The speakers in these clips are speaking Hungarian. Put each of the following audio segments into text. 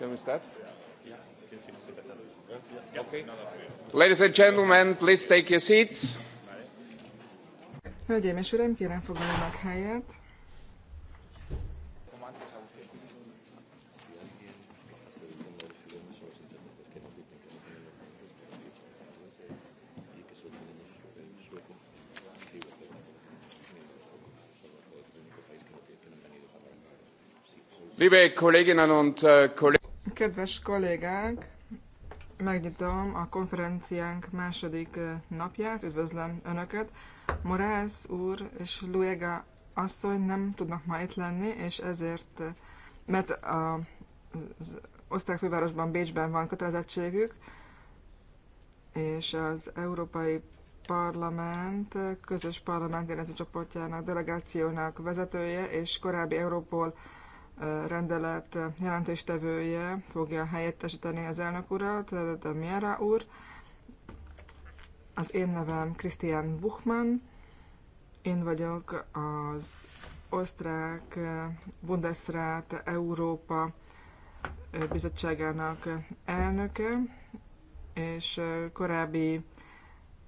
Shall we start? Okay. Ladies and gentlemen, please take your seats. Hölgyeim és uraim, kérem foglaljanak helyet. liebe kolleginnen und äh, kollegen! Kedves kollégák, megnyitom a konferenciánk második napját, üdvözlöm Önöket. Morász úr és Luega asszony nem tudnak ma itt lenni, és ezért, mert az osztrák fővárosban, Bécsben van kötelezettségük, és az Európai Parlament közös parlamenti csoportjának, delegációnak vezetője és korábbi Európol rendelet jelentéstevője fogja helyettesíteni az elnök urat, a Miera úr. Az én nevem Christian Buchmann, én vagyok az osztrák Bundesrat Európa bizottságának elnöke, és korábbi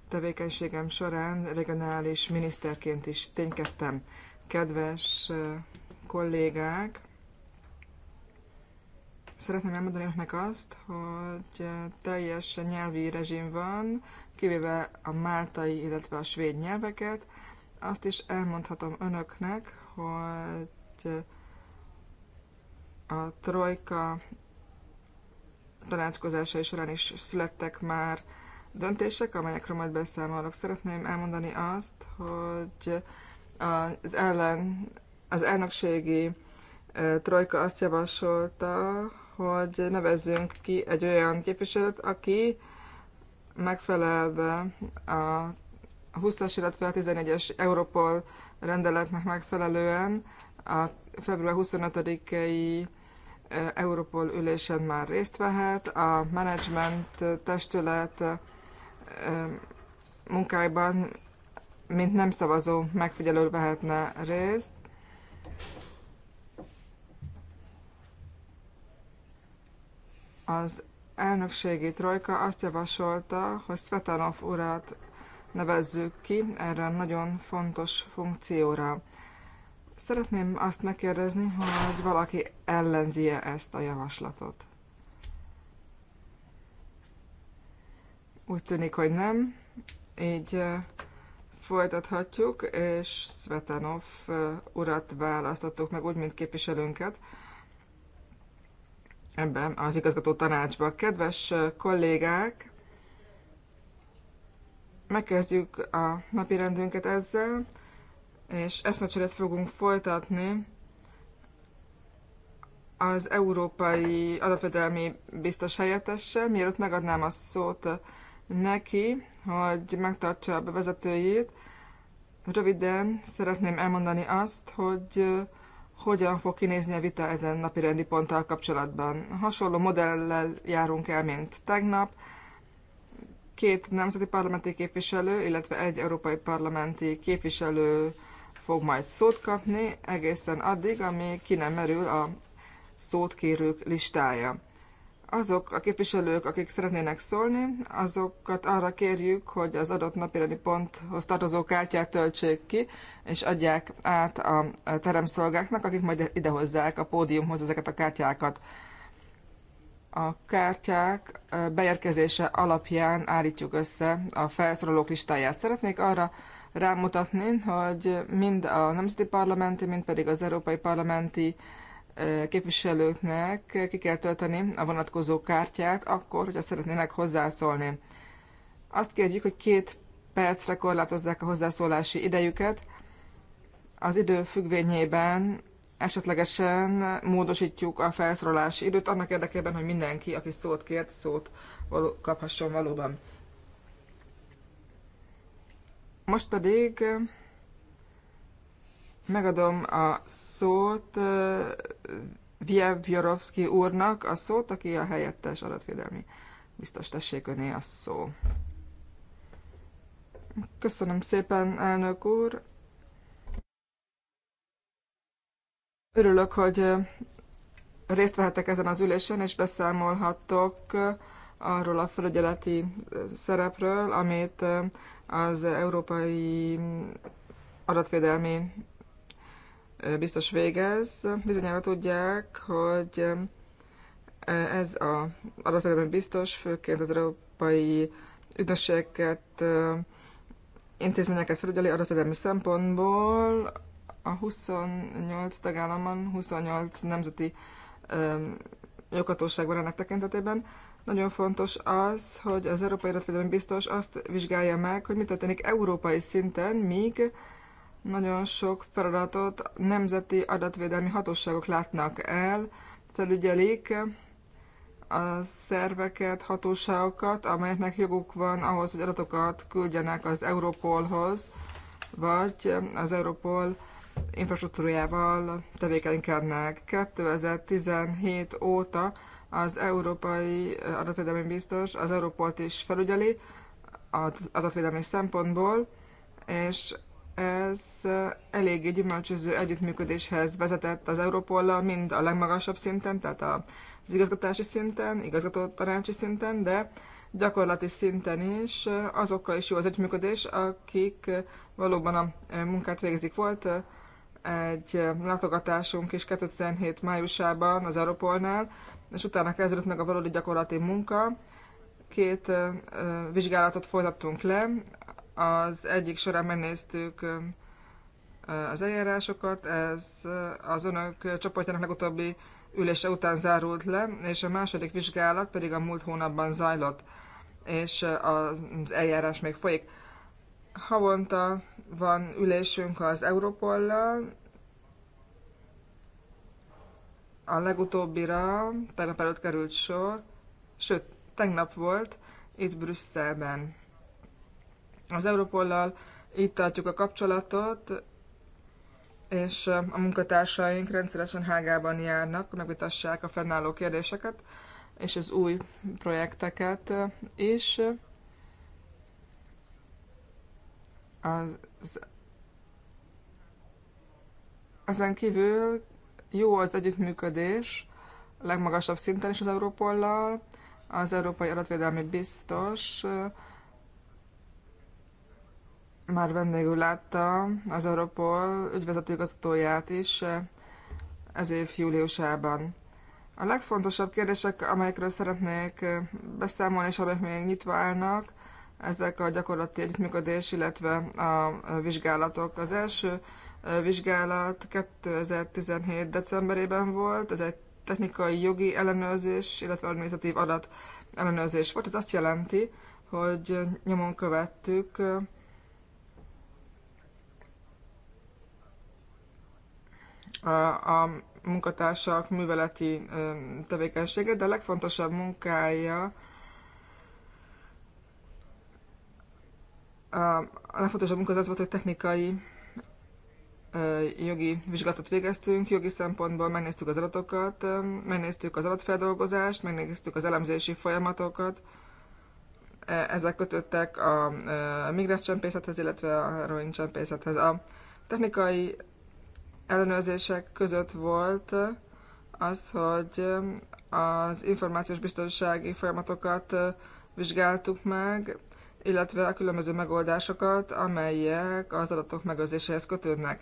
tevékenységem során regionális miniszterként is ténykedtem. Kedves kollégák, szeretném elmondani önöknek azt, hogy eh, teljes nyelvi rezsim van, kivéve a máltai, illetve a svéd nyelveket. Azt is elmondhatom önöknek, hogy eh, a trojka tanácskozásai során is születtek már döntések, amelyekről majd beszámolok. Szeretném elmondani azt, hogy az ellen az elnökségi eh, trojka azt javasolta, hogy nevezzünk ki egy olyan képviselőt, aki megfelelve a 20-as, illetve a 11-es Európol rendeletnek megfelelően a február 25-i Európol ülésen már részt vehet, a menedzsment testület munkájában, mint nem szavazó megfigyelő vehetne részt, Az elnökségi trojka azt javasolta, hogy Svetanov urat nevezzük ki erre a nagyon fontos funkcióra. Szeretném azt megkérdezni, hogy valaki ellenzie ezt a javaslatot. Úgy tűnik, hogy nem. Így folytathatjuk, és Svetanov urat választottuk meg úgy, mint képviselőnket ebben az igazgató tanácsba. Kedves kollégák, megkezdjük a napi rendünket ezzel, és eszmecseret fogunk folytatni az Európai Adatvédelmi Biztos helyettessel, mielőtt megadnám a szót neki, hogy megtartsa a bevezetőjét. Röviden szeretném elmondani azt, hogy hogyan fog kinézni a vita ezen napi rendi ponttal kapcsolatban. Hasonló modellel járunk el, mint tegnap. Két nemzeti parlamenti képviselő, illetve egy európai parlamenti képviselő fog majd szót kapni egészen addig, amíg ki nem merül a szót kérők listája azok a képviselők, akik szeretnének szólni, azokat arra kérjük, hogy az adott napirendi ponthoz tartozó kártyát töltsék ki, és adják át a teremszolgáknak, akik majd idehozzák a pódiumhoz ezeket a kártyákat. A kártyák beérkezése alapján állítjuk össze a felszorolók listáját. Szeretnék arra rámutatni, hogy mind a nemzeti parlamenti, mind pedig az európai parlamenti képviselőknek ki kell tölteni a vonatkozó kártyát akkor, hogyha szeretnének hozzászólni. Azt kérjük, hogy két percre korlátozzák a hozzászólási idejüket. Az idő függvényében esetlegesen módosítjuk a felszólalási időt annak érdekében, hogy mindenki, aki szót kért, szót való, kaphasson valóban. Most pedig Megadom a szót Viev Jorovszki úrnak, a szót, aki a helyettes adatvédelmi biztos tessék öné a szó. Köszönöm szépen, elnök úr. Örülök, hogy részt vehetek ezen az ülésen, és beszámolhatok arról a felügyeleti szerepről, amit az Európai Adatvédelmi biztos végez. Bizonyára tudják, hogy e, ez a adatvédelmi biztos, főként az európai ügynökségeket, intézményeket felügyeli adatvédelmi szempontból. A 28 tagállamban, 28 nemzeti joghatóságban ennek tekintetében. Nagyon fontos az, hogy az Európai Adatvédelmi Biztos azt vizsgálja meg, hogy mi történik európai szinten, míg nagyon sok feladatot nemzeti adatvédelmi hatóságok látnak el, felügyelik a szerveket, hatóságokat, amelyeknek joguk van ahhoz, hogy adatokat küldjenek az Europolhoz, vagy az Europol infrastruktúrájával tevékenykednek. 2017 óta az Európai Adatvédelmi Biztos az Európolt is felügyeli adatvédelmi szempontból, és ez eh, eléggé gyümölcsöző együttműködéshez vezetett az Európollal, mind a legmagasabb szinten, tehát az igazgatási szinten, igazgató tanácsi szinten, de gyakorlati szinten is eh, azokkal is jó az együttműködés, akik eh, valóban a munkát végzik. Volt egy látogatásunk is 2007 májusában az Europolnál, és utána kezdődött meg a valódi gyakorlati munka. Két vizsgálatot folytattunk le, az egyik során megnéztük az eljárásokat, ez az önök csoportjának legutóbbi ülése után zárult le, és a második vizsgálat pedig a múlt hónapban zajlott, és az eljárás még folyik. Havonta van ülésünk az Európollal, a legutóbbira tegnap előtt került sor, sőt, tegnap volt itt Brüsszelben az Európollal itt tartjuk a kapcsolatot, és a munkatársaink rendszeresen Hágában járnak, megvitassák a fennálló kérdéseket, és az új projekteket is. Az, ezen kívül jó az együttműködés legmagasabb szinten is az Európollal, az Európai Adatvédelmi Biztos, már vendégül látta az Europol ügyvezetőgazgatóját is eh, ez év júliusában. A legfontosabb kérdések, amelyekről szeretnék eh, beszámolni, és amelyek még nyitva állnak, ezek a gyakorlati együttműködés, illetve a eh, vizsgálatok. Az első vizsgálat 2017. decemberében volt, ez egy technikai jogi ellenőrzés, illetve administratív adat ellenőrzés volt. Ez azt jelenti, hogy nyomon követtük a, a munkatársak műveleti tevékenysége, de a legfontosabb munkája a legfontosabb munka az, volt, hogy technikai jogi vizsgálatot végeztünk, jogi szempontból megnéztük az adatokat, megnéztük az adatfeldolgozást, megnéztük az elemzési folyamatokat, e, ezek kötöttek a csempészethez, illetve a csempészethez. A technikai ellenőrzések között volt az, hogy um, az információs biztonsági folyamatokat uh, vizsgáltuk meg, illetve a különböző megoldásokat, amelyek az adatok megőrzéséhez kötődnek.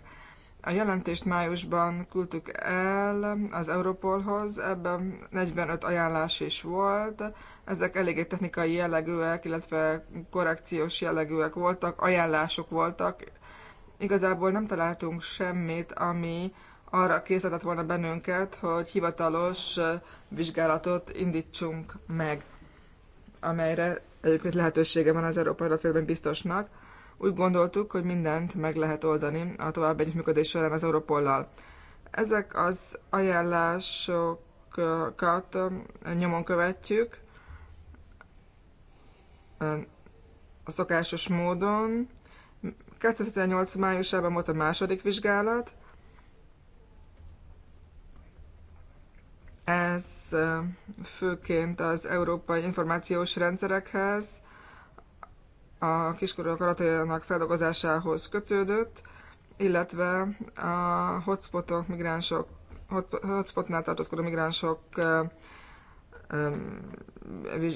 A jelentést májusban küldtük el az Europolhoz, ebben 45 ajánlás is volt, ezek eléggé technikai jellegűek, illetve korrekciós jellegűek voltak, ajánlások voltak, igazából nem találtunk semmit, ami arra készített volna bennünket, hogy hivatalos vizsgálatot indítsunk meg, amelyre egyébként lehetősége van az Európai Adatfélben biztosnak. Úgy gondoltuk, hogy mindent meg lehet oldani a további együttműködés során az Europollal. Ezek az ajánlásokat nyomon követjük a szokásos módon, 2018 májusában volt a második vizsgálat. Ez főként az európai információs rendszerekhez, a kiskorúak adatainak feldolgozásához kötődött, illetve a hotspotok, migránsok, hotspotnál tartózkodó migránsok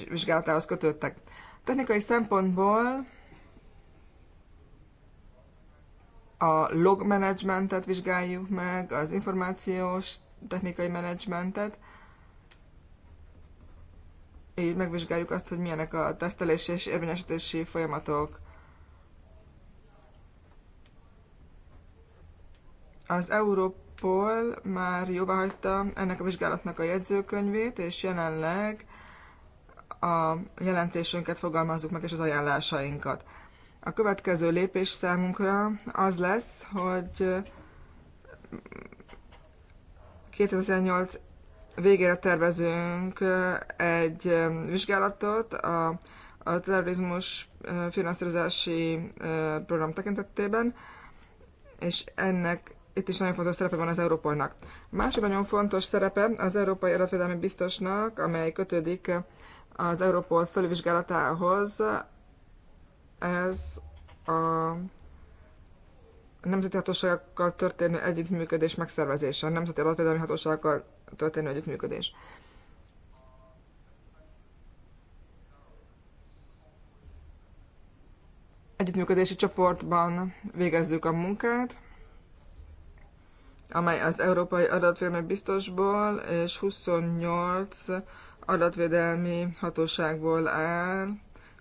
vizsgálatához kötődtek. Technikai szempontból a log managementet vizsgáljuk meg, az információs technikai menedzsmentet, így megvizsgáljuk azt, hogy milyenek a tesztelési és érvényesítési folyamatok. Az Europol már hagyta ennek a vizsgálatnak a jegyzőkönyvét, és jelenleg a jelentésünket fogalmazzuk meg, és az ajánlásainkat. A következő lépés számunkra az lesz, hogy 2008 végére tervezünk egy vizsgálatot a, a terrorizmus finanszírozási program tekintetében, és ennek itt is nagyon fontos szerepe van az Európolnak. Másik nagyon fontos szerepe az Európai Adatvédelmi Biztosnak, amely kötődik az Európol felvizsgálatához, ez a nemzeti hatóságokkal történő együttműködés megszervezése, a nemzeti adatvédelmi hatóságokkal történő együttműködés. Együttműködési csoportban végezzük a munkát, amely az Európai Adatvédelmi Biztosból és 28 adatvédelmi hatóságból áll,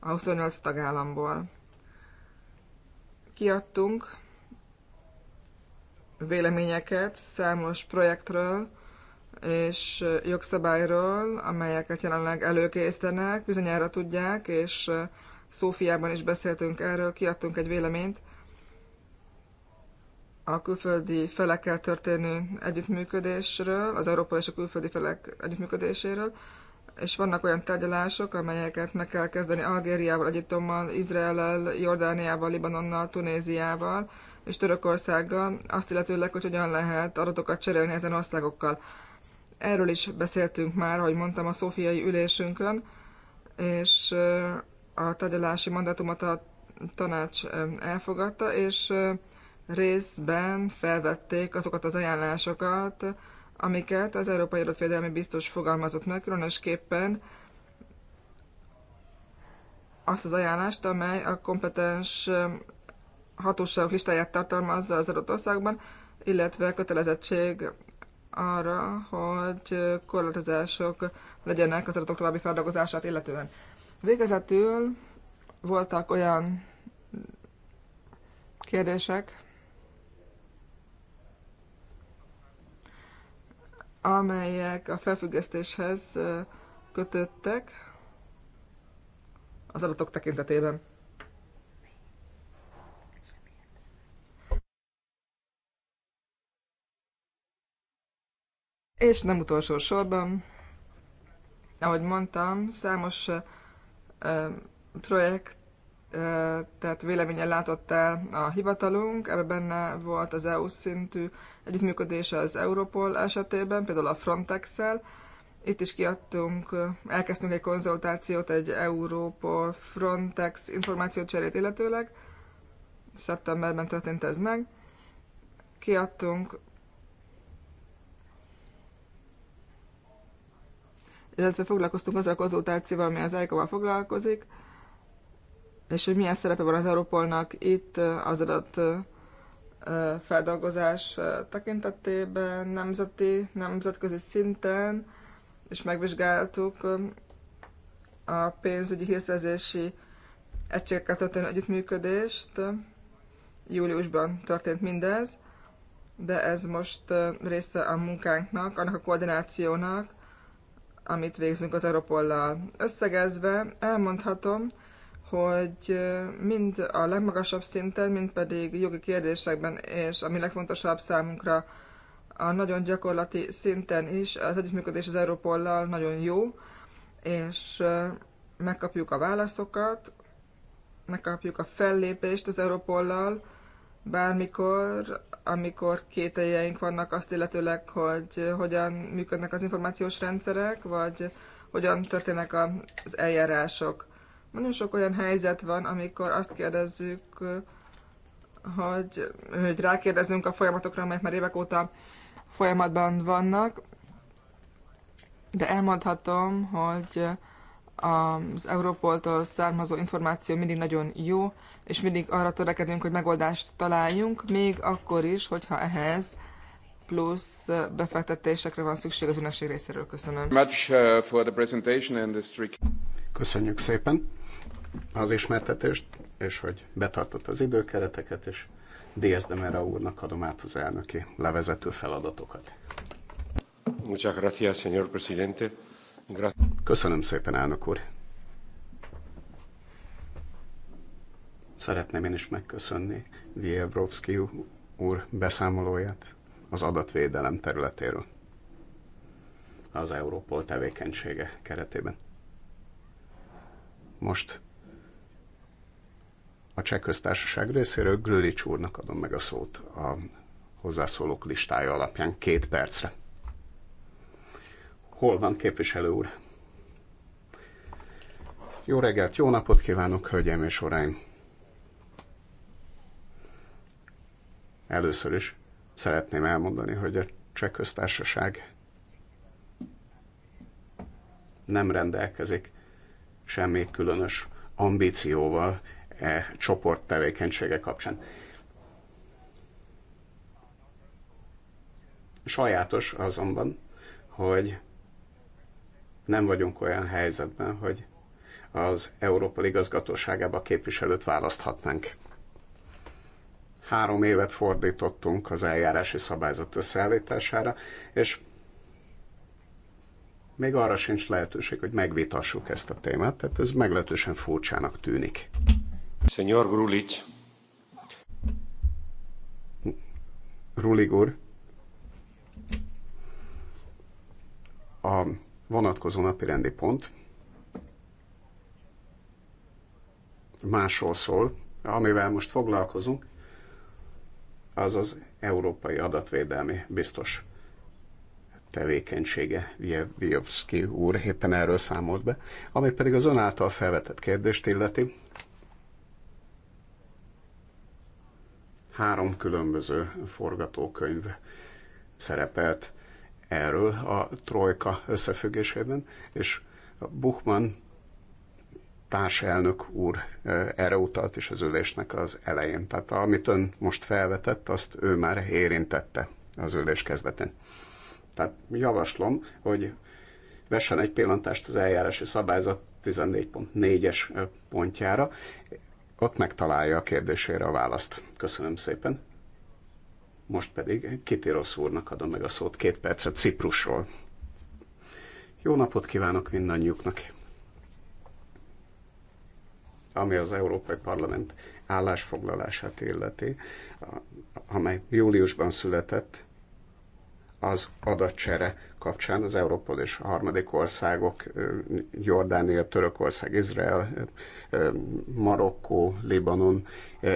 a 28 tagállamból. Kiadtunk véleményeket számos projektről és jogszabályról, amelyeket jelenleg előkészítenek, bizonyára tudják, és Szófiában is beszéltünk erről, kiadtunk egy véleményt a külföldi felekkel történő együttműködésről, az európai és a külföldi felek együttműködéséről, és vannak olyan tárgyalások, amelyeket meg kell kezdeni Algériával, Egyiptommal, Izraellel, Jordániával, Libanonnal, Tunéziával és Törökországgal, azt illetőleg, hogy hogyan lehet adatokat cserélni ezen országokkal. Erről is beszéltünk már, ahogy mondtam, a szófiai ülésünkön, és a tárgyalási mandátumot a tanács elfogadta, és részben felvették azokat az ajánlásokat, amiket az Európai Adatvédelmi Biztos fogalmazott meg, különösképpen azt az ajánlást, amely a kompetens um, hatóságok listáját tartalmazza az adott országban, illetve kötelezettség arra, hogy uh, korlátozások legyenek az adatok további feldolgozását illetően. Végezetül voltak olyan kérdések, amelyek a felfüggesztéshez kötöttek az adatok tekintetében. És nem utolsó sorban, ahogy mondtam, számos projekt tehát véleményen látott el a hivatalunk, ebben benne volt az EU szintű együttműködés az Europol esetében, például a Frontex-el. Itt is kiadtunk, elkezdtünk egy konzultációt egy Europol Frontex információcserét illetőleg. Szeptemberben történt ez meg. Kiadtunk illetve foglalkoztunk azzal a konzultációval, ami az ico val foglalkozik, és hogy milyen szerepe van az Európolnak itt eh, az adat eh, eh, feldolgozás tekintetében, nemzeti, nemzetközi szinten, és megvizsgáltuk a pénzügyi hírszerzési egységekkel történő együttműködést. Júliusban történt mindez, de ez most része a munkánknak, annak a koordinációnak, amit végzünk az Europollal. Összegezve elmondhatom, hogy mind a legmagasabb szinten, mind pedig jogi kérdésekben, és ami legfontosabb számunkra, a nagyon gyakorlati szinten is az együttműködés az Európollal nagyon jó, és megkapjuk a válaszokat, megkapjuk a fellépést az Európollal, bármikor, amikor kételjeink vannak azt illetőleg, hogy hogyan működnek az információs rendszerek, vagy hogyan történnek az eljárások. Nagyon sok olyan helyzet van, amikor azt kérdezzük, hogy, hogy rákérdezünk a folyamatokra, amelyek már évek óta folyamatban vannak, de elmondhatom, hogy az Európoltól származó információ mindig nagyon jó, és mindig arra törekedünk, hogy megoldást találjunk, még akkor is, hogyha ehhez plusz befektetésekre van szükség az ünnepség részéről. Köszönöm. Uh, Köszönjük szépen az ismertetést, és hogy betartott az időkereteket, és Diaz de Mera úrnak adom át az elnöki levezető feladatokat. Muchas gracias, señor presidente. Köszönöm szépen, elnök úr. Szeretném én is megköszönni Vievrovszki úr beszámolóját az adatvédelem területéről az Európol tevékenysége keretében. Most a Cseh Köztársaság részéről Grülics úrnak adom meg a szót a hozzászólók listája alapján két percre. Hol van képviselő úr? Jó reggelt, jó napot kívánok, hölgyeim és uraim! Először is szeretném elmondani, hogy a Cseh Köztársaság nem rendelkezik semmi különös ambícióval e csoport tevékenysége kapcsán. Sajátos azonban, hogy nem vagyunk olyan helyzetben, hogy az Európa igazgatóságába képviselőt választhatnánk. Három évet fordítottunk az eljárási szabályzat összeállítására, és még arra sincs lehetőség, hogy megvitassuk ezt a témát, tehát ez meglehetősen furcsának tűnik. Rulig úr. A vonatkozó napi rendi pont másról szól, amivel most foglalkozunk, az az Európai Adatvédelmi Biztos tevékenysége, Vievski úr éppen erről számolt be, ami pedig az ön által felvetett kérdést illeti, három különböző forgatókönyv szerepelt erről a trojka összefüggésében, és Buchmann társelnök úr e, erre utalt is az ülésnek az elején. Tehát amit ön most felvetett, azt ő már érintette az ülés kezdetén. Tehát javaslom, hogy vessen egy pillantást az eljárási szabályzat 14.4-es e, pontjára, ott megtalálja a kérdésére a választ. Köszönöm szépen. Most pedig Kitirosz úrnak adom meg a szót két percre Ciprusról. Jó napot kívánok mindannyiuknak! Ami az Európai Parlament állásfoglalását illeti, amely júliusban született, az adatcsere kapcsán az Európol és a harmadik országok, Jordánia, Törökország, Izrael, Marokkó, Libanon,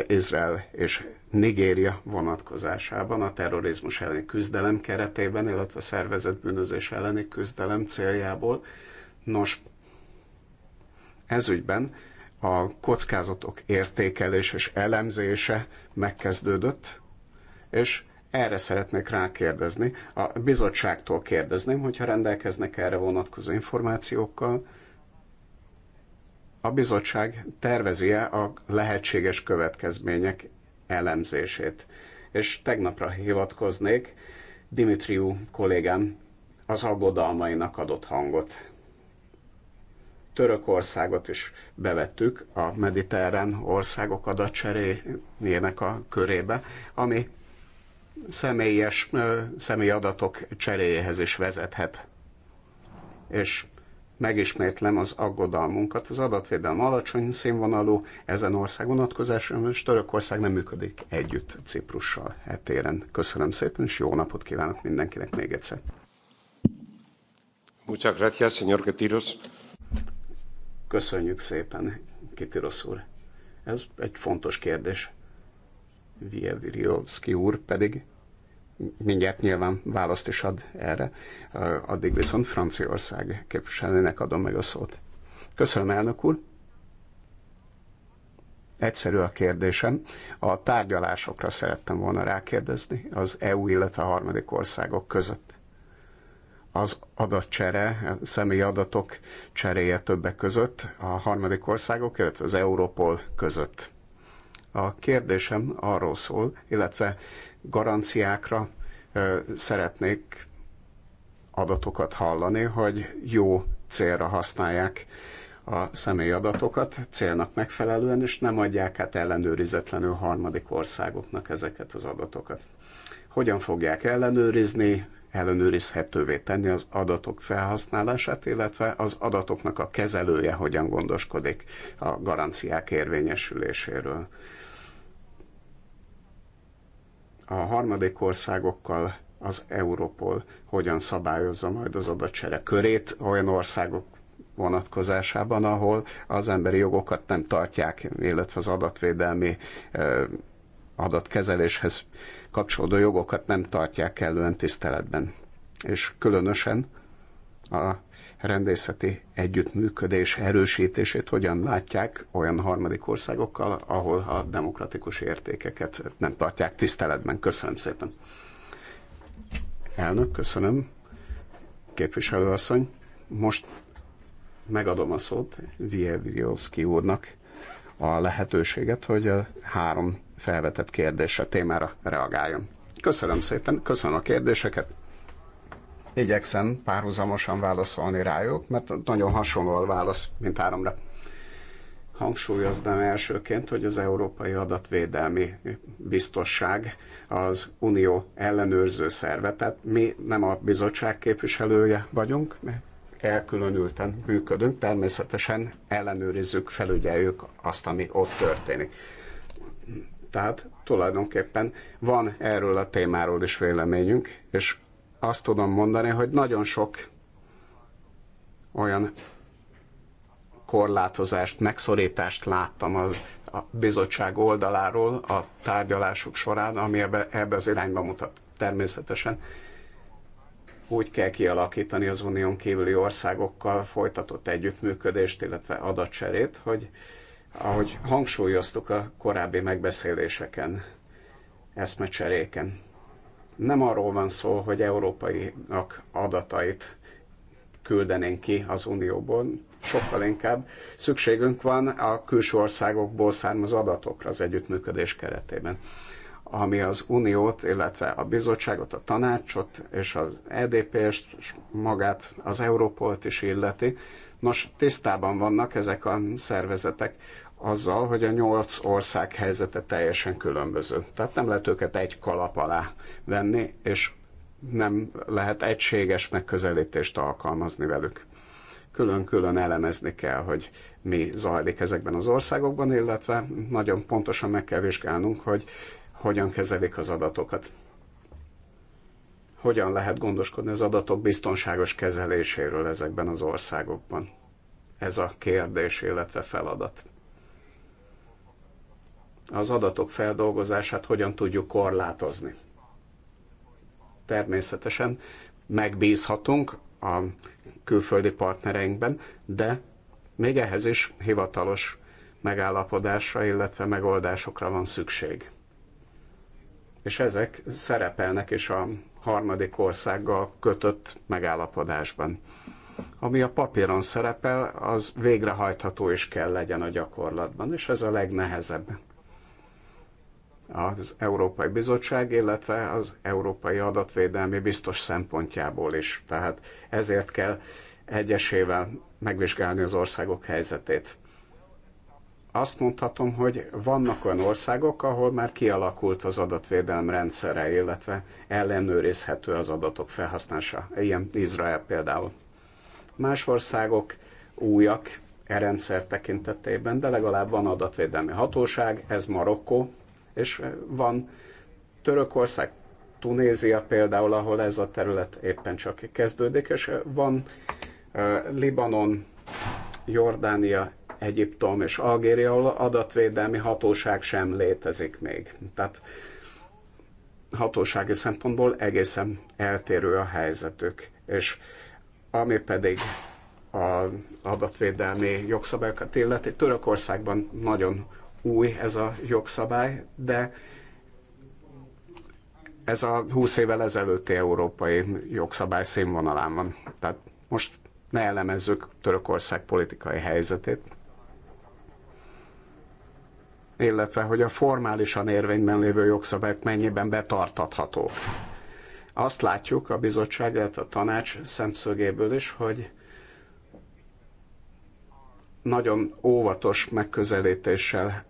Izrael és Nigéria vonatkozásában a terrorizmus elleni küzdelem keretében, illetve szervezett bűnözés elleni küzdelem céljából. Nos, ez ügyben a kockázatok értékelés és elemzése megkezdődött, és erre szeretnék rákérdezni. A bizottságtól kérdezném, hogyha rendelkeznek erre vonatkozó információkkal, a bizottság tervezi-e a lehetséges következmények elemzését. És tegnapra hivatkoznék, Dimitriú kollégám az aggodalmainak adott hangot. Törökországot is bevettük a mediterrán országok adatcseréjének a körébe, ami személyes személyadatok cseréjéhez is vezethet. És megismétlem az aggodalmunkat. Az adatvédelem alacsony színvonalú, ezen ország vonatkozása, és Törökország nem működik együtt Ciprussal etéren. Köszönöm szépen, és jó napot kívánok mindenkinek még egyszer. Muchas gracias, señor Ketiros. Köszönjük szépen, Ketiros úr. Ez egy fontos kérdés. Vievirjovszki úr pedig mindjárt nyilván választ is ad erre. Addig viszont Franciaország képviselőnek adom meg a szót. Köszönöm, elnök úr. Egyszerű a kérdésem. A tárgyalásokra szerettem volna rákérdezni az EU, illetve a harmadik országok között. Az adatcsere, a személyi adatok cseréje többek között, a harmadik országok, illetve az Európol között. A kérdésem arról szól, illetve garanciákra szeretnék adatokat hallani, hogy jó célra használják a személyadatokat célnak megfelelően, és nem adják át ellenőrizetlenül harmadik országoknak ezeket az adatokat. Hogyan fogják ellenőrizni, ellenőrizhetővé tenni az adatok felhasználását, illetve az adatoknak a kezelője hogyan gondoskodik a garanciák érvényesüléséről a harmadik országokkal az Európol hogyan szabályozza majd az adatcsere körét olyan országok vonatkozásában, ahol az emberi jogokat nem tartják, illetve az adatvédelmi adatkezeléshez kapcsolódó jogokat nem tartják kellően tiszteletben. És különösen a rendészeti együttműködés erősítését hogyan látják olyan harmadik országokkal, ahol a demokratikus értékeket nem tartják tiszteletben. Köszönöm szépen. Elnök, köszönöm. Képviselőasszony, most megadom a szót Vievirjovszki úrnak a lehetőséget, hogy a három felvetett kérdésre témára reagáljon. Köszönöm szépen, köszönöm a kérdéseket igyekszem párhuzamosan válaszolni rájuk, mert nagyon hasonló a válasz, mint háromra. Hangsúlyoznám elsőként, hogy az Európai Adatvédelmi Biztosság az Unió ellenőrző szerve, tehát mi nem a bizottság képviselője vagyunk, mi elkülönülten működünk, természetesen ellenőrizzük, felügyeljük azt, ami ott történik. Tehát tulajdonképpen van erről a témáról is véleményünk, és azt tudom mondani, hogy nagyon sok olyan korlátozást, megszorítást láttam az, a bizottság oldaláról a tárgyalások során, ami ebbe, ebbe az irányba mutat. Természetesen úgy kell kialakítani az unión kívüli országokkal folytatott együttműködést, illetve adatcserét, hogy ahogy hangsúlyoztuk a korábbi megbeszéléseken, eszmecseréken, nem arról van szó, hogy európaiak adatait küldenénk ki az Unióból, sokkal inkább szükségünk van a külső országokból származó adatokra az együttműködés keretében ami az Uniót, illetve a bizottságot, a tanácsot és az EDP-st, és magát az Európolt is illeti. Nos, tisztában vannak ezek a szervezetek azzal, hogy a nyolc ország helyzete teljesen különböző. Tehát nem lehet őket egy kalap alá venni, és nem lehet egységes megközelítést alkalmazni velük. Külön-külön elemezni kell, hogy mi zajlik ezekben az országokban, illetve nagyon pontosan meg kell vizsgálnunk, hogy hogyan kezelik az adatokat. Hogyan lehet gondoskodni az adatok biztonságos kezeléséről ezekben az országokban? Ez a kérdés, illetve feladat az adatok feldolgozását hogyan tudjuk korlátozni. Természetesen megbízhatunk a külföldi partnereinkben, de még ehhez is hivatalos megállapodásra, illetve megoldásokra van szükség. És ezek szerepelnek is a harmadik országgal kötött megállapodásban. Ami a papíron szerepel, az végrehajtható is kell legyen a gyakorlatban, és ez a legnehezebb az Európai Bizottság, illetve az Európai Adatvédelmi Biztos szempontjából is. Tehát ezért kell egyesével megvizsgálni az országok helyzetét. Azt mondhatom, hogy vannak olyan országok, ahol már kialakult az adatvédelem rendszere, illetve ellenőrizhető az adatok felhasználása. Ilyen Izrael például. Más országok újak e rendszer tekintetében, de legalább van adatvédelmi hatóság, ez Marokkó, és van Törökország, Tunézia például, ahol ez a terület éppen csak kezdődik, és van Libanon, Jordánia, Egyiptom és Algéria, ahol adatvédelmi hatóság sem létezik még. Tehát hatósági szempontból egészen eltérő a helyzetük. És ami pedig az adatvédelmi jogszabályokat illeti, Törökországban nagyon új ez a jogszabály, de ez a 20 évvel ezelőtti európai jogszabály színvonalán van. Tehát most ne elemezzük Törökország politikai helyzetét, illetve hogy a formálisan érvényben lévő jogszabályok mennyiben betartathatók. Azt látjuk a bizottság, illetve a tanács szemszögéből is, hogy nagyon óvatos megközelítéssel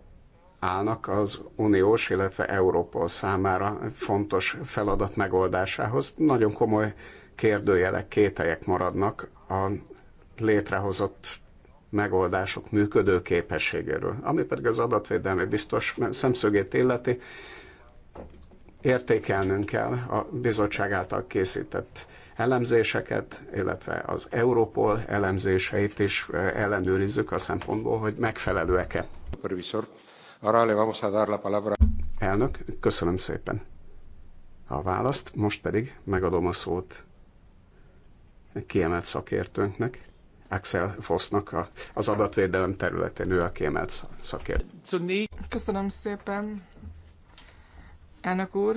állnak az uniós, illetve Európol számára fontos feladat megoldásához. Nagyon komoly kérdőjelek, kételyek maradnak a létrehozott megoldások működő képességéről. Ami pedig az adatvédelmi biztos szemszögét illeti, értékelnünk kell a bizottság által készített elemzéseket, illetve az Európol elemzéseit is eh, ellenőrizzük a szempontból, hogy megfelelőek-e le vamos a dar la palabra. Elnök, köszönöm szépen. A választ most pedig megadom a szót kiemelt szakértőnknek, Axel Fosznak a, az adatvédelem területén, ő a kiemelt szakértő. Köszönöm szépen, elnök úr.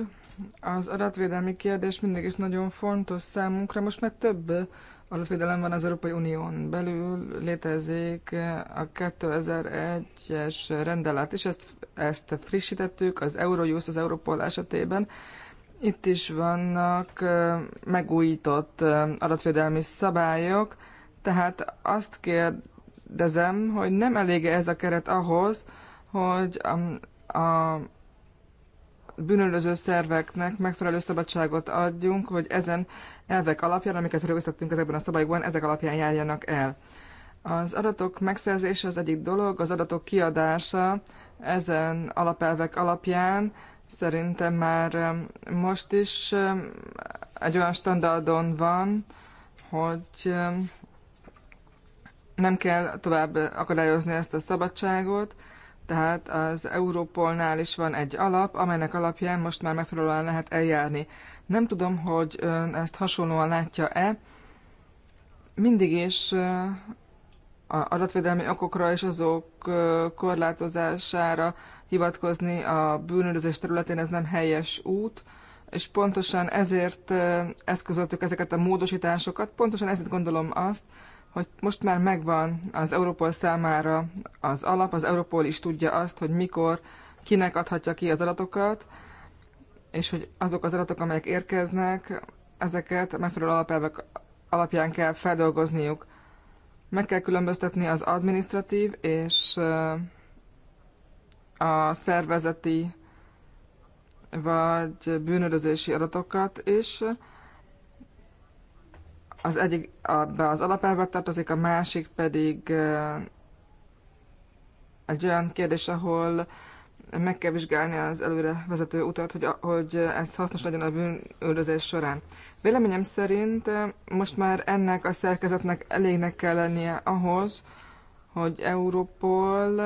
Az adatvédelmi kérdés mindig is nagyon fontos számunkra, most már több adatvédelem van az Európai Unión belül, létezik a 2001-es rendelet is, ezt, ezt frissítettük az Eurojust, az Europol esetében. Itt is vannak megújított adatvédelmi szabályok, tehát azt kérdezem, hogy nem elég ez a keret ahhoz, hogy a, a bűnöző szerveknek megfelelő szabadságot adjunk, hogy ezen elvek alapján, amiket rögzítettünk ezekben a szabályokban, ezek alapján járjanak el. Az adatok megszerzése az egyik dolog, az adatok kiadása ezen alapelvek alapján szerintem már most is egy olyan standardon van, hogy nem kell tovább akadályozni ezt a szabadságot, tehát az Európolnál is van egy alap, amelynek alapján most már megfelelően lehet eljárni. Nem tudom, hogy ön ezt hasonlóan látja-e. Mindig is a adatvédelmi okokra és azok korlátozására hivatkozni a bűnözés területén ez nem helyes út, és pontosan ezért eszközöltük ezeket a módosításokat, pontosan ezért gondolom azt, hogy most már megvan az Európol számára az alap, az Európol is tudja azt, hogy mikor, kinek adhatja ki az adatokat, és hogy azok az adatok, amelyek érkeznek, ezeket megfelelő alapelvek alapján kell feldolgozniuk. Meg kell különböztetni az administratív és eh, a szervezeti vagy bűnözési adatokat, és az egyik abba az alapelvek tartozik, a másik pedig eh, egy olyan kérdés, ahol meg kell vizsgálni az előre vezető utat, hogy, hogy ez hasznos legyen a bűnöldözés során. Véleményem szerint most már ennek a szerkezetnek elégnek kell lennie ahhoz, hogy Európol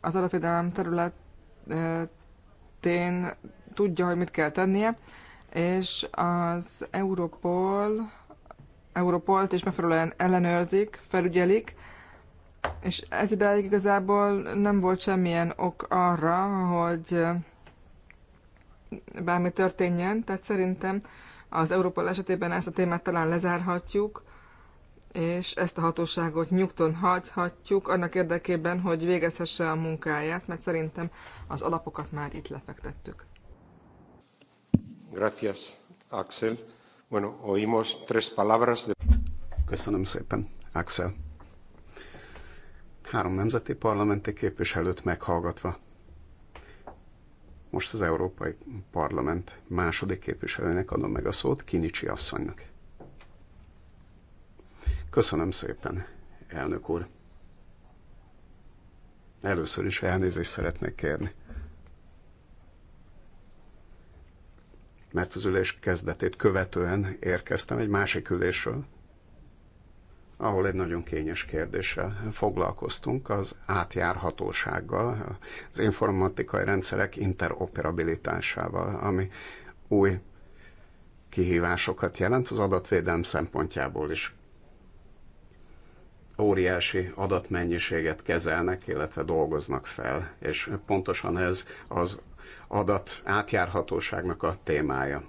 az alapvédelem területén tudja, hogy mit kell tennie, és az Europol, Europolt is megfelelően ellenőrzik, felügyelik, és ez ideig igazából nem volt semmilyen ok arra, hogy bármi történjen, tehát szerintem az Európa esetében ezt a témát talán lezárhatjuk, és ezt a hatóságot nyugton hagyhatjuk annak érdekében, hogy végezhesse a munkáját, mert szerintem az alapokat már itt lefektettük. Gracias, Axel. Bueno, oímos tres palabras de... Köszönöm szépen, Axel három nemzeti parlamenti képviselőt meghallgatva. Most az Európai Parlament második képviselőnek adom meg a szót, Kinicsi asszonynak. Köszönöm szépen, elnök úr. Először is elnézést szeretnék kérni. Mert az ülés kezdetét követően érkeztem egy másik ülésről, ahol egy nagyon kényes kérdéssel foglalkoztunk, az átjárhatósággal, az informatikai rendszerek interoperabilitásával, ami új kihívásokat jelent az adatvédelm szempontjából is. Óriási adatmennyiséget kezelnek, illetve dolgoznak fel, és pontosan ez az adat átjárhatóságnak a témája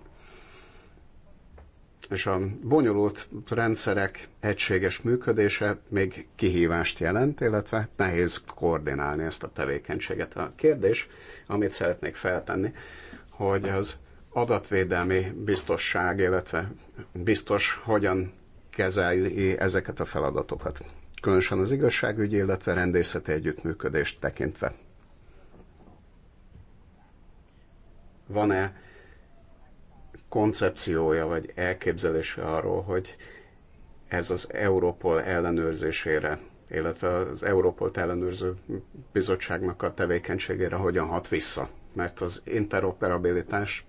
és a bonyolult rendszerek egységes működése még kihívást jelent, illetve nehéz koordinálni ezt a tevékenységet. A kérdés, amit szeretnék feltenni, hogy az adatvédelmi biztosság, illetve biztos hogyan kezeli ezeket a feladatokat. Különösen az igazságügyi, illetve rendészeti együttműködést tekintve. Van-e koncepciója vagy elképzelése arról, hogy ez az Európol ellenőrzésére, illetve az Europol ellenőrző bizottságnak a tevékenységére hogyan hat vissza. Mert az interoperabilitás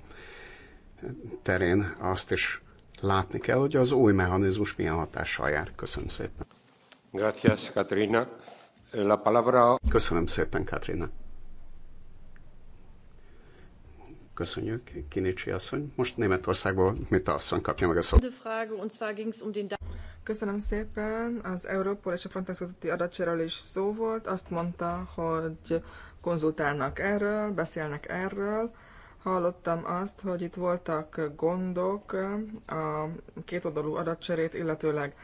terén azt is látni kell, hogy az új mechanizmus milyen hatással jár. Köszönöm szépen. Gracias, Katrina. La palabra... Köszönöm szépen, Katrina. Köszönjük, Kinicsi asszony. Most Németországból mit asszony kapja meg a szót. Um Köszönöm szépen. Az Európol és a Frontex közötti adatcséről is szó volt. Azt mondta, hogy konzultálnak erről, beszélnek erről. Hallottam azt, hogy itt voltak gondok a kétoldalú adatcserét illetőleg,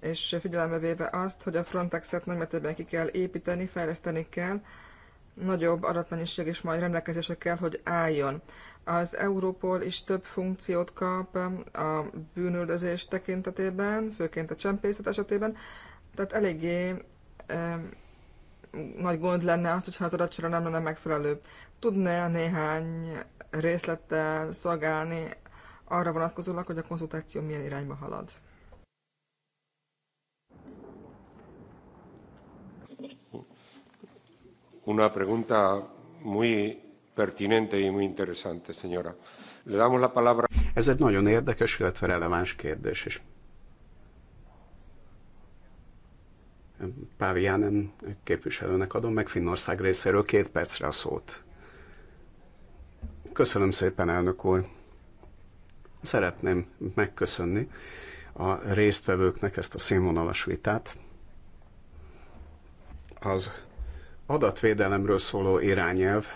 és figyelembe véve azt, hogy a Frontexet nagymértékben ki kell építeni, fejleszteni kell, nagyobb adatmennyiség is majd rendelkezésre kell, hogy álljon. Az Európol is több funkciót kap a bűnüldözés tekintetében, főként a csempészet esetében, tehát eléggé e, nagy gond lenne az, hogyha az adatcsere nem lenne megfelelő. a néhány részlettel szolgálni arra vonatkozólag, hogy a konzultáció milyen irányba halad? una pregunta muy pertinente y muy interesante, señora. Le damos la palabra. Ez egy nagyon érdekes, illetve releváns kérdés is. Pávi Jánen képviselőnek adom meg Finnország részéről két percre a szót. Köszönöm szépen, elnök úr. Szeretném megköszönni a résztvevőknek ezt a színvonalas vitát. Az adatvédelemről szóló irányelv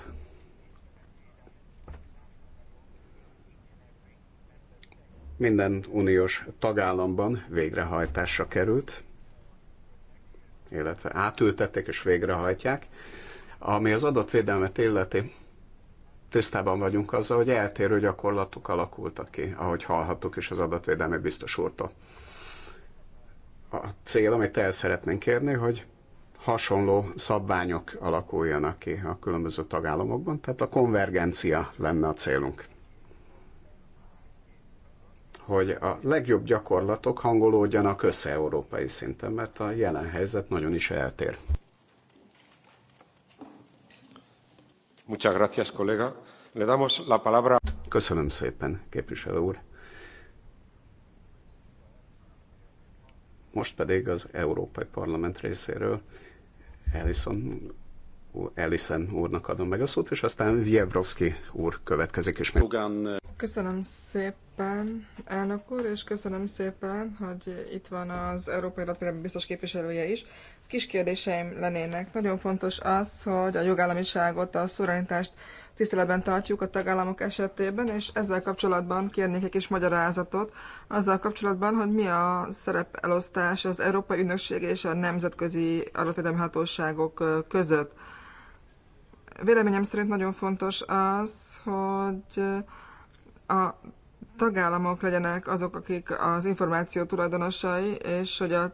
minden uniós tagállamban végrehajtásra került, illetve átültették és végrehajtják. Ami az adatvédelmet illeti, tisztában vagyunk azzal, hogy eltérő gyakorlatok alakultak ki, ahogy hallhattuk is az adatvédelmi biztos úrtól. A cél, amit el szeretnénk kérni, hogy hasonló szabványok alakuljanak ki a különböző tagállamokban, tehát a konvergencia lenne a célunk. Hogy a legjobb gyakorlatok hangolódjanak össze európai szinten, mert a jelen helyzet nagyon is eltér. Muchas gracias, Le damos la palabra. Köszönöm szépen, képviselő úr. Most pedig az Európai Parlament részéről Ellison, Ellison úrnak adom meg a szót, és aztán Vievrovski úr következik is meg. Köszönöm szépen, elnök úr, és köszönöm szépen, hogy itt van az Európai Adatvédelmi Biztos képviselője is kis kérdéseim lennének. Nagyon fontos az, hogy a jogállamiságot, a szuverenitást tiszteletben tartjuk a tagállamok esetében, és ezzel kapcsolatban kérnék egy kis magyarázatot, azzal kapcsolatban, hogy mi a szerepelosztás az Európai Ügynökség és a Nemzetközi Alapvédelmi Hatóságok között. Véleményem szerint nagyon fontos az, hogy a tagállamok legyenek azok, akik az információ tulajdonosai, és hogy a,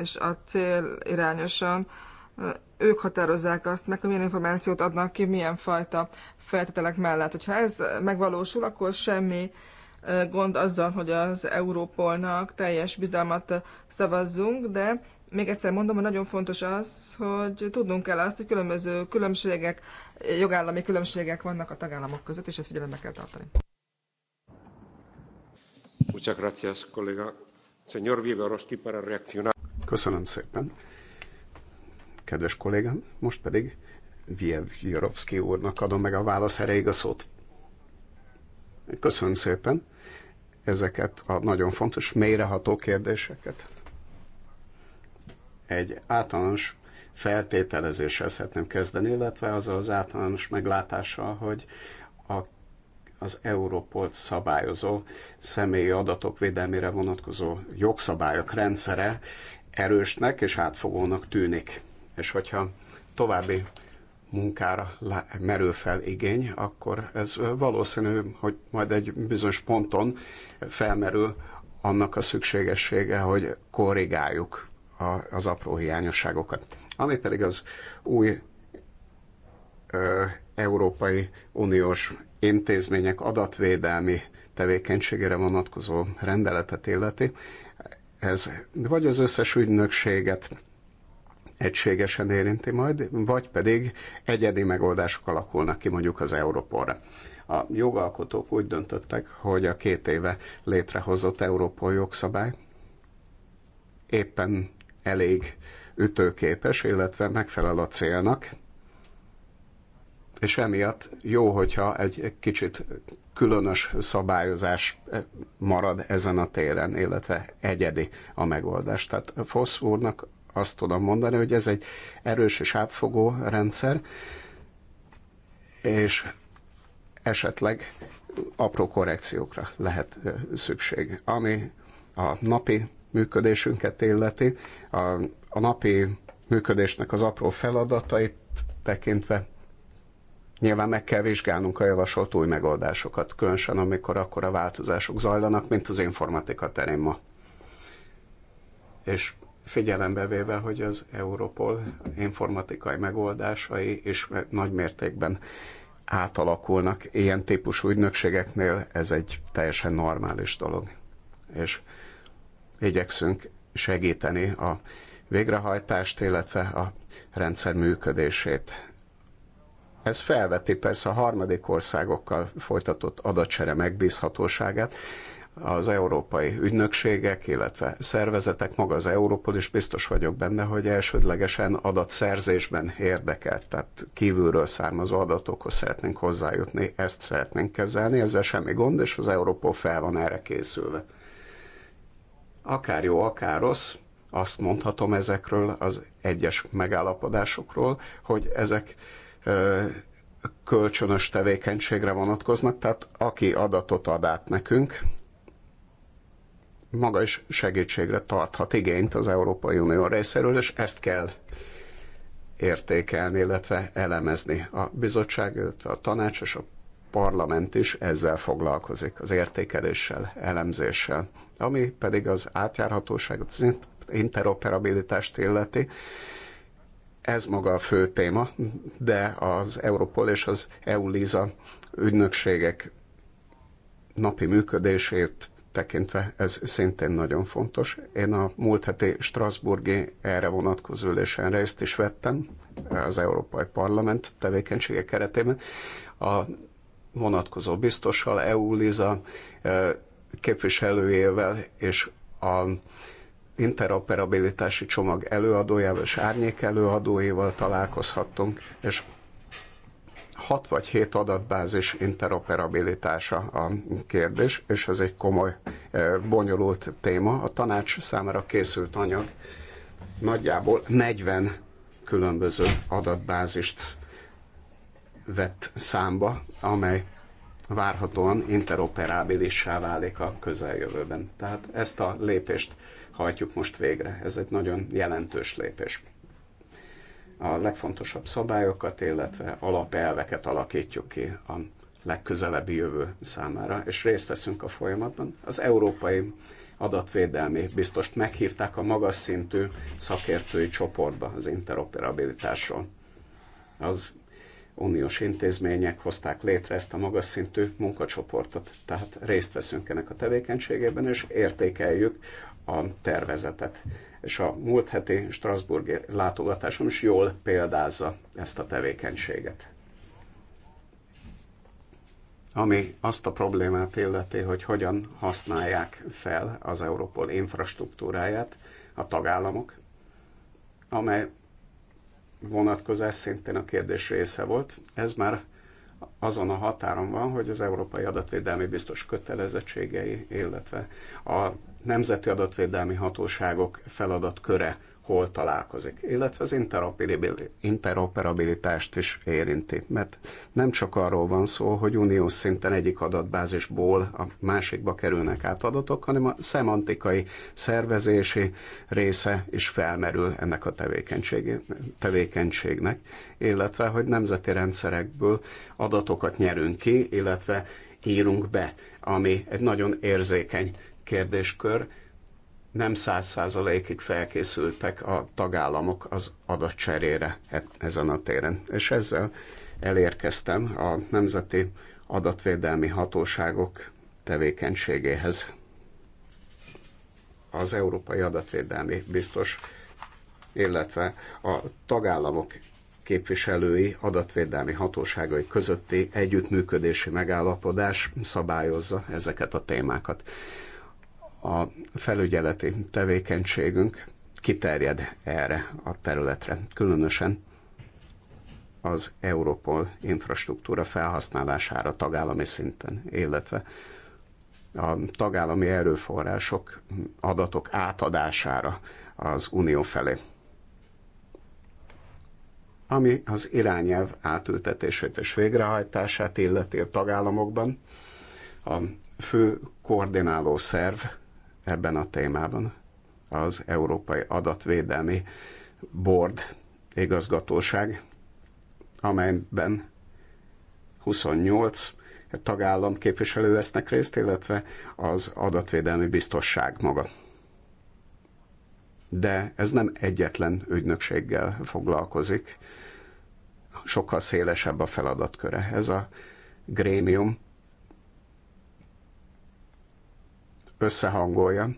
és a cél irányosan ők határozzák azt meg, hogy milyen információt adnak ki, milyen fajta feltételek mellett. Hogyha ez megvalósul, akkor semmi gond azzal, hogy az Európolnak teljes bizalmat szavazzunk, de még egyszer mondom, hogy nagyon fontos az, hogy tudnunk kell azt, hogy különböző különbségek, jogállami különbségek vannak a tagállamok között, és ezt figyelembe kell tartani. Muchas gracias, kollega. Señor para reaccionar. Köszönöm szépen. Kedves kollégám, most pedig Vierovszki úrnak adom meg a válasz erejéig a szót. Köszönöm szépen ezeket a nagyon fontos, mélyreható kérdéseket. Egy általános feltételezéssel szeretném kezdeni, illetve azzal az általános meglátással, hogy a az Európolt szabályozó személyi adatok védelmére vonatkozó jogszabályok rendszere erősnek és átfogónak tűnik. És hogyha további munkára merül fel igény, akkor ez valószínű, hogy majd egy bizonyos ponton felmerül annak a szükségessége, hogy korrigáljuk az apró hiányosságokat. Ami pedig az új Európai Uniós intézmények adatvédelmi tevékenységére vonatkozó rendeletet illeti, ez vagy az összes ügynökséget egységesen érinti majd, vagy pedig egyedi megoldások alakulnak ki mondjuk az Európolra. A jogalkotók úgy döntöttek, hogy a két éve létrehozott Európol jogszabály éppen elég ütőképes, illetve megfelel a célnak, és emiatt jó, hogyha egy kicsit különös szabályozás marad ezen a téren, illetve egyedi a megoldás. Tehát Fosz úrnak azt tudom mondani, hogy ez egy erős és átfogó rendszer, és esetleg apró korrekciókra lehet szükség. Ami a napi működésünket illeti, a, a napi működésnek az apró feladatait tekintve Nyilván meg kell vizsgálnunk a javasolt új megoldásokat, különösen amikor akkor a változások zajlanak, mint az informatika terén ma. És figyelembe véve, hogy az Europol informatikai megoldásai is nagy mértékben átalakulnak ilyen típusú ügynökségeknél, ez egy teljesen normális dolog. És igyekszünk segíteni a végrehajtást, illetve a rendszer működését ez felveti persze a harmadik országokkal folytatott adatsere megbízhatóságát, az európai ügynökségek, illetve szervezetek, maga az Európol is biztos vagyok benne, hogy elsődlegesen adatszerzésben érdekelt, tehát kívülről származó adatokhoz szeretnénk hozzájutni, ezt szeretnénk kezelni, ezzel semmi gond, és az Európol fel van erre készülve. Akár jó, akár rossz, azt mondhatom ezekről az egyes megállapodásokról, hogy ezek kölcsönös tevékenységre vonatkoznak, tehát aki adatot ad át nekünk, maga is segítségre tarthat igényt az Európai Unió részéről, és ezt kell értékelni, illetve elemezni. A bizottság, illetve a tanács és a parlament is ezzel foglalkozik, az értékeléssel, elemzéssel. Ami pedig az átjárhatóságot, az interoperabilitást illeti, ez maga a fő téma, de az Europol és az EU-LISA ügynökségek napi működését tekintve ez szintén nagyon fontos. Én a múlt heti Strasburgi erre vonatkozó ülésen részt is vettem az Európai Parlament tevékenysége keretében. A vonatkozó biztossal, EU-Liza képviselőjével és a interoperabilitási csomag előadójával és árnyék előadóival találkozhattunk, és 6 vagy 7 adatbázis interoperabilitása a kérdés, és ez egy komoly, e, bonyolult téma. A tanács számára készült anyag nagyjából 40 különböző adatbázist vett számba, amely várhatóan interoperábilissá válik a közeljövőben. Tehát ezt a lépést hajtjuk most végre. Ez egy nagyon jelentős lépés. A legfontosabb szabályokat, illetve alapelveket alakítjuk ki a legközelebbi jövő számára, és részt veszünk a folyamatban. Az európai adatvédelmi biztost meghívták a magas szintű szakértői csoportba az interoperabilitásról. Az uniós intézmények hozták létre ezt a magas szintű munkacsoportot, tehát részt veszünk ennek a tevékenységében, és értékeljük a tervezetet. És a múlt heti Strasburgi látogatásom is jól példázza ezt a tevékenységet. Ami azt a problémát illeti, hogy hogyan használják fel az Európol infrastruktúráját a tagállamok, amely vonatkozás szintén a kérdés része volt. Ez már azon a határon van, hogy az Európai Adatvédelmi Biztos kötelezettségei, illetve a nemzeti adatvédelmi hatóságok feladatköre hol találkozik, illetve az interoperabilitást is érinti. Mert nem csak arról van szó, hogy uniós szinten egyik adatbázisból a másikba kerülnek át adatok, hanem a szemantikai szervezési része is felmerül ennek a tevékenységnek, illetve hogy nemzeti rendszerekből adatokat nyerünk ki, illetve írunk be, ami egy nagyon érzékeny kérdéskör, nem száz százalékig felkészültek a tagállamok az adatcserére ezen a téren. És ezzel elérkeztem a nemzeti adatvédelmi hatóságok tevékenységéhez. Az Európai Adatvédelmi Biztos, illetve a tagállamok képviselői adatvédelmi hatóságai közötti együttműködési megállapodás szabályozza ezeket a témákat a felügyeleti tevékenységünk kiterjed erre a területre, különösen az Europol infrastruktúra felhasználására tagállami szinten, illetve a tagállami erőforrások, adatok átadására az Unió felé. Ami az irányelv átültetését és végrehajtását illeti a tagállamokban, a fő koordináló szerv ebben a témában az Európai Adatvédelmi Board igazgatóság, amelyben 28 tagállam képviselő vesznek részt, illetve az adatvédelmi biztosság maga. De ez nem egyetlen ügynökséggel foglalkozik, sokkal szélesebb a feladatköre. Ez a grémium összehangolja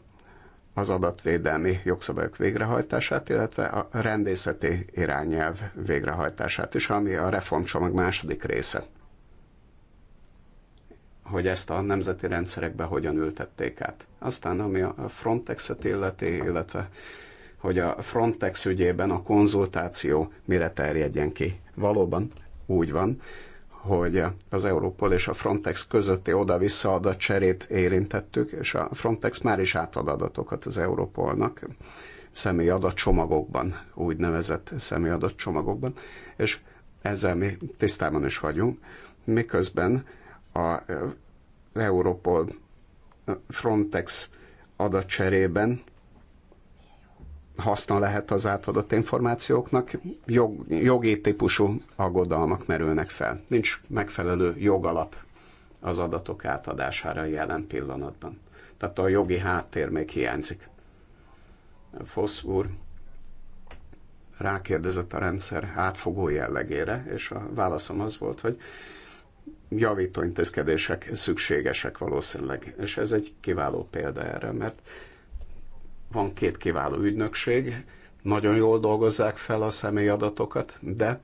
az adatvédelmi jogszabályok végrehajtását, illetve a rendészeti irányelv végrehajtását is, ami a reformcsomag második része. Hogy ezt a nemzeti rendszerekbe hogyan ültették át. Aztán, ami a Frontexet illeti, illetve hogy a Frontex ügyében a konzultáció mire terjedjen ki. Valóban úgy van, hogy az Európol és a Frontex közötti oda-vissza adatcserét érintettük, és a Frontex már is átad adatokat az Európolnak személy adatcsomagokban, úgynevezett személy adatcsomagokban, és ezzel mi tisztában is vagyunk, miközben a e, Europol e, Frontex adatcserében haszna lehet az átadott információknak, jog, jogi típusú aggodalmak merülnek fel. Nincs megfelelő jogalap az adatok átadására jelen pillanatban. Tehát a jogi háttér még hiányzik. Fosz úr rákérdezett a rendszer átfogó jellegére, és a válaszom az volt, hogy javító intézkedések szükségesek valószínűleg. És ez egy kiváló példa erre, mert van két kiváló ügynökség, nagyon jól dolgozzák fel a adatokat, de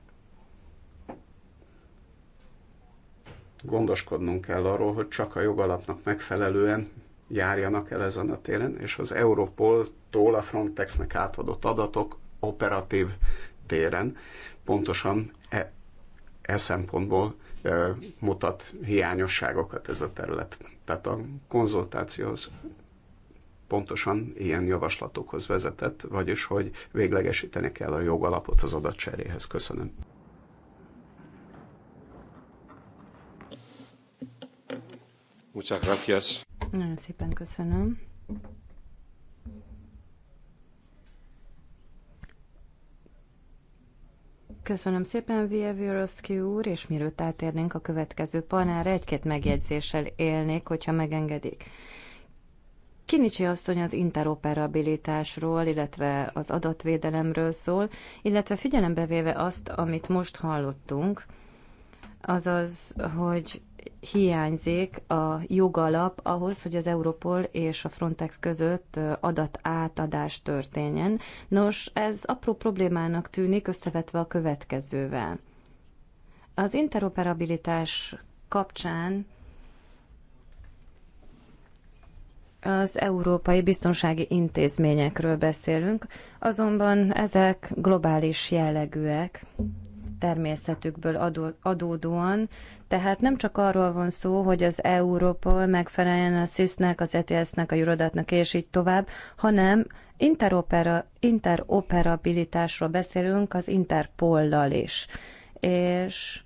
gondoskodnunk kell arról, hogy csak a jogalapnak megfelelően járjanak el ezen a téren, és az Europol-tól a Frontexnek átadott adatok operatív téren pontosan e, e szempontból e, mutat hiányosságokat ez a terület. Tehát a konzultációhoz az pontosan ilyen javaslatokhoz vezetett, vagyis hogy véglegesíteni kell a jogalapot az adatcseréhez. Köszönöm. Muchas gracias. Nagyon szépen köszönöm. Köszönöm szépen, Vievirovszki úr, és mielőtt átérnénk a következő panára, egy-két megjegyzéssel élnék, hogyha megengedik. Kinicsi asszony az interoperabilitásról, illetve az adatvédelemről szól, illetve figyelembe véve azt, amit most hallottunk, azaz, hogy hiányzik a jogalap ahhoz, hogy az Europol és a Frontex között adatátadás történjen. Nos, ez apró problémának tűnik összevetve a következővel. Az interoperabilitás kapcsán az európai biztonsági intézményekről beszélünk, azonban ezek globális jellegűek természetükből adó, adódóan, tehát nem csak arról van szó, hogy az Europol megfeleljen a CISZ-nek, az ETS-nek, a Eurodatnak és így tovább, hanem interopera, interoperabilitásról beszélünk az Interpollal is. És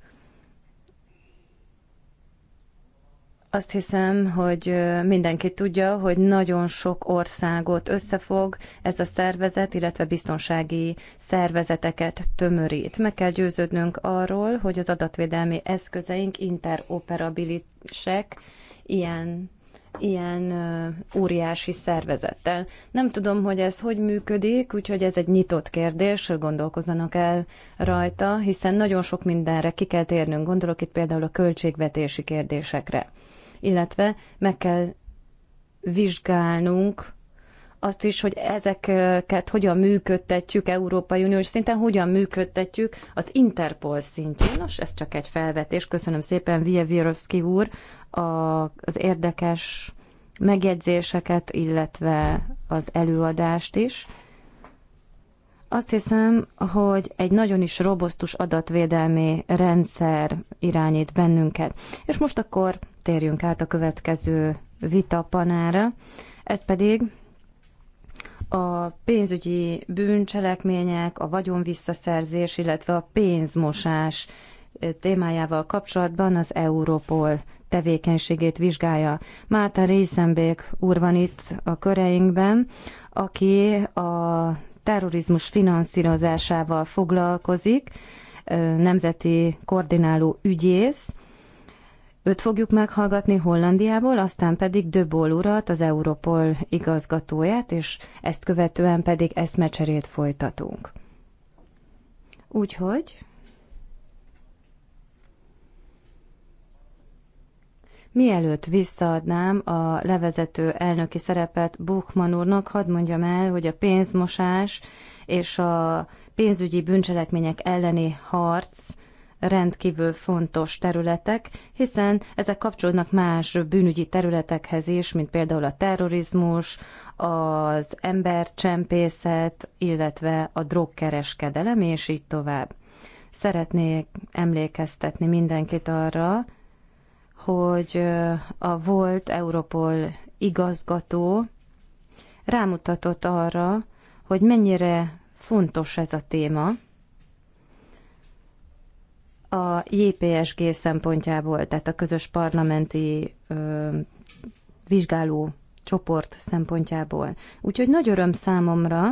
Azt hiszem, hogy mindenki tudja, hogy nagyon sok országot összefog ez a szervezet, illetve biztonsági szervezeteket tömörít. Meg kell győződnünk arról, hogy az adatvédelmi eszközeink interoperabilisek ilyen ilyen óriási szervezettel. Nem tudom, hogy ez hogy működik, úgyhogy ez egy nyitott kérdés, gondolkozzanak el rajta, hiszen nagyon sok mindenre ki kell térnünk, gondolok itt például a költségvetési kérdésekre illetve meg kell vizsgálnunk azt is, hogy ezeket hogyan működtetjük Európai Uniós szinten, hogyan működtetjük az Interpol szintjén. Nos, ez csak egy felvetés. Köszönöm szépen, Vievierovszki úr, a, az érdekes megjegyzéseket, illetve az előadást is. Azt hiszem, hogy egy nagyon is robosztus adatvédelmi rendszer irányít bennünket. És most akkor térjünk át a következő vita panára. Ez pedig a pénzügyi bűncselekmények, a vagyonvisszaszerzés, illetve a pénzmosás témájával kapcsolatban az Europol tevékenységét vizsgálja. Márta Részenbék úr van itt a köreinkben, aki a terrorizmus finanszírozásával foglalkozik, nemzeti koordináló ügyész. Őt fogjuk meghallgatni Hollandiából, aztán pedig Döból urat, az Europol igazgatóját, és ezt követően pedig eszmecserét folytatunk. Úgyhogy Mielőtt visszaadnám a levezető elnöki szerepet Buchmann úrnak, hadd mondjam el, hogy a pénzmosás és a pénzügyi bűncselekmények elleni harc rendkívül fontos területek, hiszen ezek kapcsolódnak más bűnügyi területekhez is, mint például a terrorizmus, az embercsempészet, illetve a drogkereskedelem, és így tovább. Szeretnék emlékeztetni mindenkit arra, hogy a volt Europol igazgató rámutatott arra, hogy mennyire fontos ez a téma a JPSG szempontjából, tehát a közös parlamenti ö, vizsgáló csoport szempontjából. Úgyhogy nagy öröm számomra,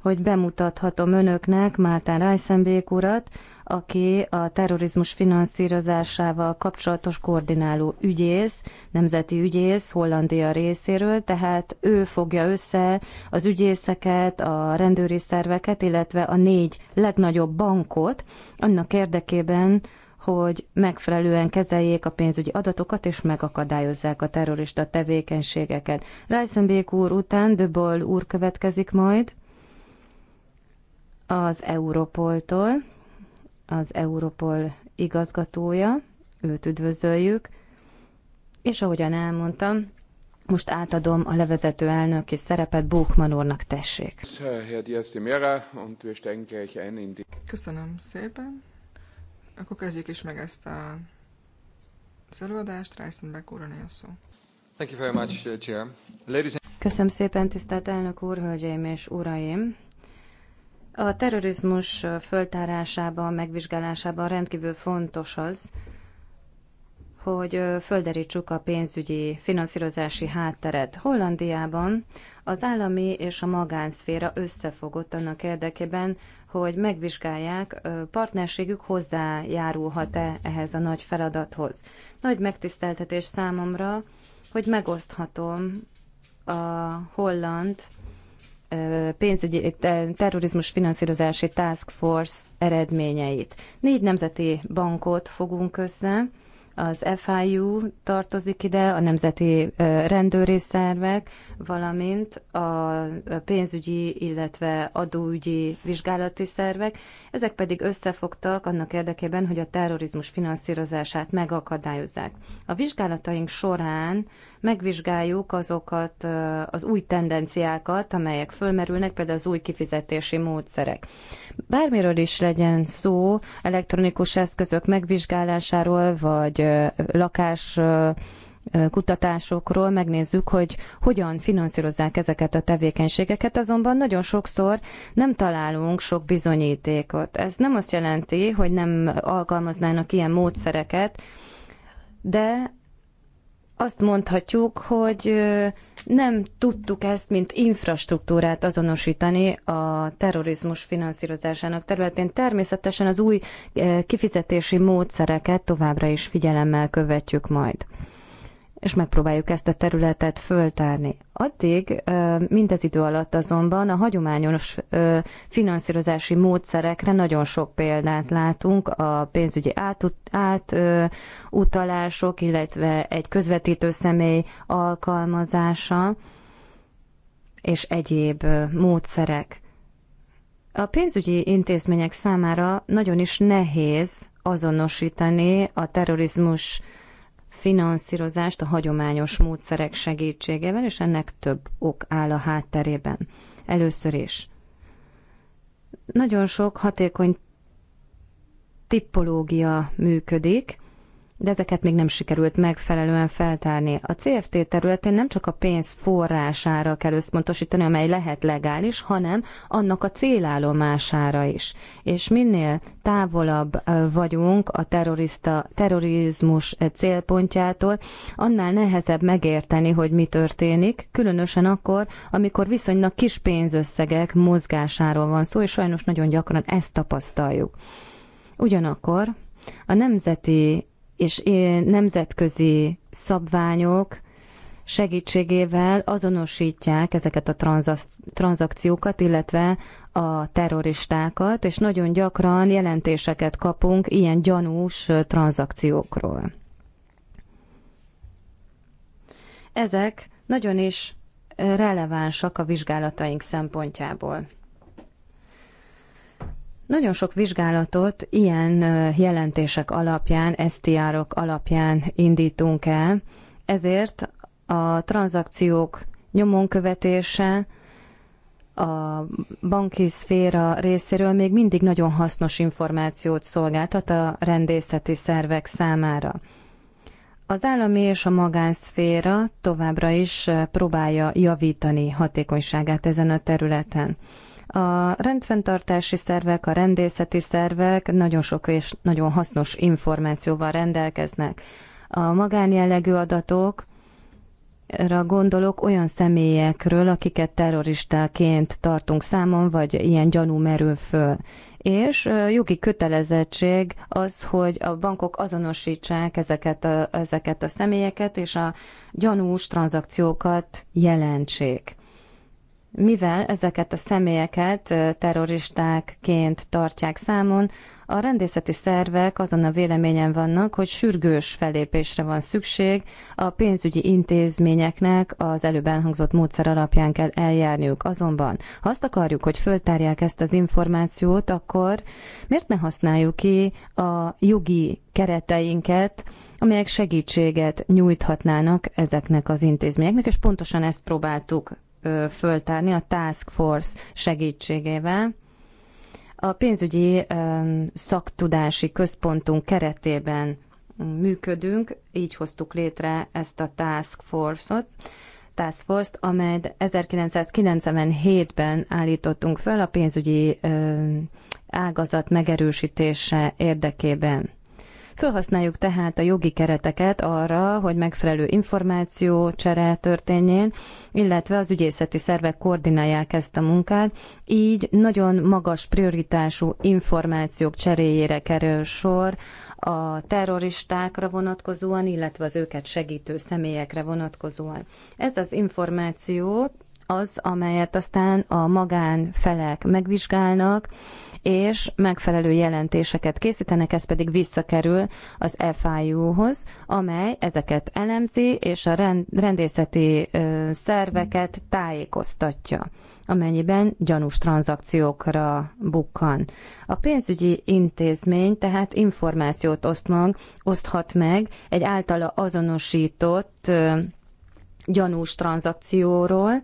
hogy bemutathatom önöknek Mártán Rájszembék urat, aki a terrorizmus finanszírozásával kapcsolatos koordináló ügyész, nemzeti ügyész Hollandia részéről, tehát ő fogja össze az ügyészeket, a rendőri szerveket, illetve a négy legnagyobb bankot annak érdekében, hogy megfelelően kezeljék a pénzügyi adatokat és megakadályozzák a terrorista tevékenységeket. Reisenbeek úr után De úr következik majd az Európoltól az Europol igazgatója, őt üdvözöljük, és ahogyan elmondtam, most átadom a levezető elnöki szerepet Bókman úrnak, tessék. Köszönöm szépen. Akkor kezdjük is meg ezt a az előadást. Reisenbeck úr, a szó. Thank you very much, uh, Chair. Ladies and... Köszönöm szépen, tisztelt elnök úr, hölgyeim és uraim! A terrorizmus föltárásában, megvizsgálásában rendkívül fontos az, hogy földerítsük a pénzügyi finanszírozási hátteret. Hollandiában az állami és a magánszféra összefogott annak érdekében, hogy megvizsgálják, partnerségük hozzájárulhat-e ehhez a nagy feladathoz. Nagy megtiszteltetés számomra, hogy megoszthatom a holland pénzügyi terrorizmus finanszírozási task force eredményeit. Négy nemzeti bankot fogunk össze, az FIU tartozik ide, a Nemzeti Rendőri Szervek, valamint a pénzügyi, illetve adóügyi vizsgálati szervek. Ezek pedig összefogtak annak érdekében, hogy a terrorizmus finanszírozását megakadályozzák. A vizsgálataink során megvizsgáljuk azokat az új tendenciákat, amelyek fölmerülnek, például az új kifizetési módszerek. Bármiről is legyen szó, elektronikus eszközök megvizsgálásáról, vagy lakás kutatásokról megnézzük, hogy hogyan finanszírozzák ezeket a tevékenységeket, azonban nagyon sokszor nem találunk sok bizonyítékot. Ez nem azt jelenti, hogy nem alkalmaznának ilyen módszereket, de azt mondhatjuk, hogy nem tudtuk ezt, mint infrastruktúrát azonosítani a terrorizmus finanszírozásának területén. Természetesen az új kifizetési módszereket továbbra is figyelemmel követjük majd és megpróbáljuk ezt a területet föltárni. Addig mindez idő alatt azonban a hagyományos finanszírozási módszerekre nagyon sok példát látunk, a pénzügyi átutalások, illetve egy közvetítő személy alkalmazása és egyéb módszerek. A pénzügyi intézmények számára nagyon is nehéz azonosítani a terrorizmus finanszírozást a hagyományos módszerek segítségével, és ennek több ok áll a hátterében. Először is nagyon sok hatékony tippológia működik, de ezeket még nem sikerült megfelelően feltárni. A CFT területén nem csak a pénz forrására kell összpontosítani, amely lehet legális, hanem annak a célállomására is. És minél távolabb vagyunk a terrorista, terrorizmus célpontjától, annál nehezebb megérteni, hogy mi történik, különösen akkor, amikor viszonylag kis pénzösszegek mozgásáról van szó, és sajnos nagyon gyakran ezt tapasztaljuk. Ugyanakkor a nemzeti és nemzetközi szabványok segítségével azonosítják ezeket a tranzakciókat, illetve a terroristákat, és nagyon gyakran jelentéseket kapunk ilyen gyanús tranzakciókról. Ezek nagyon is relevánsak a vizsgálataink szempontjából. Nagyon sok vizsgálatot ilyen jelentések alapján, STR-ok alapján indítunk el, ezért a tranzakciók nyomon követése a banki szféra részéről még mindig nagyon hasznos információt szolgáltat a rendészeti szervek számára. Az állami és a magánszféra továbbra is próbálja javítani hatékonyságát ezen a területen. A rendfenntartási szervek, a rendészeti szervek nagyon sok és nagyon hasznos információval rendelkeznek. A magánjellegű adatok, ra gondolok olyan személyekről, akiket terroristáként tartunk számon, vagy ilyen gyanú merül föl. És jogi kötelezettség az, hogy a bankok azonosítsák ezeket a, ezeket a személyeket, és a gyanús tranzakciókat jelentsék mivel ezeket a személyeket terroristákként tartják számon, a rendészeti szervek azon a véleményen vannak, hogy sürgős felépésre van szükség, a pénzügyi intézményeknek az előbb elhangzott módszer alapján kell eljárniuk. Azonban, ha azt akarjuk, hogy föltárják ezt az információt, akkor miért ne használjuk ki a jogi kereteinket, amelyek segítséget nyújthatnának ezeknek az intézményeknek, és pontosan ezt próbáltuk föltárni a Task Force segítségével. A pénzügyi szaktudási központunk keretében működünk, így hoztuk létre ezt a Task Force-ot, Task Force-t, amely 1997-ben állítottunk föl a pénzügyi ágazat megerősítése érdekében. Felhasználjuk tehát a jogi kereteket arra, hogy megfelelő információ csere történjen, illetve az ügyészeti szervek koordinálják ezt a munkát, így nagyon magas prioritású információk cseréjére kerül sor a terroristákra vonatkozóan, illetve az őket segítő személyekre vonatkozóan. Ez az információ az, amelyet aztán a magánfelek megvizsgálnak, és megfelelő jelentéseket készítenek, ez pedig visszakerül az FIU-hoz, amely ezeket elemzi, és a rendészeti szerveket tájékoztatja, amennyiben gyanús tranzakciókra bukkan. A pénzügyi intézmény tehát információt oszt mag oszthat meg egy általa azonosított gyanús tranzakcióról,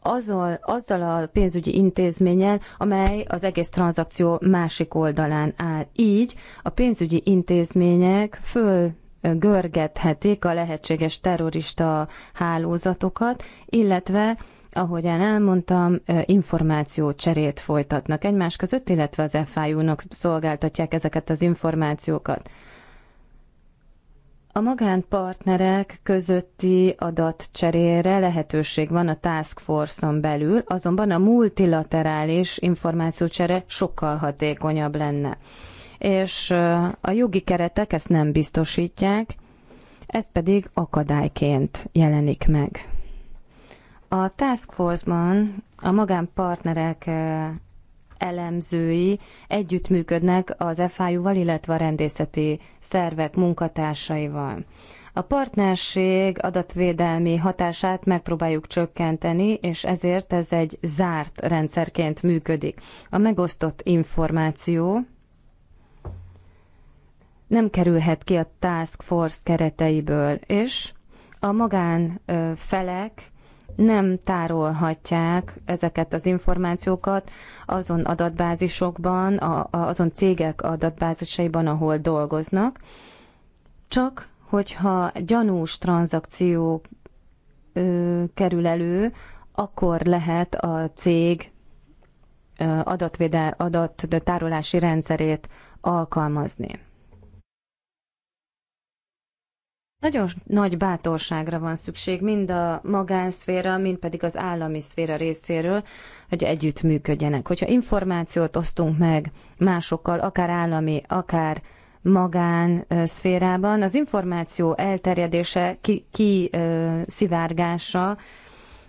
azon, azzal a pénzügyi intézménnyel, amely az egész tranzakció másik oldalán áll. Így a pénzügyi intézmények föl görgethetik a lehetséges terrorista hálózatokat, illetve ahogyan elmondtam, információ cserét folytatnak egymás között, illetve az FIU-nak szolgáltatják ezeket az információkat. A magánpartnerek közötti adatcserére lehetőség van a Task Force-on belül, azonban a multilaterális információcsere sokkal hatékonyabb lenne. És a jogi keretek ezt nem biztosítják, ez pedig akadályként jelenik meg. A Task Force-ban a magánpartnerek elemzői együttműködnek az FIU-val, illetve a rendészeti szervek munkatársaival. A partnerség adatvédelmi hatását megpróbáljuk csökkenteni, és ezért ez egy zárt rendszerként működik. A megosztott információ nem kerülhet ki a Task Force kereteiből, és a magánfelek nem tárolhatják ezeket az információkat azon adatbázisokban, a, a, azon cégek adatbázisaiban, ahol dolgoznak, csak hogyha gyanús tranzakció ö, kerül elő, akkor lehet a cég adatvédel, adattárolási rendszerét alkalmazni. Nagyon nagy bátorságra van szükség, mind a magánszféra, mind pedig az állami szféra részéről, hogy együttműködjenek. Hogyha információt osztunk meg másokkal, akár állami, akár magán szférában, az információ elterjedése, ki, ki ö, szivárgása,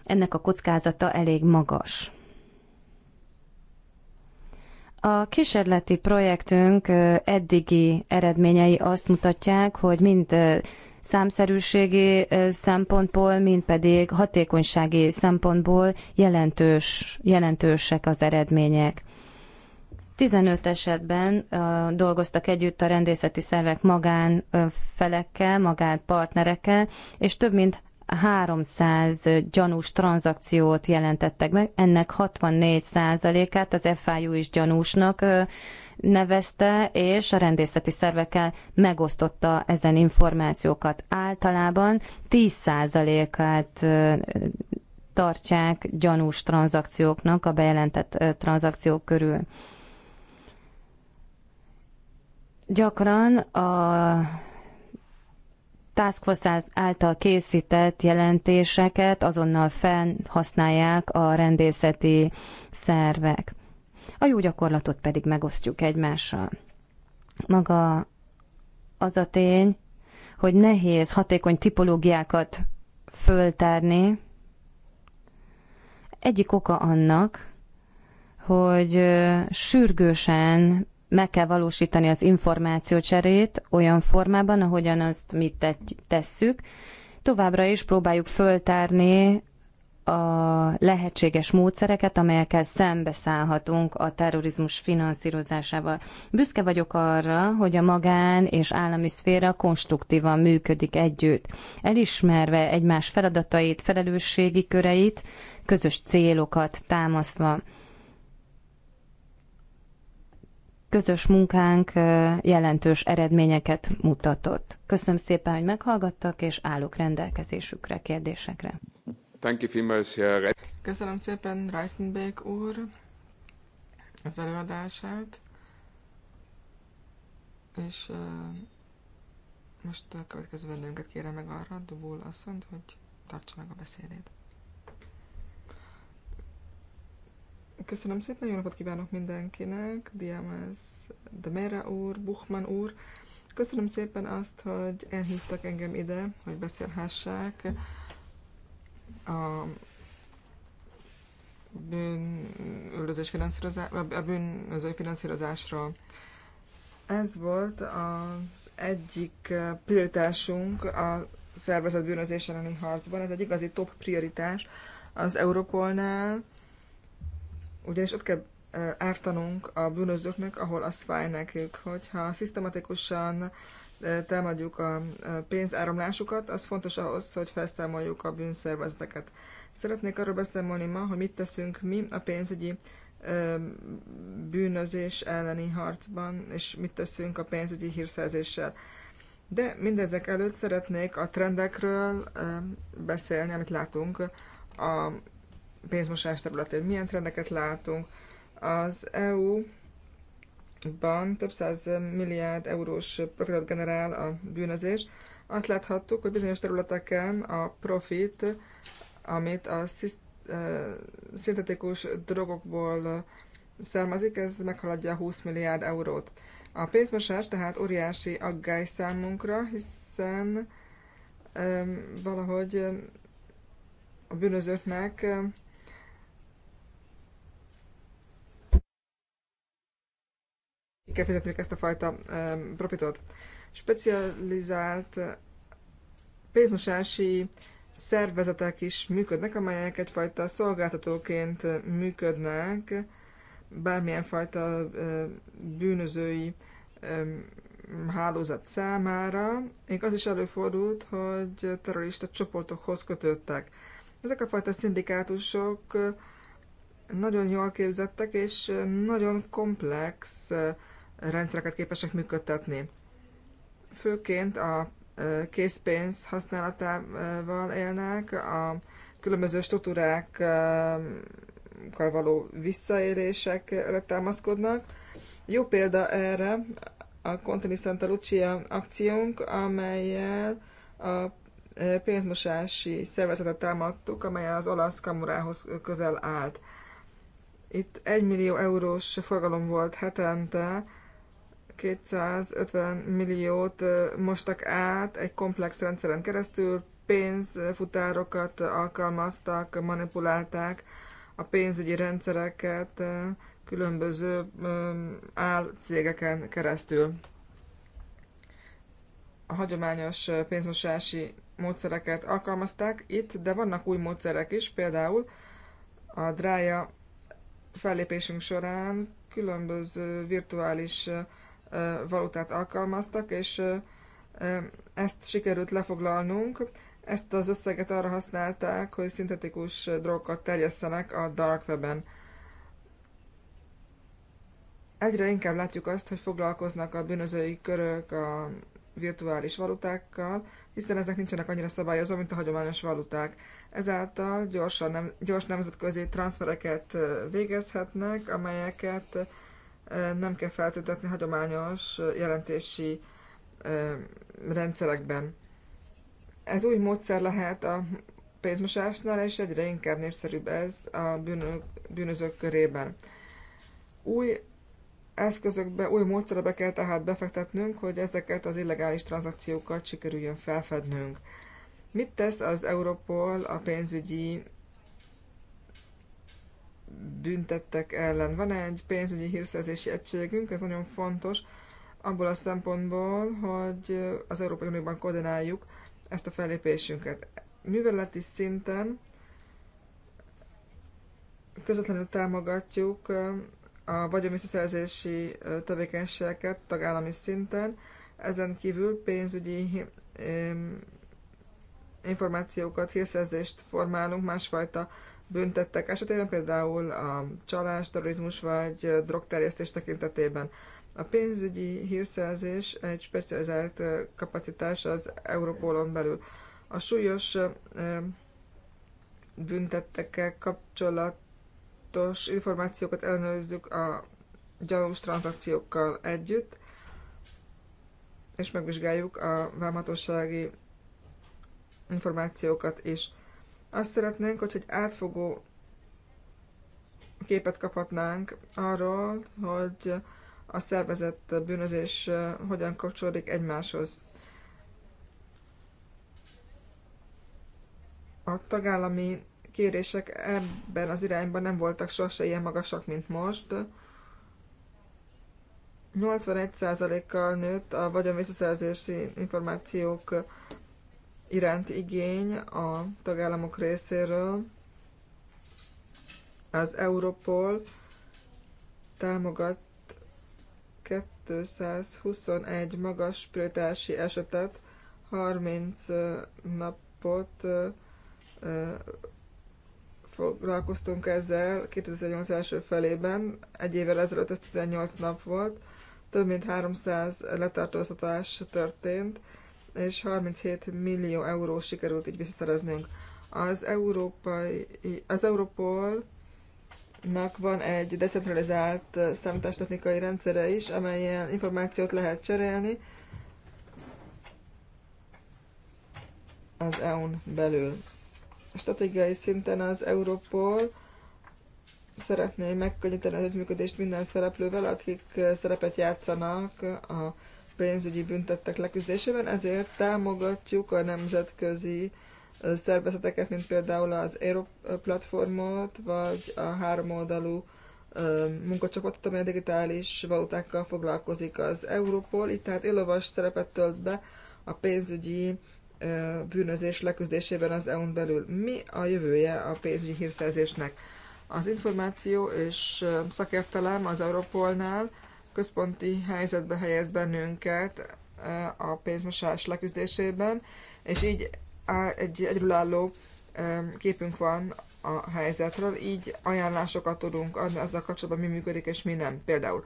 ennek a kockázata elég magas. A kísérleti projektünk eddigi eredményei azt mutatják, hogy mind számszerűségi szempontból, mint pedig hatékonysági szempontból jelentős, jelentősek az eredmények. 15 esetben uh, dolgoztak együtt a rendészeti szervek magánfelekkel, magánpartnerekkel, és több mint 300 gyanús tranzakciót jelentettek meg, ennek 64%-át az FIU is gyanúsnak nevezte, és a rendészeti szervekkel megosztotta ezen információkat. Általában 10%-át tartják gyanús tranzakcióknak a bejelentett tranzakciók körül. Gyakran a Task Force által készített jelentéseket azonnal felhasználják a rendészeti szervek. A jó gyakorlatot pedig megosztjuk egymással. Maga az a tény, hogy nehéz hatékony tipológiákat föltárni. Egyik oka annak, hogy sürgősen meg kell valósítani az információcserét olyan formában, ahogyan azt mi tesszük. Továbbra is próbáljuk föltárni a lehetséges módszereket, amelyekkel szembeszállhatunk a terrorizmus finanszírozásával. Büszke vagyok arra, hogy a magán és állami szféra konstruktívan működik együtt, elismerve egymás feladatait, felelősségi köreit, közös célokat támasztva. közös munkánk jelentős eredményeket mutatott. Köszönöm szépen, hogy meghallgattak, és állok rendelkezésükre kérdésekre. Köszönöm szépen Reisenbeck úr az előadását, és uh, most a következő vendőnket kérem meg arra, Dubul mondta, hogy tartsa meg a beszédét. Köszönöm szépen, jó napot kívánok mindenkinek, Diamaz Demera úr, Buchman úr. Köszönöm szépen azt, hogy elhívtak engem ide, hogy beszélhessek a bűnöldözés finanszírozás, a bűnöző finanszírozásra. Ez volt az egyik prioritásunk a szervezet bűnözés elleni harcban. Ez egy igazi top prioritás az Europolnál, ugyanis ott kell ártanunk a bűnözőknek, ahol az fáj nekik. Hogyha szisztematikusan támadjuk a pénzáramlásukat, az fontos ahhoz, hogy felszámoljuk a bűnszervezeteket. Szeretnék arról beszámolni ma, hogy mit teszünk mi a pénzügyi bűnözés elleni harcban, és mit teszünk a pénzügyi hírszerzéssel. De mindezek előtt szeretnék a trendekről beszélni, amit látunk a pénzmosás területén milyen trendeket látunk. Az EU-ban több száz milliárd eurós profitot generál a bűnözés. Azt láthattuk, hogy bizonyos területeken a profit, amit a szintetikus drogokból származik, ez meghaladja 20 milliárd eurót. A pénzmosás tehát óriási aggály számunkra, hiszen valahogy a bűnözőknek ki kell fizetniük ezt a fajta profitot. Specializált eh, pénzmosási szervezetek is működnek, amelyek egyfajta szolgáltatóként eh, működnek bármilyen fajta eh, bűnözői hálózat számára. Még az is előfordult, hogy terrorista csoportokhoz kötődtek. Ezek a fajta szindikátusok nagyon jól képzettek, és nagyon komplex rendszereket képesek működtetni. Főként a készpénz használatával élnek, a különböző struktúrákkal való visszaélésekre támaszkodnak. Jó példa erre a Contini Santa Lucia akciónk, amelyel a pénzmosási szervezetet támadtuk, amely az olasz kamurához közel állt. Itt 1 millió eurós forgalom volt hetente 250 milliót mostak át egy komplex rendszeren keresztül, pénzfutárokat alkalmaztak, manipulálták a pénzügyi rendszereket különböző álcégeken keresztül. A hagyományos pénzmosási módszereket alkalmazták itt, de vannak új módszerek is, például a drája fellépésünk során különböző virtuális valutát alkalmaztak, és ezt sikerült lefoglalnunk. Ezt az összeget arra használták, hogy szintetikus drogokat terjesszenek a dark webben. Egyre inkább látjuk azt, hogy foglalkoznak a bűnözői körök a virtuális valutákkal, hiszen ezek nincsenek annyira szabályozva, mint a hagyományos valuták. Ezáltal gyorsan nem, gyors nemzetközi transfereket végezhetnek, amelyeket nem kell feltüntetni hagyományos jelentési rendszerekben. Ez új módszer lehet a pénzmosásnál, és egyre inkább népszerűbb ez a bűnök, bűnözők körében. Új eszközökbe, új módszerebe kell tehát befektetnünk, hogy ezeket az illegális tranzakciókat sikerüljön felfednünk. Mit tesz az Europol a pénzügyi büntettek ellen. Van egy pénzügyi hírszerzési egységünk, ez nagyon fontos, abból a szempontból, hogy az Európai Unióban koordináljuk ezt a fellépésünket. Műveleti szinten közvetlenül támogatjuk eh, a vagyonvisszaszerzési eh, tevékenységeket tagállami szinten, ezen kívül pénzügyi eh, információkat, hírszerzést formálunk, másfajta büntettek esetében, például a csalás, terrorizmus vagy drogterjesztés tekintetében. A pénzügyi hírszerzés egy specializált kapacitás az Európolon belül. A súlyos büntettekkel kapcsolatos információkat ellenőrizzük a gyanús tranzakciókkal együtt, és megvizsgáljuk a vámhatósági információkat is. Azt szeretnénk, hogy egy átfogó képet kaphatnánk arról, hogy a szervezett bűnözés hogyan kapcsolódik egymáshoz. A tagállami kérések ebben az irányban nem voltak sose ilyen magasak, mint most. 81%-kal nőtt a vagyon visszaszerzési információk iránt igény a tagállamok részéről. Az Europol támogat 221 magas prioritási esetet, 30 napot foglalkoztunk ezzel 2008 első felében, egy évvel ezelőtt ez 18 nap volt, több mint 300 letartóztatás történt, és 37 millió euró sikerült így visszaszereznünk. Az, európai, az Europol nak van egy decentralizált eh, számítástechnikai rendszere is, amelyen információt lehet cserélni az EU-n belül. stratégiai szinten az Europol szeretné megkönnyíteni az együttműködést minden szereplővel, akik eh, szerepet játszanak a pénzügyi büntettek leküzdésében, ezért támogatjuk a nemzetközi szervezeteket, mint például az Aero platformot, vagy a háromoldalú munkacsapatot, amely a digitális valutákkal foglalkozik az Európol, itt tehát illovas szerepet tölt be a pénzügyi bűnözés leküzdésében az EU-n belül. Mi a jövője a pénzügyi hírszerzésnek? Az információ és szakértelem az Európolnál, központi helyzetbe helyez bennünket eh, a pénzmosás leküzdésében, és így egy egyedülálló eh, képünk van a helyzetről, így ajánlásokat tudunk adni azzal kapcsolatban, mi működik és mi nem. Például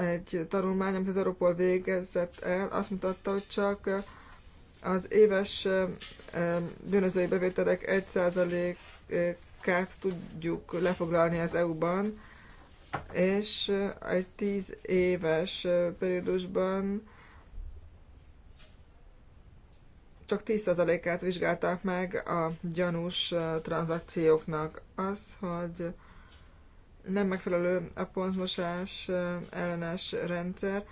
egy tanulmány, amit az Europol végezett el, azt mutatta, hogy csak eh, az éves bűnözői bevételek 1%-át tudjuk lefoglalni az EU-ban, és egy tíz éves periódusban csak 10%-át vizsgálták meg a gyanús tranzakcióknak. Az, hogy nem megfelelő a pénzmosás ellenes rendszer,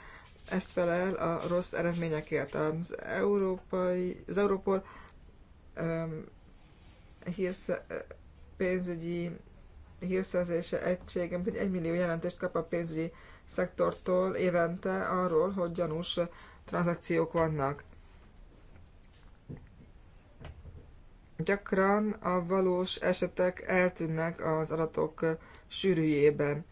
ez felel a rossz eredményekért. Az, európai, az Európol um, hírsz, pénzügyi hírszerzése egysége, mint egy 1 millió jelentést kap a pénzügyi szektortól évente arról, hogy gyanús tranzakciók vannak. Gyakran a valós esetek eltűnnek az adatok sűrűjében.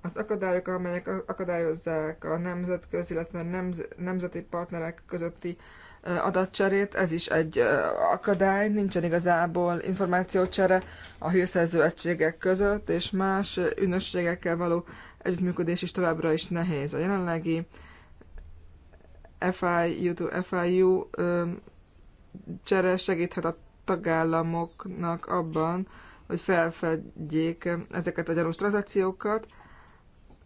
Az akadályok, amelyek akadályozzák a nemzetközi, illetve nemz- nemzeti partnerek közötti adatcserét, ez is egy akadály, nincsen igazából információcsere a hírszerző egységek között, és más ügynökségekkel való együttműködés is továbbra is nehéz. A jelenlegi FIU, FIU csere segíthet a tagállamoknak abban, hogy felfedjék ezeket a gyanús tranzakciókat,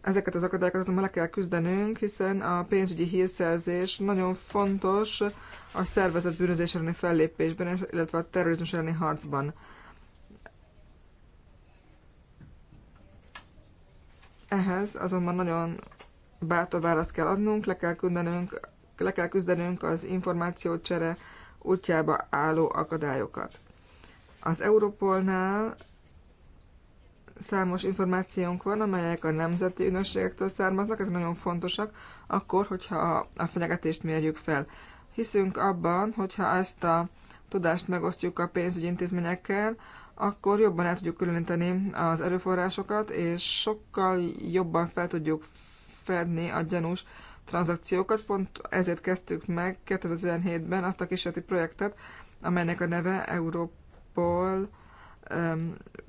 ezeket az akadályokat azonban le kell küzdenünk, hiszen a pénzügyi hírszerzés nagyon fontos a szervezet bűnözés elleni fellépésben, illetve a terrorizmus elleni harcban. Ehhez azonban nagyon bátor választ kell adnunk, le kell küzdenünk, le kell küzdenünk az információcsere útjába álló akadályokat. Az Európolnál számos információnk van, amelyek a nemzeti ünösségektől származnak, ezek nagyon fontosak, akkor, hogyha a fenyegetést mérjük fel. Hiszünk abban, hogyha ezt a tudást megosztjuk a pénzügyi intézményekkel, akkor jobban el tudjuk különíteni az erőforrásokat, és sokkal jobban fel tudjuk fedni a gyanús tranzakciókat. Pont ezért kezdtük meg 2017-ben azt a kísérleti projektet, amelynek a neve Európol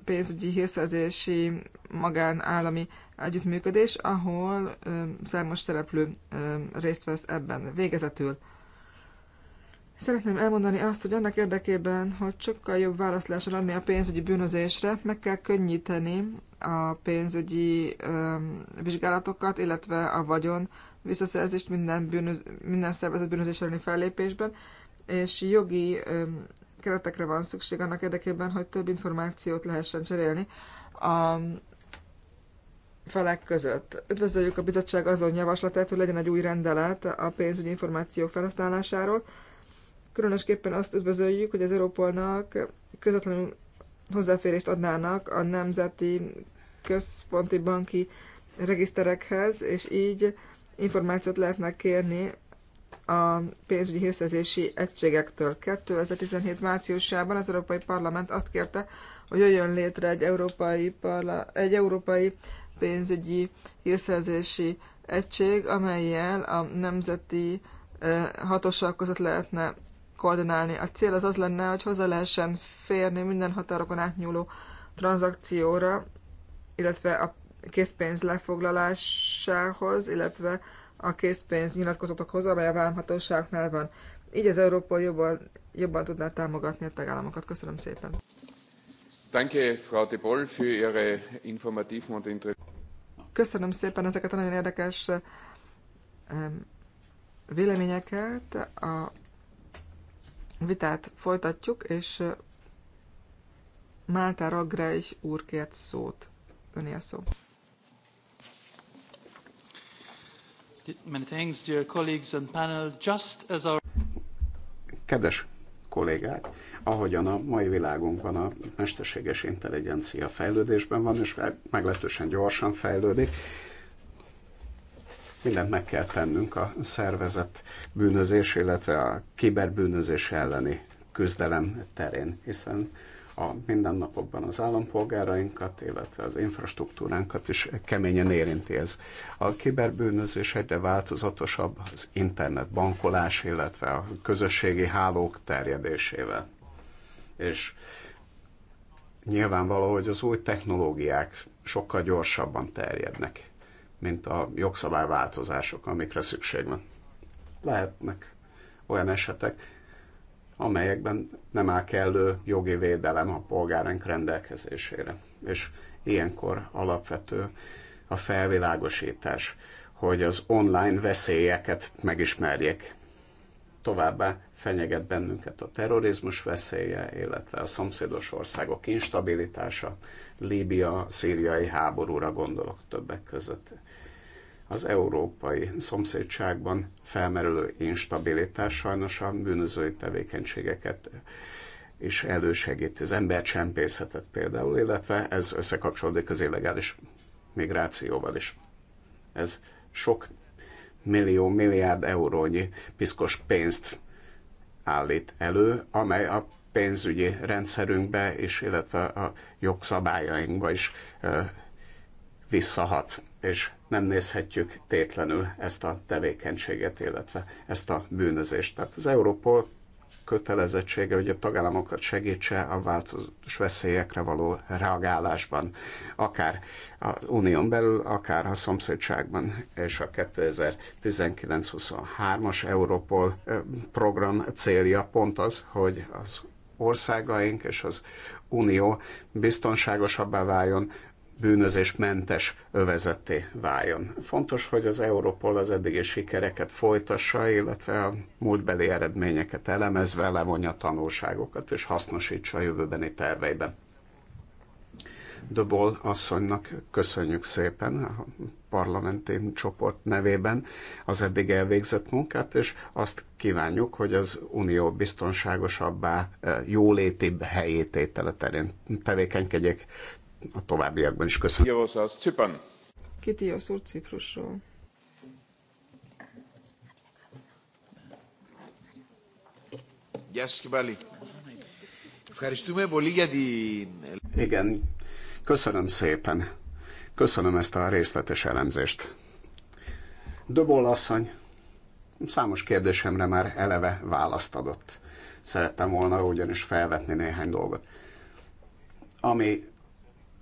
pénzügyi hírszerzési magánállami együttműködés, ahol számos szereplő részt vesz ebben végezetül. Szeretném elmondani azt, hogy annak érdekében, hogy sokkal jobb választ lehessen adni a pénzügyi bűnözésre, meg kell könnyíteni a pénzügyi ö, vizsgálatokat, illetve a vagyon visszaszerzést minden, bűnöz, minden szervezet bűnözés elleni fellépésben, és jogi ö, keretekre van szükség annak érdekében, hogy több információt lehessen cserélni a felek között. Üdvözöljük a bizottság azon javaslatát, hogy legyen egy új rendelet a pénzügyi információk felhasználásáról. Különösképpen azt üdvözöljük, hogy az Európolnak közvetlenül hozzáférést adnának a nemzeti központi banki regiszterekhez, és így információt lehetnek kérni a pénzügyi hírszerzési egységektől. 2017 márciusában az Európai Parlament azt kérte, hogy jöjjön létre egy európai, parla, egy európai pénzügyi hírszerzési egység, amelyel a nemzeti hatóság között lehetne koordinálni. A cél az az lenne, hogy hozzá lehessen férni minden határokon átnyúló tranzakcióra, illetve a készpénz lefoglalásához, illetve a készpénz nyilatkozatokhoz, amely a vámhatóságnál van. Így az Európa jobban, jobban tudná támogatni a tagállamokat. Köszönöm szépen. Danke, Frau de Boll, für Ihre informativen und interessanten köszönöm szépen ezeket a nagyon érdekes véleményeket. A vitát folytatjuk, és Máltára Grejs úr kért szót. Önél szó. Many thanks, dear colleagues and panel. Just as our... Kedves kollégák, ahogyan a mai világunkban a mesterséges intelligencia fejlődésben van, és meglehetősen gyorsan fejlődik, mindent meg kell tennünk a szervezet bűnözés, illetve a kiberbűnözés elleni küzdelem terén, hiszen a mindennapokban az állampolgárainkat, illetve az infrastruktúránkat is keményen érinti ez. A kiberbűnözés egyre változatosabb az internet bankolás, illetve a közösségi hálók terjedésével. És nyilvánvaló, hogy az új technológiák sokkal gyorsabban terjednek, mint a jogszabályváltozások, amikre szükség van. Lehetnek olyan esetek, amelyekben nem áll kellő jogi védelem a polgáránk rendelkezésére. És ilyenkor alapvető a felvilágosítás, hogy az online veszélyeket megismerjék. Továbbá fenyeget bennünket a terrorizmus veszélye, illetve a szomszédos országok instabilitása, Líbia, szíriai háborúra gondolok többek között. Az európai szomszédságban felmerülő instabilitás sajnos a bűnözői tevékenységeket is elősegít, az embercsempészetet például, illetve ez összekapcsolódik az illegális migrációval is. Ez sok millió, milliárd eurónyi piszkos pénzt állít elő, amely a pénzügyi rendszerünkbe és illetve a jogszabályainkba is visszahat, és nem nézhetjük tétlenül ezt a tevékenységet, illetve ezt a bűnözést. Tehát az Európol kötelezettsége, hogy a tagállamokat segítse a változatos veszélyekre való reagálásban, akár a unión belül, akár a szomszédságban, és a 2019-23-as Európol program célja pont az, hogy az országaink és az unió biztonságosabbá váljon, bűnözésmentes övezetté váljon. Fontos, hogy az Europol az eddigi sikereket folytassa, illetve a múltbeli eredményeket elemezve levonja tanulságokat és hasznosítsa a jövőbeni terveiben. Döbol asszonynak köszönjük szépen a parlamenti csoport nevében az eddig elvégzett munkát, és azt kívánjuk, hogy az unió biztonságosabbá, jólétibb helyététele terén tevékenykedjék a továbbiakban is köszönöm. Kitioszasz, Cipan. Kitiosz úr Ciprusról. Γεια σας Igen, köszönöm szépen. Köszönöm ezt a részletes elemzést. Döbol asszony, számos kérdésemre már eleve választ adott. Szerettem volna ugyanis felvetni néhány dolgot. Ami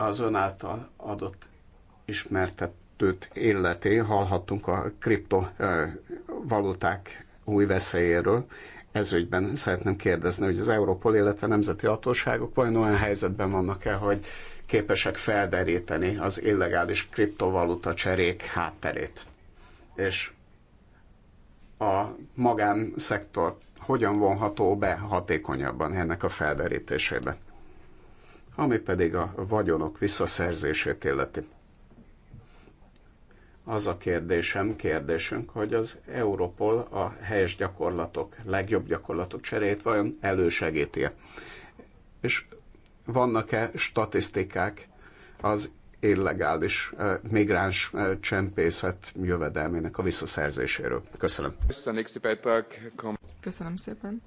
az ön által adott ismertetőt illeti, hallhattunk a kriptovaluták új veszélyéről. Ez ügyben szeretném kérdezni, hogy az Európol, illetve nemzeti hatóságok vajon olyan helyzetben vannak-e, hogy képesek felderíteni az illegális kriptovaluta cserék hátterét. És a magánszektor hogyan vonható be hatékonyabban ennek a felderítésébe? ami pedig a vagyonok visszaszerzését illeti. Az a kérdésem, kérdésünk, hogy az Europol a helyes gyakorlatok, legjobb gyakorlatok cserét vajon elősegíti -e? És vannak-e statisztikák az illegális migráns csempészet jövedelmének a visszaszerzéséről. Köszönöm. Köszönöm szépen.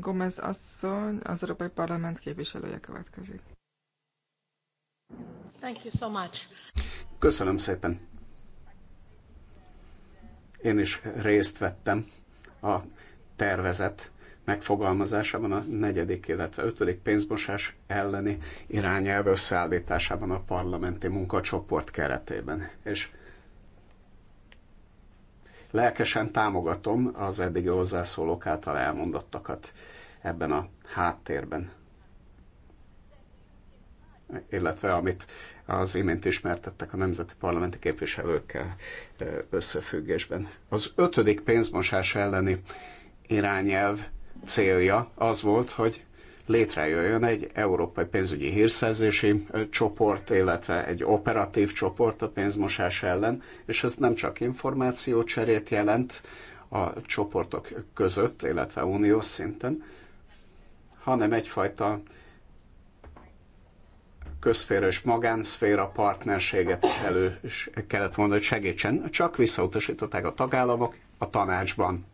Gomez asszony, az Európai Parlament képviselője következik. Thank you so much. Köszönöm szépen. Én is részt vettem a tervezet megfogalmazásában a negyedik, illetve ötödik pénzmosás elleni irányelv összeállításában a parlamenti munkacsoport keretében. És Lelkesen támogatom az eddigi hozzászólók által elmondottakat ebben a háttérben. Illetve amit az imént ismertettek a nemzeti parlamenti képviselőkkel összefüggésben. Az ötödik pénzmosás elleni irányelv célja az volt, hogy létrejöjjön egy európai pénzügyi hírszerzési csoport, illetve egy operatív csoport a pénzmosás ellen, és ez nem csak információcserét jelent a csoportok között, illetve uniós szinten, hanem egyfajta közszféra és magánszféra partnerséget is elő kellett volna, hogy segítsen, csak visszautasították a tagállamok a tanácsban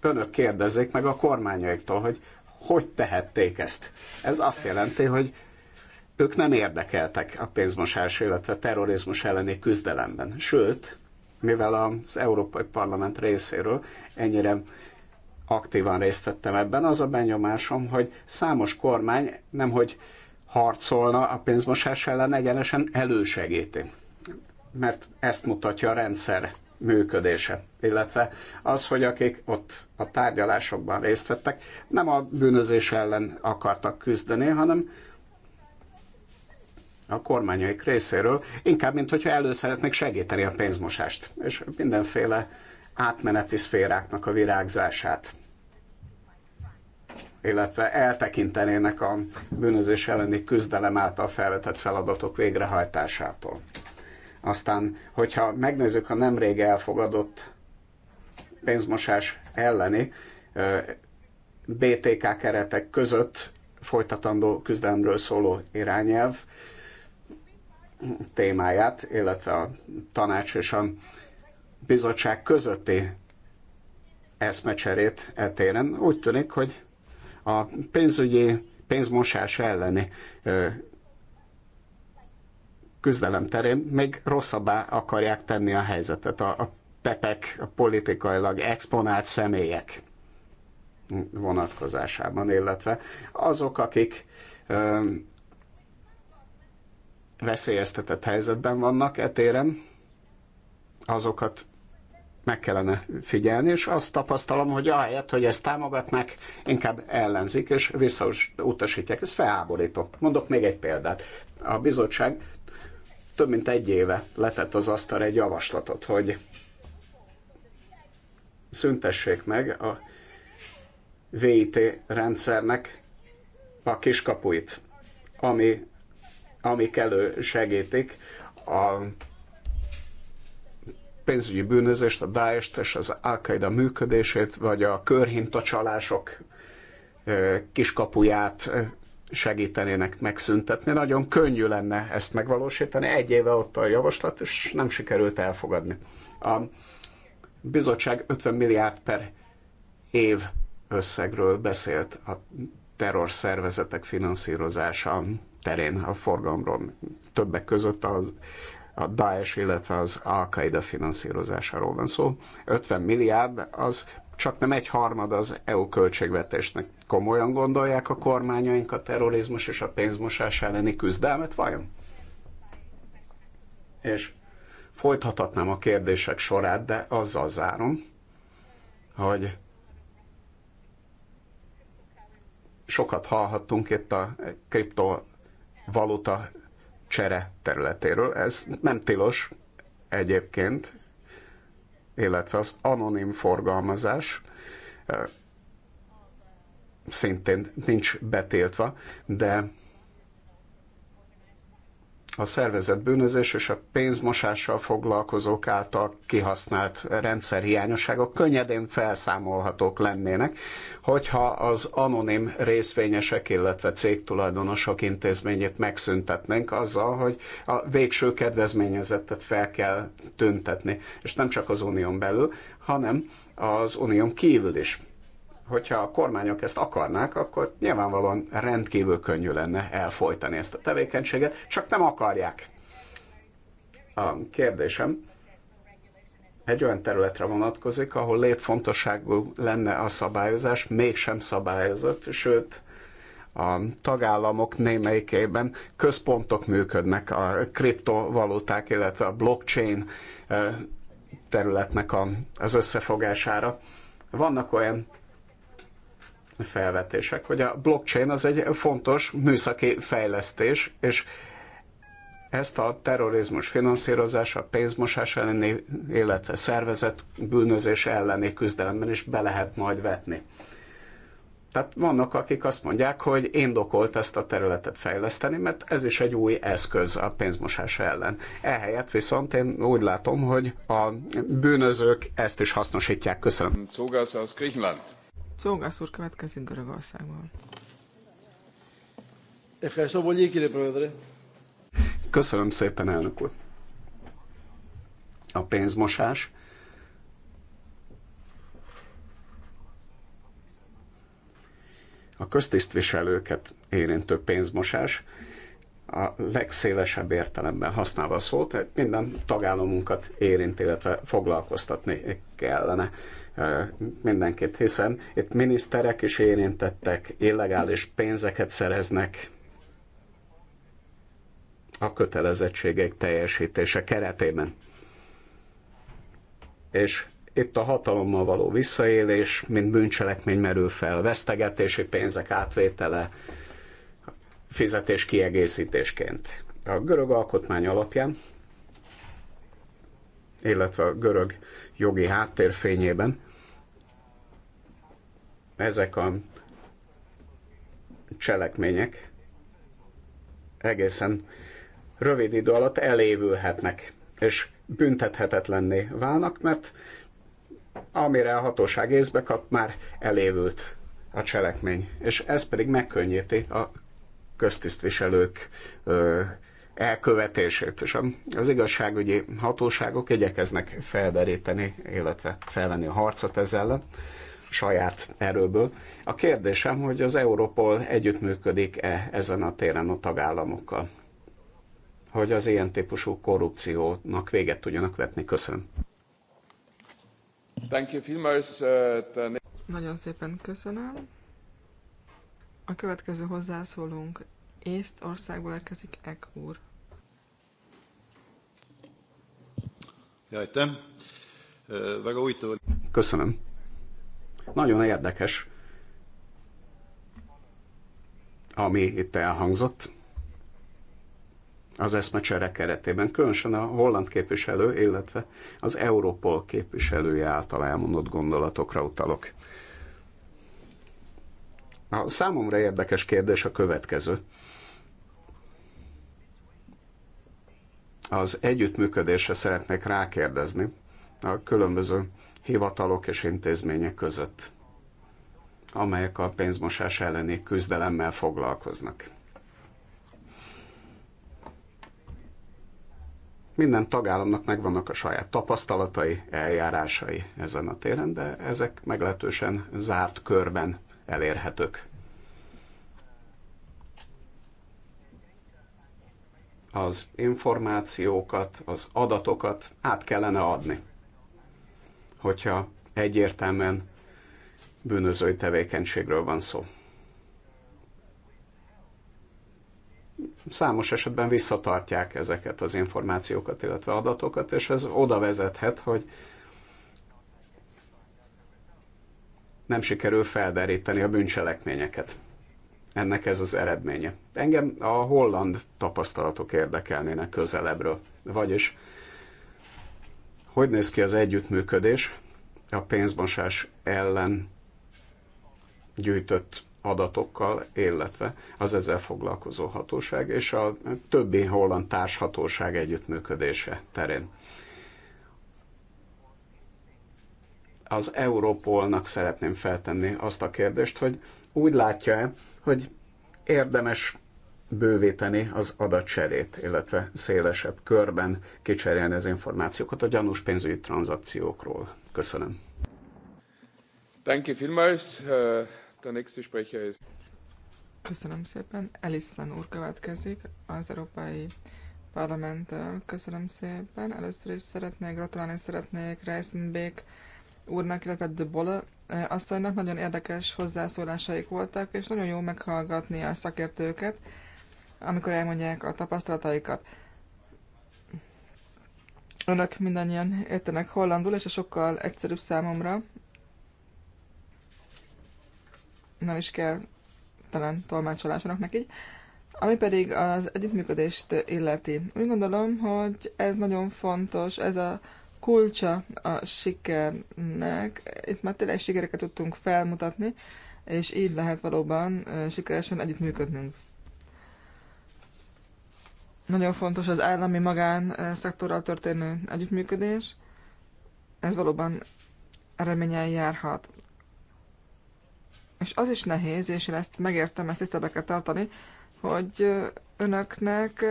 önök kérdezzék meg a kormányaiktól, hogy hogy tehették ezt. Ez azt jelenti, hogy ők nem érdekeltek a pénzmosás, illetve a terrorizmus elleni küzdelemben. Sőt, mivel az Európai Parlament részéről ennyire aktívan részt vettem ebben, az a benyomásom, hogy számos kormány nemhogy harcolna a pénzmosás ellen, egyenesen elősegíti. Mert ezt mutatja a rendszer működése, illetve az, hogy akik ott a tárgyalásokban részt vettek, nem a bűnözés ellen akartak küzdeni, hanem a kormányaik részéről, inkább, mint hogyha elő szeretnék segíteni a pénzmosást, és mindenféle átmeneti szféráknak a virágzását, illetve eltekintenének a bűnözés elleni küzdelem által felvetett feladatok végrehajtásától. Aztán, hogyha megnézzük a nemrég elfogadott pénzmosás elleni BTK keretek között folytatandó küzdelemről szóló irányelv témáját, illetve a tanács és a bizottság közötti eszmecserét etéren. Úgy tűnik, hogy a pénzügyi pénzmosás elleni küzdelem terén még rosszabbá akarják tenni a helyzetet. A, a pepek, a politikailag exponált személyek vonatkozásában, illetve azok, akik ö, veszélyeztetett helyzetben vannak etéren, azokat meg kellene figyelni, és azt tapasztalom, hogy ahelyett, hogy ezt támogatnák, inkább ellenzik, és visszautasítják. Ez felháborító. Mondok még egy példát. A bizottság több mint egy éve letett az asztal egy javaslatot, hogy szüntessék meg a VIT rendszernek a kiskapuit, ami, amik elősegítik a pénzügyi bűnözést, a daesh és az al működését, vagy a körhinta csalások kiskapuját segítenének megszüntetni. Nagyon könnyű lenne ezt megvalósítani. Egy éve ott a javaslat, és nem sikerült elfogadni. A bizottság 50 milliárd per év összegről beszélt a terrorszervezetek finanszírozása terén, a forgalomról, többek között az, a Daesh, illetve az Al-Qaeda finanszírozásáról van szó. 50 milliárd az csak nem egy harmad az EU költségvetésnek. Komolyan gondolják a kormányaink a terrorizmus és a pénzmosás elleni küzdelmet vajon? És folytathatnám a kérdések sorát, de azzal zárom, hogy sokat hallhattunk itt a kriptovaluta csere területéről. Ez nem tilos egyébként, illetve az anonim forgalmazás szintén nincs betiltva, de a szervezett bűnözés és a pénzmosással foglalkozók által kihasznált rendszerhiányosságok könnyedén felszámolhatók lennének, hogyha az anonim részvényesek, illetve cégtulajdonosok intézményét megszüntetnénk azzal, hogy a végső kedvezményezettet fel kell tüntetni. És nem csak az unión belül, hanem az unión kívül is hogyha a kormányok ezt akarnák, akkor nyilvánvalóan rendkívül könnyű lenne elfolytani ezt a tevékenységet, csak nem akarják. A kérdésem egy olyan területre vonatkozik, ahol létfontosságú lenne a szabályozás, mégsem szabályozott, sőt, a tagállamok némelyikében központok működnek, a kriptovaluták, illetve a blockchain eh, területnek az összefogására. Vannak olyan felvetések, hogy a blockchain az egy fontos műszaki fejlesztés, és ezt a terrorizmus finanszírozása, pénzmosás elleni, illetve szervezet bűnözés elleni küzdelemben is be lehet majd vetni. Tehát vannak, akik azt mondják, hogy indokolt ezt a területet fejleszteni, mert ez is egy új eszköz a pénzmosás ellen. Ehelyett viszont én úgy látom, hogy a bűnözők ezt is hasznosítják. Köszönöm. Griechenland. Czongász úr következik Görögországból. Köszönöm szépen, elnök úr. A pénzmosás a köztisztviselőket érintő pénzmosás a legszélesebb értelemben használva a szót, tehát minden tagállamunkat érint, illetve foglalkoztatni kellene mindenkit, hiszen itt miniszterek is érintettek, illegális pénzeket szereznek a kötelezettségek teljesítése keretében. És itt a hatalommal való visszaélés, mint bűncselekmény merül fel, vesztegetési pénzek átvétele, fizetés kiegészítésként. A görög alkotmány alapján, illetve a görög jogi háttérfényében ezek a cselekmények egészen rövid idő alatt elévülhetnek, és büntethetetlenné válnak, mert amire a hatóság észbe kap, már elévült a cselekmény. És ez pedig megkönnyíti a köztisztviselők elkövetését, és az igazságügyi hatóságok igyekeznek felderíteni, illetve felvenni a harcot ezzel ellen saját erőből. A kérdésem, hogy az Europol együttműködik-e ezen a téren a tagállamokkal, hogy az ilyen típusú korrupciónak véget tudjanak vetni. Köszönöm. Uh, Nagyon szépen köszönöm. A következő hozzászólunk Észtországból érkezik Ek úr. Jajtem. Köszönöm. Nagyon érdekes, ami itt elhangzott az eszmecsere keretében, különösen a holland képviselő, illetve az Európol képviselője által elmondott gondolatokra utalok. A számomra érdekes kérdés a következő. Az együttműködésre szeretnék rákérdezni a különböző hivatalok és intézmények között, amelyek a pénzmosás elleni küzdelemmel foglalkoznak. minden tagállamnak megvannak a saját tapasztalatai, eljárásai ezen a téren, de ezek meglehetősen zárt körben elérhetők. Az információkat, az adatokat át kellene adni, hogyha egyértelműen bűnözői tevékenységről van szó. Számos esetben visszatartják ezeket az információkat, illetve adatokat, és ez oda vezethet, hogy nem sikerül felderíteni a bűncselekményeket. Ennek ez az eredménye. Engem a holland tapasztalatok érdekelnének közelebbről. Vagyis, hogy néz ki az együttműködés a pénzmosás ellen gyűjtött adatokkal, illetve az ezzel foglalkozó hatóság és a többi holland társhatóság együttműködése terén. az Európolnak szeretném feltenni azt a kérdést, hogy úgy látja-e, hogy érdemes bővíteni az adatcserét, illetve szélesebb körben kicserélni az információkat a gyanús pénzügyi tranzakciókról. Köszönöm. Danke vielmals. Der uh, nächste Sprecher ist... Köszönöm szépen. Elissan úr következik az Európai Parlamenttől. Köszönöm szépen. Először is szeretnék gratulálni, szeretnék Reisenbeck úrnak, illetve De Bolle asszonynak nagyon érdekes hozzászólásaik voltak, és nagyon jó meghallgatni a szakértőket, amikor elmondják a tapasztalataikat. Önök mindannyian értenek hollandul, és a sokkal egyszerűbb számomra. Nem is kell talán tolmácsolásnak neki. Ami pedig az együttműködést illeti. Úgy gondolom, hogy ez nagyon fontos, ez a kulcsa a sikernek. Itt már tényleg sikereket tudtunk felmutatni, és így lehet valóban sikeresen együttműködnünk. Nagyon fontos az állami magán szektorral történő együttműködés. Ez valóban reményen járhat. És az is nehéz, és én ezt megértem, ezt tisztelbe kell tartani, hogy önöknek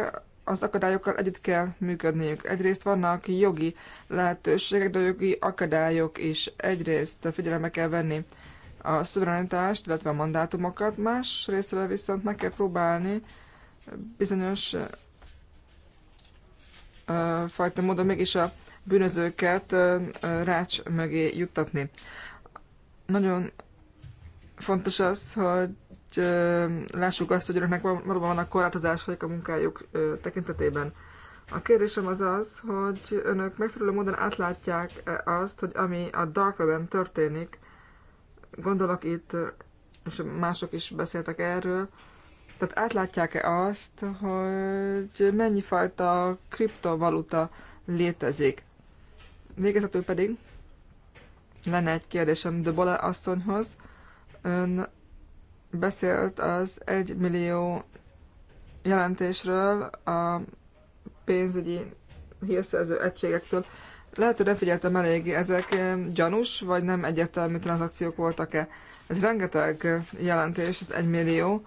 az akadályokkal együtt kell működniük. Egyrészt vannak jogi lehetőségek, de jogi akadályok is. Egyrészt figyelembe kell venni a szuverenitást, illetve a mandátumokat, más részre viszont meg kell próbálni bizonyos ö, fajta módon mégis a bűnözőket ö, ö, rács mögé juttatni. Nagyon fontos az, hogy lássuk azt, hogy önöknek valóban vannak korlátozásaik a munkájuk tekintetében. A kérdésem az az, hogy önök megfelelő módon átlátják -e azt, hogy ami a dark web történik, gondolok itt, és mások is beszéltek erről, tehát átlátják-e azt, hogy mennyi fajta kriptovaluta létezik? Végezetül pedig lenne egy kérdésem Debola asszonyhoz. Ön beszélt az 1 millió jelentésről a pénzügyi hírszerző egységektől. Lehet, hogy nem figyeltem elég, ezek gyanús vagy nem egyértelmű tranzakciók voltak-e. Ez rengeteg jelentés, ez 1 millió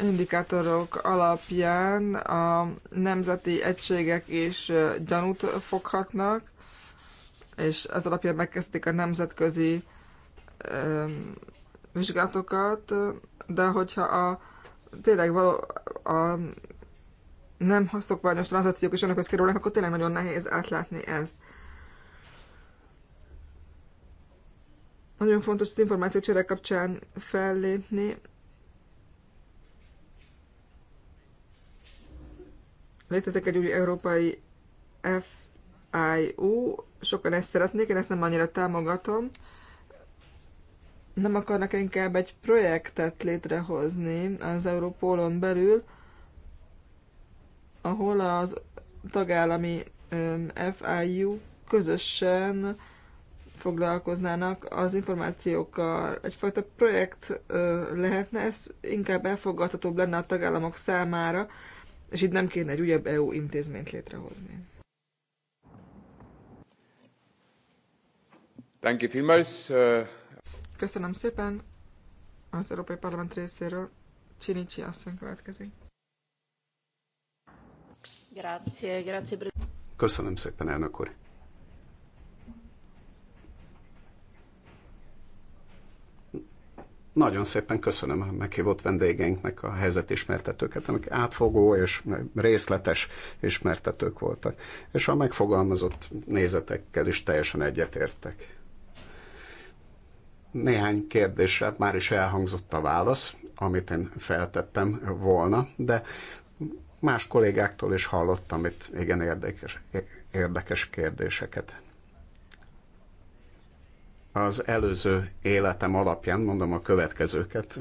indikátorok alapján a nemzeti egységek is gyanút foghatnak, és ez alapján megkezdték a nemzetközi vizsgátokat, de hogyha a tényleg való, a nem szokványos tranzakciók is önökhöz kerülnek, akkor tényleg nagyon nehéz átlátni ezt. Nagyon fontos az információ csere kapcsán fellépni. Létezik egy új európai FIU, sokan ezt szeretnék, én ezt nem annyira támogatom nem akarnak inkább egy projektet létrehozni az Európólon belül, ahol az tagállami FIU közösen foglalkoznának az információkkal. Egyfajta projekt lehetne, ez inkább elfogadhatóbb lenne a tagállamok számára, és itt nem kéne egy újabb EU intézményt létrehozni. Danke vielmals. Äh, Köszönöm szépen az Európai Parlament részéről. Csinicsi asszony következik. Grazie, grazie. Köszönöm szépen, elnök úr. Nagyon szépen köszönöm a meghívott vendégeinknek a helyzetismertetőket, amik átfogó és részletes ismertetők voltak, és a megfogalmazott nézetekkel is teljesen egyetértek. Néhány kérdésre hát már is elhangzott a válasz, amit én feltettem volna, de más kollégáktól is hallottam itt igen érdekes, érdekes kérdéseket. Az előző életem alapján mondom a következőket.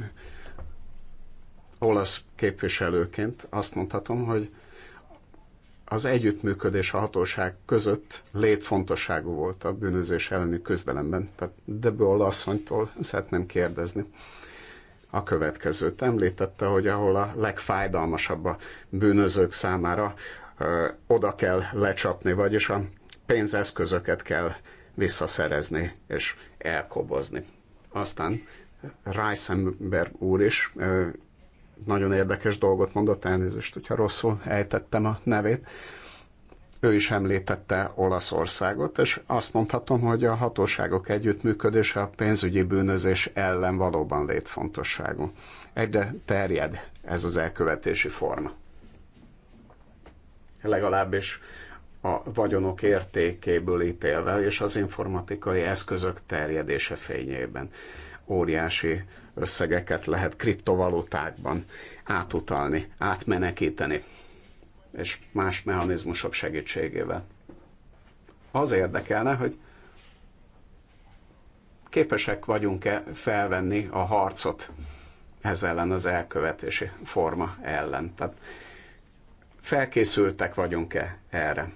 Olasz képviselőként azt mondhatom, hogy az együttműködés a hatóság között létfontosságú volt a bűnözés elleni küzdelemben. Tehát Deből asszonytól szeretném kérdezni a következőt. Említette, hogy ahol a legfájdalmasabb a bűnözők számára, ö, oda kell lecsapni, vagyis a pénzeszközöket kell visszaszerezni és elkobozni. Aztán Reisenberg úr is ö, nagyon érdekes dolgot mondott, elnézést, hogyha rosszul ejtettem a nevét. Ő is említette Olaszországot, és azt mondhatom, hogy a hatóságok együttműködése a pénzügyi bűnözés ellen valóban létfontosságú. Egyre terjed ez az elkövetési forma. Legalábbis a vagyonok értékéből ítélve, és az informatikai eszközök terjedése fényében óriási összegeket lehet kriptovalutákban átutalni, átmenekíteni, és más mechanizmusok segítségével. Az érdekelne, hogy képesek vagyunk-e felvenni a harcot ez ellen az elkövetési forma ellen. Tehát felkészültek vagyunk-e erre?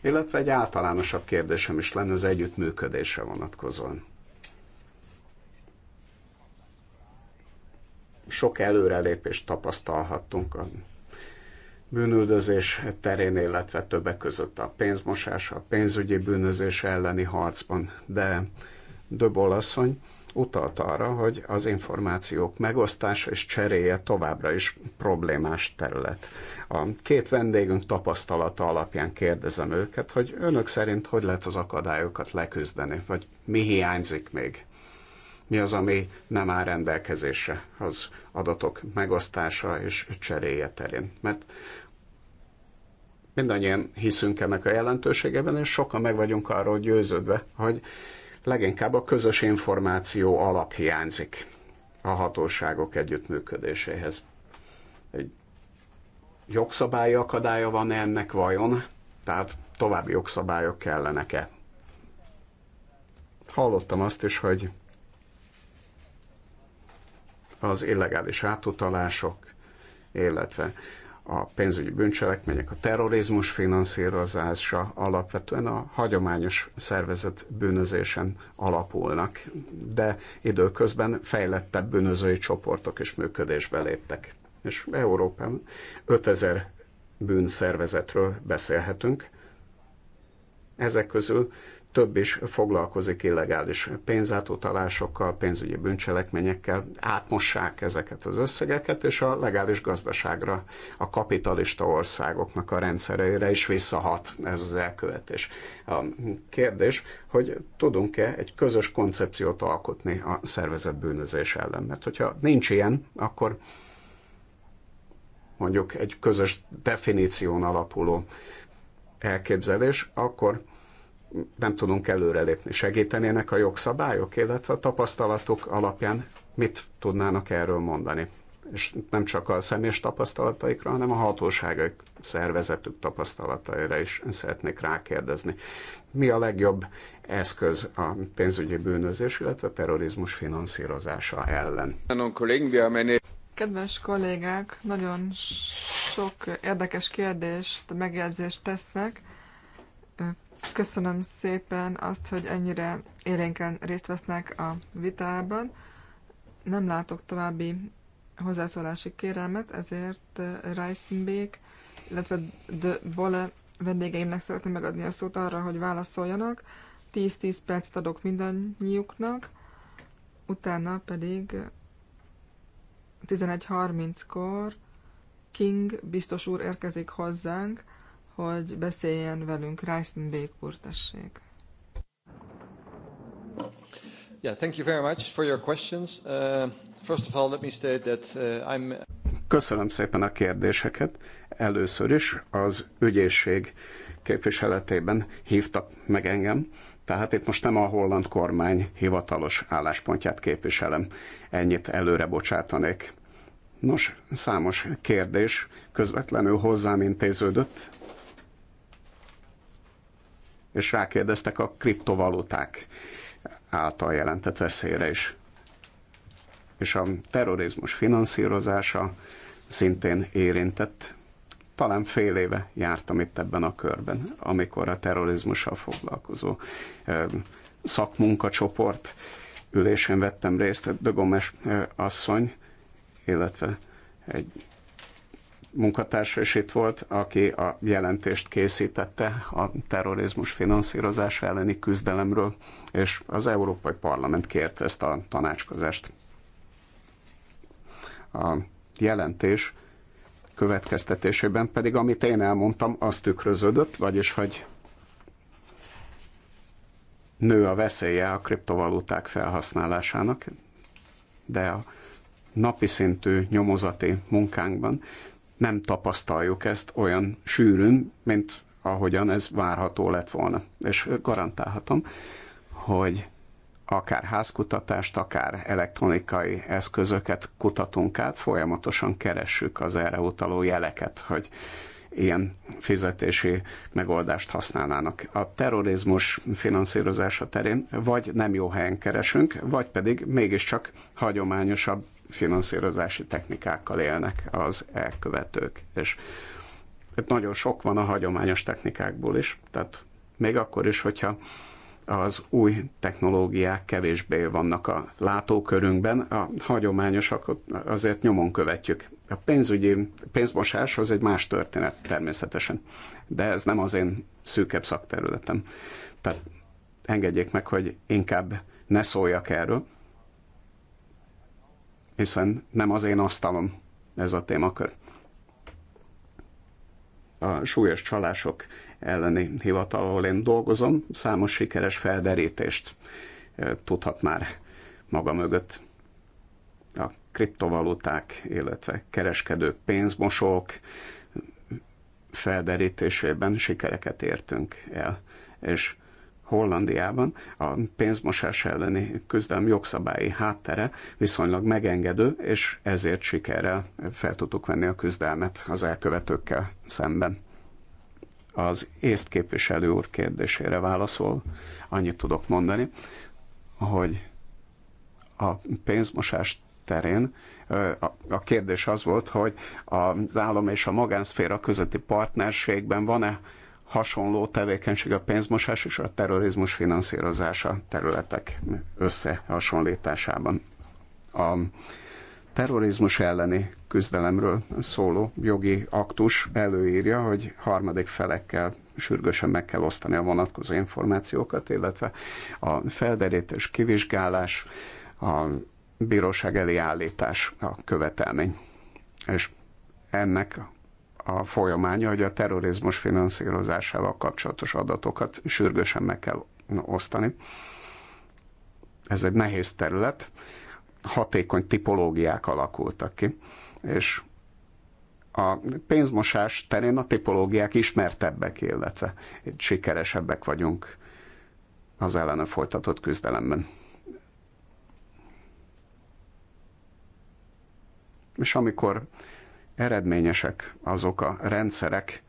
Illetve egy általánosabb kérdésem is lenne az együttműködésre vonatkozóan. sok előrelépést tapasztalhattunk a bűnüldözés terén, illetve többek között a pénzmosás, a pénzügyi bűnözés elleni harcban, de Döbol asszony utalta arra, hogy az információk megosztása és cseréje továbbra is problémás terület. A két vendégünk tapasztalata alapján kérdezem őket, hogy önök szerint hogy lehet az akadályokat leküzdeni, vagy mi hiányzik még? mi az, ami nem áll rendelkezésre az adatok megosztása és cseréje terén. Mert mindannyian hiszünk ennek a jelentőségeben, és sokan meg vagyunk arról győződve, hogy leginkább a közös információ alap hiányzik a hatóságok együttműködéséhez. Egy jogszabályi akadálya van -e ennek vajon? Tehát további jogszabályok kellenek-e? Hallottam azt is, hogy az illegális átutalások, illetve a pénzügyi bűncselekmények, a terrorizmus finanszírozása alapvetően a hagyományos szervezet bűnözésen alapulnak, de időközben fejlettebb bűnözői csoportok is működésbe léptek. És európán 5000 bűnszervezetről beszélhetünk. Ezek közül több is foglalkozik illegális pénzátutalásokkal, pénzügyi bűncselekményekkel, átmossák ezeket az összegeket, és a legális gazdaságra, a kapitalista országoknak a rendszereire is visszahat ez az elkövetés. A kérdés, hogy tudunk-e egy közös koncepciót alkotni a szervezet bűnözés ellen, mert hogyha nincs ilyen, akkor mondjuk egy közös definíción alapuló elképzelés, akkor nem tudunk előrelépni. Segítenének a jogszabályok, illetve a tapasztalatok alapján mit tudnának erről mondani? És nem csak a személyes tapasztalataikra, hanem a hatóságok, szervezetük tapasztalataira is szeretnék rákérdezni. Mi a legjobb eszköz a pénzügyi bűnözés, illetve a terrorizmus finanszírozása ellen? Kedves kollégák, nagyon sok érdekes kérdést, megjegyzést tesznek Köszönöm szépen azt, hogy ennyire élénken részt vesznek a vitában. Nem látok további hozzászólási kérelmet, ezért eh, Reisenbeek, illetve De Bole vendégeimnek szeretném megadni a szót arra, hogy válaszoljanak. 10-10 percet adok mindannyiuknak, utána pedig 11.30-kor King biztos úr érkezik hozzánk, hogy beszéljen velünk. Reisen Bék úr, tessék. Yeah, thank you very much for your questions. Uh, first of all, let me state that uh, I'm... Köszönöm szépen a kérdéseket. Először is az ügyészség képviseletében hívtak meg engem. Tehát itt most nem a holland kormány hivatalos álláspontját képviselem. Ennyit előre bocsátanék. Nos, számos kérdés közvetlenül hozzám intéződött és rákérdeztek a kriptovaluták által jelentett veszélyre is. És a terrorizmus finanszírozása szintén érintett. Talán fél éve jártam itt ebben a körben, amikor a terrorizmussal foglalkozó szakmunkacsoport ülésén vettem részt, Dögomes asszony, illetve egy munkatársa is itt volt, aki a jelentést készítette a terrorizmus finanszírozása elleni küzdelemről, és az Európai Parlament kért ezt a tanácskozást. A jelentés következtetésében pedig, amit én elmondtam, azt tükröződött, vagyis, hogy nő a veszélye a kriptovaluták felhasználásának, de a napi szintű nyomozati munkánkban nem tapasztaljuk ezt olyan sűrűn, mint ahogyan ez várható lett volna. És garantálhatom, hogy akár házkutatást, akár elektronikai eszközöket kutatunk át, folyamatosan keressük az erre utaló jeleket, hogy ilyen fizetési megoldást használnának. A terrorizmus finanszírozása terén vagy nem jó helyen keresünk, vagy pedig mégiscsak hagyományosabb finanszírozási technikákkal élnek az elkövetők. És itt hát nagyon sok van a hagyományos technikákból is, tehát még akkor is, hogyha az új technológiák kevésbé vannak a látókörünkben, a hagyományosakat azért nyomon követjük. A pénzügyi pénzmosás az egy más történet természetesen, de ez nem az én szűkebb szakterületem. Tehát engedjék meg, hogy inkább ne szóljak erről, hiszen nem az én asztalom ez a témakör. A súlyos csalások elleni hivatal, ahol én dolgozom, számos sikeres felderítést tudhat már maga mögött. A kriptovaluták, illetve kereskedők, pénzmosók felderítésében sikereket értünk el, és Hollandiában a pénzmosás elleni küzdelem jogszabályi háttere viszonylag megengedő, és ezért sikerrel fel tudtuk venni a küzdelmet az elkövetőkkel szemben. Az észt képviselő úr kérdésére válaszol, annyit tudok mondani, hogy a pénzmosás terén a kérdés az volt, hogy az állam és a magánszféra közötti partnerségben van-e hasonló tevékenység a pénzmosás és a terrorizmus finanszírozása területek összehasonlításában. A terrorizmus elleni küzdelemről szóló jogi aktus előírja, hogy harmadik felekkel sürgősen meg kell osztani a vonatkozó információkat, illetve a felderítés, kivizsgálás, a bíróság elé állítás a követelmény. És ennek a folyamánya, hogy a terrorizmus finanszírozásával kapcsolatos adatokat sürgősen meg kell osztani. Ez egy nehéz terület, hatékony tipológiák alakultak ki, és a pénzmosás terén a tipológiák ismertebbek, illetve sikeresebbek vagyunk az ellene folytatott küzdelemben. És amikor eredményesek azok a rendszerek,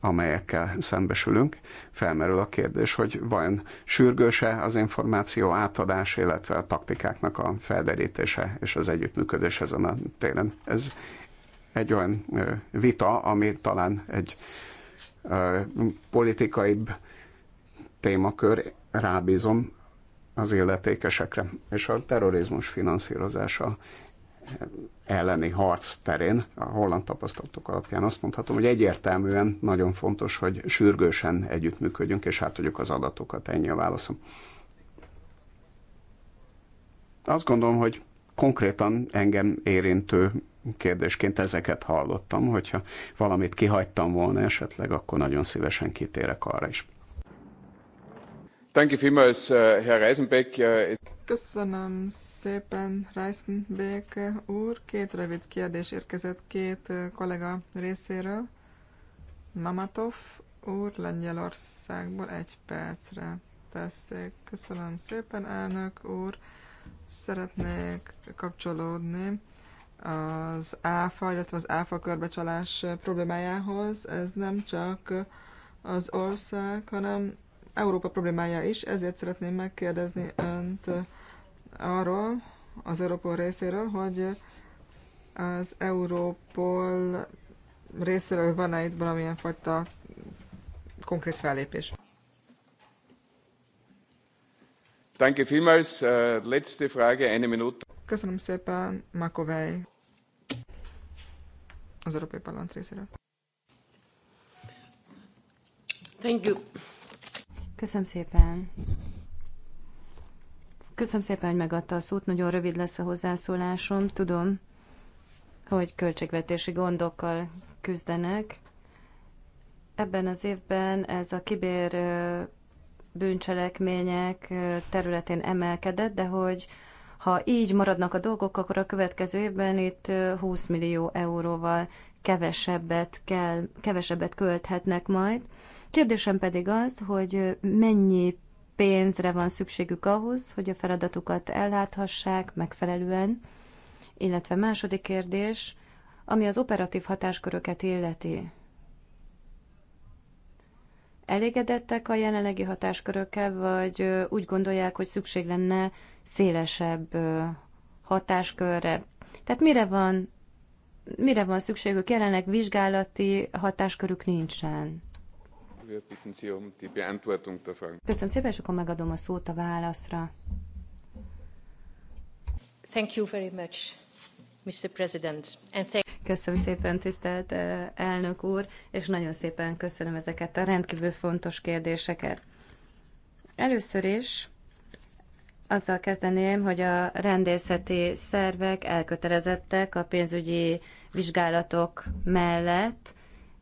amelyekkel szembesülünk, felmerül a kérdés, hogy vajon sürgőse az információ átadás, illetve a taktikáknak a felderítése és az együttműködés ezen a téren. Ez egy olyan vita, ami talán egy politikaibb témakör, rábízom az illetékesekre. És a terrorizmus finanszírozása elleni harc terén, a holland tapasztalatok alapján azt mondhatom, hogy egyértelműen nagyon fontos, hogy sürgősen együttműködjünk, és átadjuk az adatokat. Ennyi a válaszom. Azt gondolom, hogy konkrétan engem érintő kérdésként ezeket hallottam, hogyha valamit kihagytam volna esetleg, akkor nagyon szívesen kitérek arra is. Danke vielmals, äh, Herr Reisenbeck. Äh, Köszönöm szépen, Reisenbeck úr. Két rövid kérdés érkezett két kollega részéről. Mamatov úr Lengyelországból egy percre teszik. Köszönöm szépen, elnök úr. Szeretnék kapcsolódni az áfa, illetve az áfa körbecsalás problémájához. Ez nem csak az ország, hanem Európa problémája is, ezért szeretném megkérdezni Önt arról, az Európa részéről, hogy az Európol részéről van-e itt valamilyen fajta konkrét fellépés? Danke vielmals. Äh, letzte Frage, eine Minute. Köszönöm szépen, Makovej, az Európai Parlament részéről. Thank you. Köszönöm szépen. Köszönöm szépen, hogy megadta a szót. Nagyon rövid lesz a hozzászólásom. Tudom, hogy költségvetési gondokkal küzdenek. Ebben az évben ez a kibér bűncselekmények területén emelkedett, de hogy ha így maradnak a dolgok, akkor a következő évben itt 20 millió euróval kevesebbet, kell, kevesebbet költhetnek majd. Kérdésem pedig az, hogy mennyi pénzre van szükségük ahhoz, hogy a feladatukat elláthassák megfelelően, illetve második kérdés, ami az operatív hatásköröket illeti. Elégedettek a jelenlegi hatáskörökkel, vagy úgy gondolják, hogy szükség lenne szélesebb hatáskörre? Tehát mire van, mire van szükségük? Jelenleg vizsgálati hatáskörük nincsen. Köszönöm szépen, és akkor megadom a szót a válaszra. Thank you very much. Mr. President. And thank köszönöm szépen, tisztelt eh, elnök úr, és nagyon szépen köszönöm ezeket a rendkívül fontos kérdéseket. Először is azzal kezdeném, hogy a rendészeti szervek elkötelezettek a pénzügyi vizsgálatok mellett,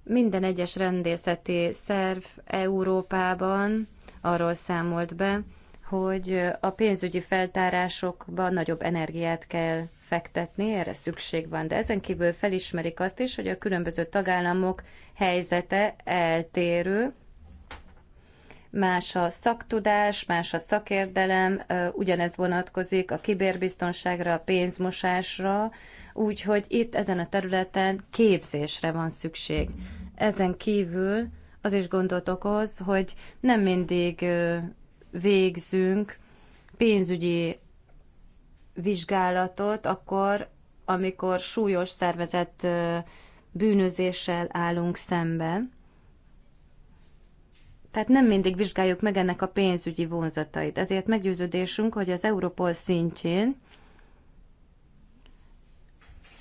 minden egyes rendészeti szerv Európában arról számolt be, hogy a pénzügyi feltárásokban nagyobb energiát kell fektetni, erre szükség van, de ezen kívül felismerik azt is, hogy a különböző tagállamok helyzete eltérő, más a szaktudás, más a szakérdelem, ugyanez vonatkozik a kiberbiztonságra, a pénzmosásra, úgyhogy itt ezen a területen képzésre van szükség. Ezen kívül az is gondot okoz, hogy nem mindig végzünk pénzügyi vizsgálatot, akkor, amikor súlyos szervezett bűnözéssel állunk szemben. Tehát nem mindig vizsgáljuk meg ennek a pénzügyi vonzatait. Ezért meggyőződésünk, hogy az Európol szintjén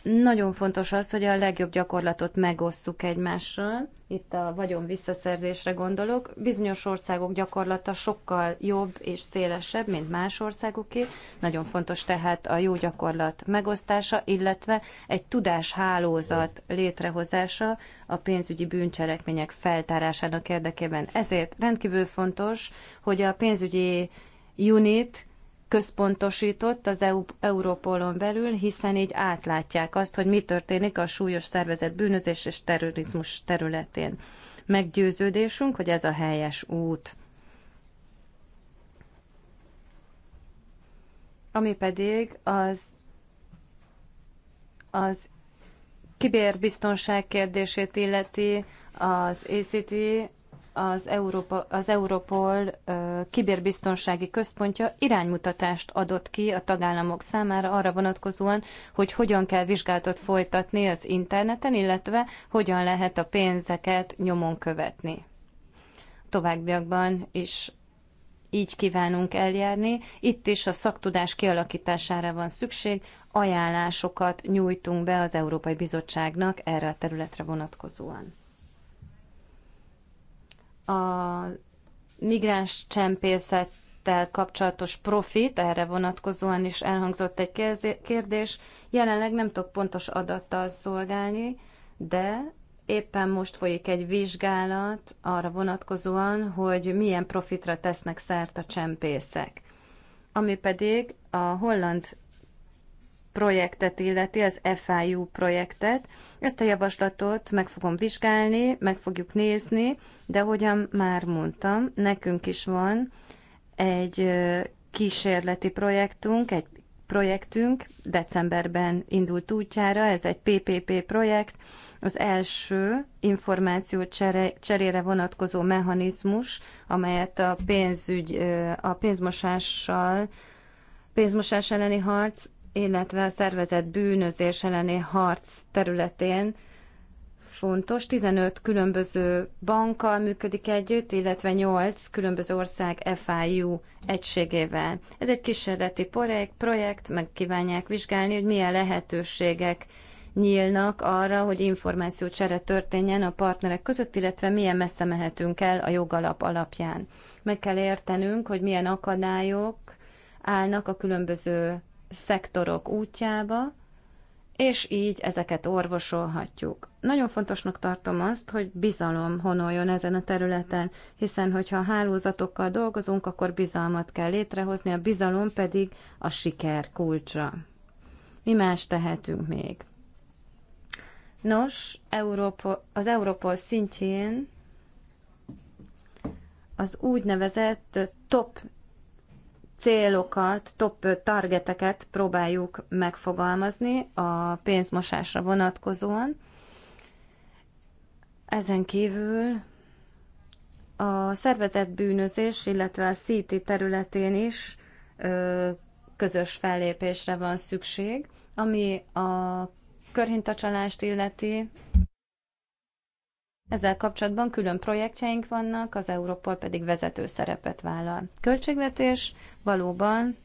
nagyon fontos az, hogy a legjobb gyakorlatot megosszuk egymással. Itt a vagyon visszaszerzésre gondolok. Bizonyos országok gyakorlata sokkal jobb és szélesebb, mint más országoké. Nagyon fontos tehát a jó gyakorlat megosztása, illetve egy tudáshálózat létrehozása a pénzügyi bűncselekmények feltárásának érdekében. Ezért rendkívül fontos, hogy a pénzügyi unit központosított az EU, Európolon belül, hiszen így átlátják azt, hogy mi történik a súlyos szervezet bűnözés és terrorizmus területén. Meggyőződésünk, hogy ez a helyes út. Ami pedig az, az kiberbiztonság kérdését illeti, az ACT az, Európa, az Europol kiberbiztonsági központja iránymutatást adott ki a tagállamok számára arra vonatkozóan, hogy hogyan kell vizsgálatot folytatni az interneten, illetve hogyan lehet a pénzeket nyomon követni. Továbbiakban is így kívánunk eljárni. Itt is a szaktudás kialakítására van szükség, ajánlásokat nyújtunk be az Európai Bizottságnak erre a területre vonatkozóan a migráns csempészettel kapcsolatos profit, erre vonatkozóan is elhangzott egy kérdés. Jelenleg nem tudok pontos adattal szolgálni, de éppen most folyik egy vizsgálat arra vonatkozóan, hogy milyen profitra tesznek szert a csempészek. Ami pedig a holland projektet illeti, az FIU projektet. Ezt a javaslatot meg fogom vizsgálni, meg fogjuk nézni, de ahogyan már mondtam, nekünk is van egy kísérleti projektünk, egy projektünk decemberben indult útjára, ez egy PPP projekt, az első információ cserére vonatkozó mechanizmus, amelyet a pénzügy, a pénzmosással, pénzmosás elleni harc, illetve a szervezett bűnözés elleni harc területén fontos. 15 különböző bankkal működik együtt, illetve 8 különböző ország FIU egységével. Ez egy kísérleti projekt, projekt meg kívánják vizsgálni, hogy milyen lehetőségek nyílnak arra, hogy információcsere történjen a partnerek között, illetve milyen messze mehetünk el a jogalap alapján. Meg kell értenünk, hogy milyen akadályok állnak a különböző szektorok útjába, és így ezeket orvosolhatjuk. Nagyon fontosnak tartom azt, hogy bizalom honoljon ezen a területen, hiszen hogyha hálózatokkal dolgozunk, akkor bizalmat kell létrehozni, a bizalom pedig a siker kulcsa. Mi más tehetünk még? Nos, Európa, az Európol szintjén az úgynevezett top célokat, top targeteket próbáljuk megfogalmazni a pénzmosásra vonatkozóan. Ezen kívül a szervezetbűnözés, illetve a CT területén is közös fellépésre van szükség, ami a körhintacsalást illeti, ezzel kapcsolatban külön projektjeink vannak, az Európol pedig vezető szerepet vállal. Költségvetés valóban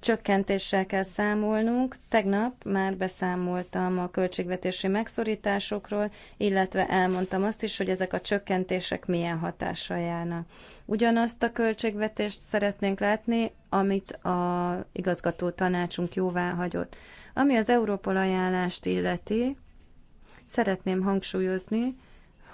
csökkentéssel kell számolnunk. Tegnap már beszámoltam a költségvetési megszorításokról, illetve elmondtam azt is, hogy ezek a csökkentések milyen hatással járnak. Ugyanazt a költségvetést szeretnénk látni, amit a igazgató tanácsunk jóvá hagyott. Ami az Európol ajánlást illeti, Szeretném hangsúlyozni,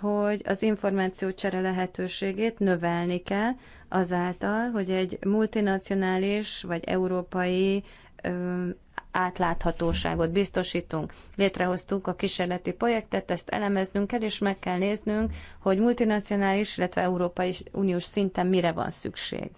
hogy az információcsere lehetőségét növelni kell azáltal, hogy egy multinacionális vagy európai ö, átláthatóságot biztosítunk. Létrehoztuk a kísérleti projektet, ezt elemeznünk kell, és meg kell néznünk, hogy multinacionális, illetve Európai Uniós szinten mire van szükség.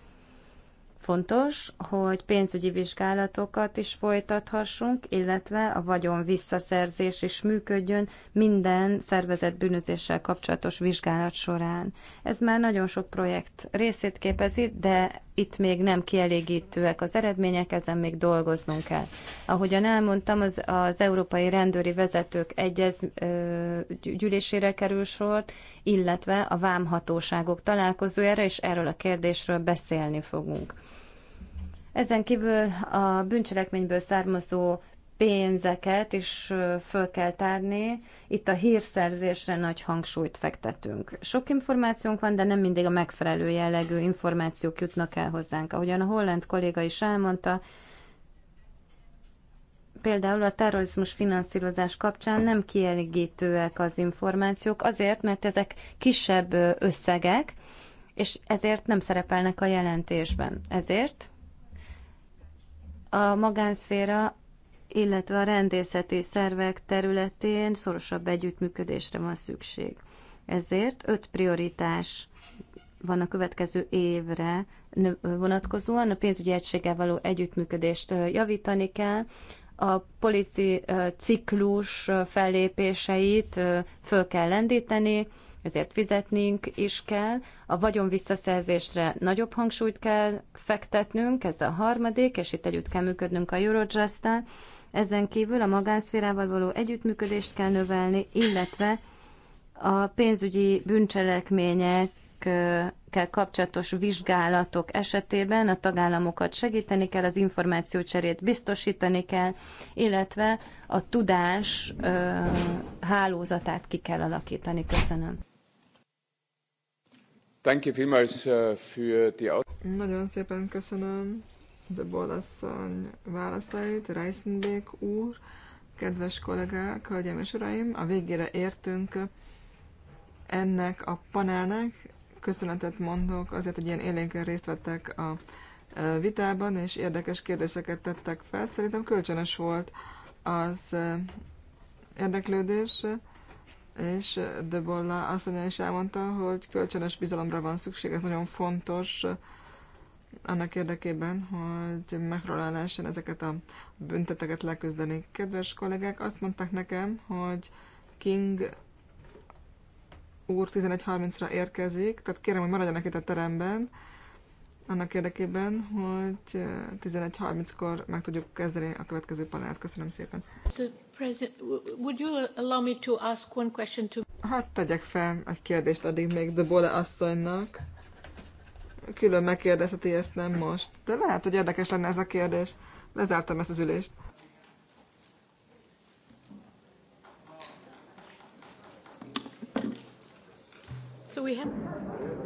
Fontos, hogy pénzügyi vizsgálatokat is folytathassunk, illetve a vagyon visszaszerzés is működjön minden szervezet bűnözéssel kapcsolatos vizsgálat során. Ez már nagyon sok projekt részét képezi, de itt még nem kielégítőek az eredmények, ezen még dolgoznunk kell. Ahogyan elmondtam, az, az Európai Rendőri Vezetők Egyez ö, gyűlésére kerül sort, illetve a vámhatóságok találkozójára, és erről a kérdésről beszélni fogunk. Ezen kívül a bűncselekményből származó pénzeket is föl kell tárni. Itt a hírszerzésre nagy hangsúlyt fektetünk. Sok információnk van, de nem mindig a megfelelő jellegű információk jutnak el hozzánk. Ahogyan a holland kolléga is elmondta, például a terrorizmus finanszírozás kapcsán nem kielégítőek az információk, azért, mert ezek kisebb összegek, és ezért nem szerepelnek a jelentésben. Ezért a magánszféra, illetve a rendészeti szervek területén szorosabb együttműködésre van szükség. Ezért öt prioritás van a következő évre vonatkozóan. A pénzügyi egységgel való együttműködést javítani kell, a polici ciklus fellépéseit föl kell lendíteni, ezért fizetnünk is kell. A vagyon visszaszerzésre nagyobb hangsúlyt kell fektetnünk, ez a harmadik, és itt együtt kell működnünk a eurojust Ezen kívül a magánszférával való együttműködést kell növelni, illetve a pénzügyi bűncselekmények kapcsolatos vizsgálatok esetében a tagállamokat segíteni kell, az információcserét biztosítani kell, illetve a tudás hálózatát ki kell alakítani. Köszönöm. Danke vielmals äh, für die Nagyon szépen köszönöm Debol asszony válaszait, Reisenbeck úr, kedves kollégák, hölgyeim és uraim, a végére értünk ennek a panelnek. Köszönetet mondok azért, hogy ilyen élénken részt vettek a vitában, és érdekes kérdéseket tettek fel. Szerintem kölcsönös volt az érdeklődés és De Bolla asszonya is elmondta, hogy kölcsönös bizalomra van szükség, ez nagyon fontos annak érdekében, hogy megpróbálásán ezeket a bünteteket leküzdeni. Kedves kollégák, azt mondták nekem, hogy King úr 11.30-ra érkezik, tehát kérem, hogy maradjanak itt a teremben, annak érdekében, hogy 11.30-kor meg tudjuk kezdeni a következő panelt. Köszönöm szépen. Hát tegyek fel egy kérdést addig még de Bola asszonynak. Külön megkérdezheti ezt nem most. De lehet, hogy érdekes lenne ez a kérdés. Lezártam ezt az ülést. So we have...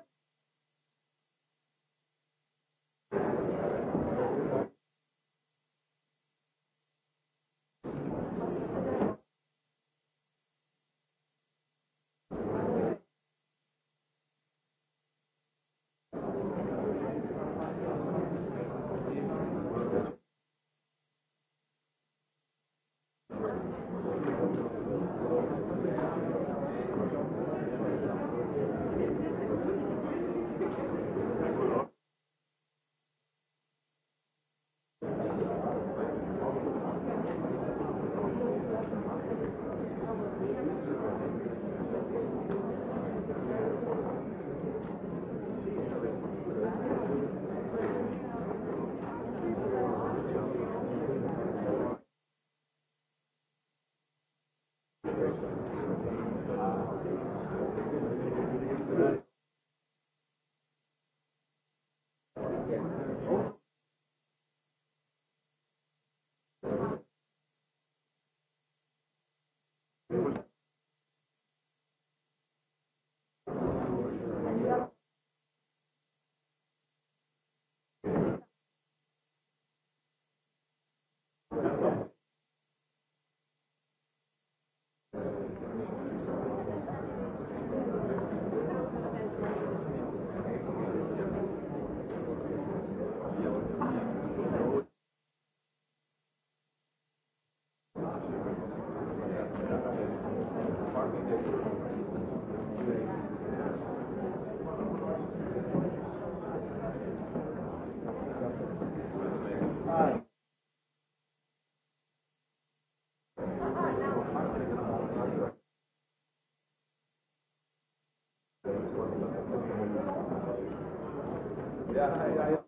Ja, ja, ja.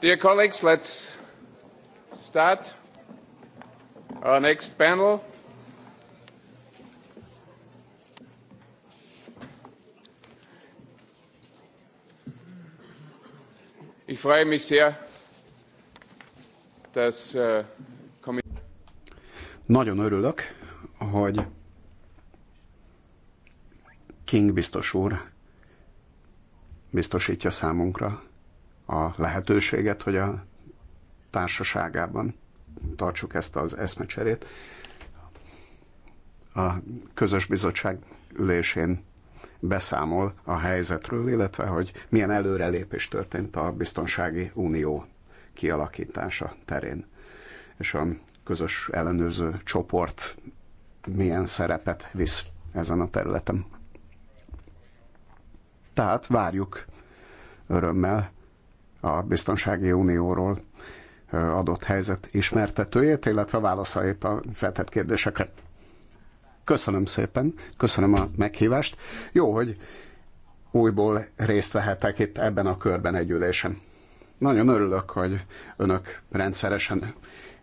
Dear colleagues, let's start our next panel. Ich freue mich sehr, dass uh, Nagyon örülök, hogy King biztos úr biztosítja számunkra a lehetőséget, hogy a társaságában tartsuk ezt az eszmecserét. A közös bizottság ülésén beszámol a helyzetről, illetve hogy milyen előrelépés történt a biztonsági unió kialakítása terén. És a közös ellenőrző csoport milyen szerepet visz ezen a területen. Tehát várjuk örömmel a Biztonsági Unióról adott helyzet ismertetőjét, illetve válaszait a feltett kérdésekre. Köszönöm szépen, köszönöm a meghívást. Jó, hogy újból részt vehetek itt ebben a körben egy ülésen. Nagyon örülök, hogy önök rendszeresen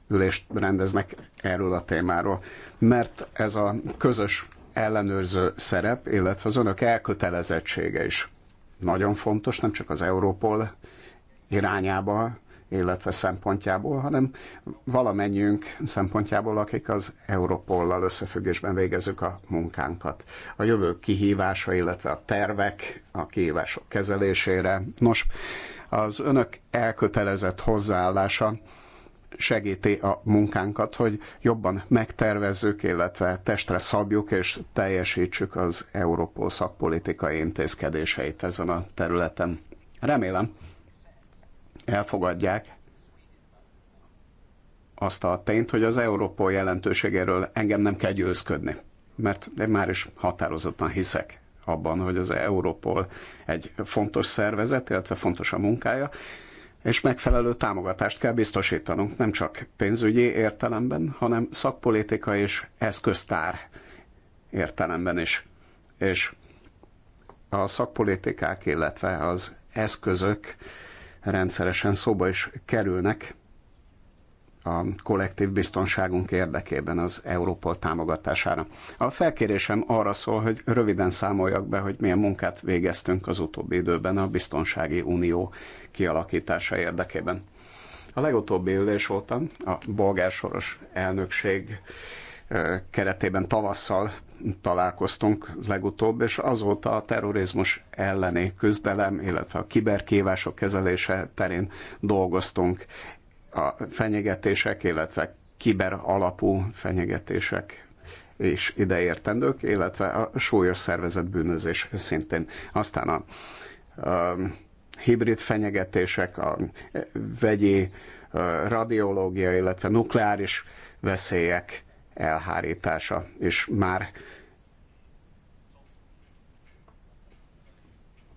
ülést rendeznek erről a témáról, mert ez a közös ellenőrző szerep, illetve az önök elkötelezettsége is nagyon fontos, nem csak az Európol irányába, illetve szempontjából, hanem valamennyünk szempontjából, akik az Európollal összefüggésben végezzük a munkánkat. A jövő kihívása, illetve a tervek a kihívások kezelésére. Nos, az önök elkötelezett hozzáállása segíti a munkánkat, hogy jobban megtervezzük, illetve testre szabjuk és teljesítsük az Európol szakpolitikai intézkedéseit ezen a területen. Remélem, elfogadják azt a tényt, hogy az Európol jelentőségéről engem nem kell győzködni. Mert én már is határozottan hiszek abban, hogy az Európol egy fontos szervezet, illetve fontos a munkája, és megfelelő támogatást kell biztosítanunk, nem csak pénzügyi értelemben, hanem szakpolitika és eszköztár értelemben is. És a szakpolitikák, illetve az eszközök rendszeresen szóba is kerülnek a kollektív biztonságunk érdekében az Európol támogatására. A felkérésem arra szól, hogy röviden számoljak be, hogy milyen munkát végeztünk az utóbbi időben a Biztonsági Unió kialakítása érdekében. A legutóbbi ülés óta a bolgársoros elnökség keretében tavasszal találkoztunk legutóbb, és azóta a terrorizmus elleni küzdelem, illetve a kiberkívások kezelése terén dolgoztunk. A fenyegetések, illetve kiber alapú fenyegetések és ideértendők, illetve a súlyos szervezetbűnözés szintén. Aztán a, a um, hibrid fenyegetések, a vegyi, a uh, radiológia, illetve nukleáris veszélyek elhárítása, és már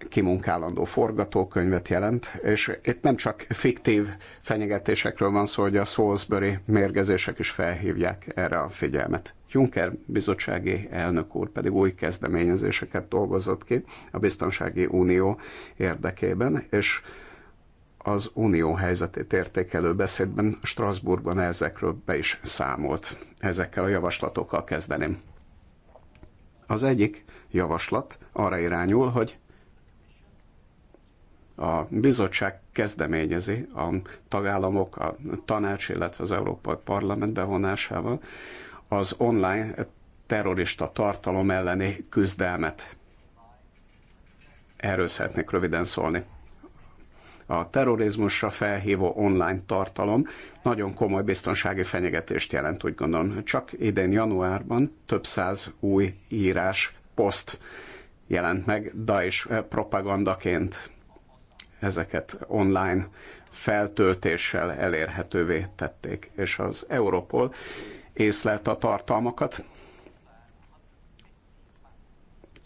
kimunkálandó forgatókönyvet jelent, és itt nem csak fiktív fenyegetésekről van szó, hogy a Salisbury mérgezések is felhívják erre a figyelmet. Juncker bizottsági elnök úr pedig új kezdeményezéseket dolgozott ki a Biztonsági Unió érdekében, és az unió helyzetét értékelő beszédben Strasbourgban ezekről be is számolt. Ezekkel a javaslatokkal kezdeném. Az egyik javaslat arra irányul, hogy a bizottság kezdeményezi a tagállamok, a tanács, illetve az Európai Parlament bevonásával az online terrorista tartalom elleni küzdelmet. Erről szeretnék röviden szólni a terrorizmusra felhívó online tartalom nagyon komoly biztonsági fenyegetést jelent, úgy gondolom. Csak idén januárban több száz új írás, poszt jelent meg Daesh eh, propagandaként. Ezeket online feltöltéssel elérhetővé tették, és az Europol észlelt a tartalmakat,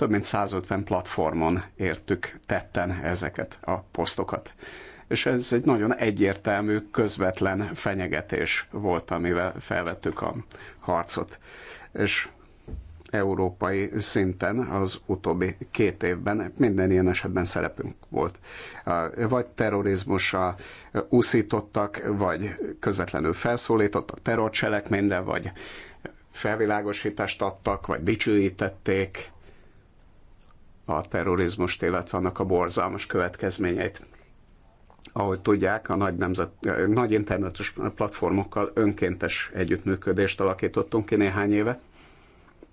több mint 150 platformon értük tetten ezeket a posztokat. És ez egy nagyon egyértelmű, közvetlen fenyegetés volt, amivel felvettük a harcot. És európai szinten az utóbbi két évben minden ilyen esetben szerepünk volt. Vagy terrorizmussal úszítottak, vagy közvetlenül felszólítottak terrorcselekményre, vagy felvilágosítást adtak, vagy dicsőítették, a terrorizmust, illetve annak a borzalmas következményeit. Ahogy tudják, a nagy, nemzet, nagy internetes platformokkal önkéntes együttműködést alakítottunk ki néhány éve.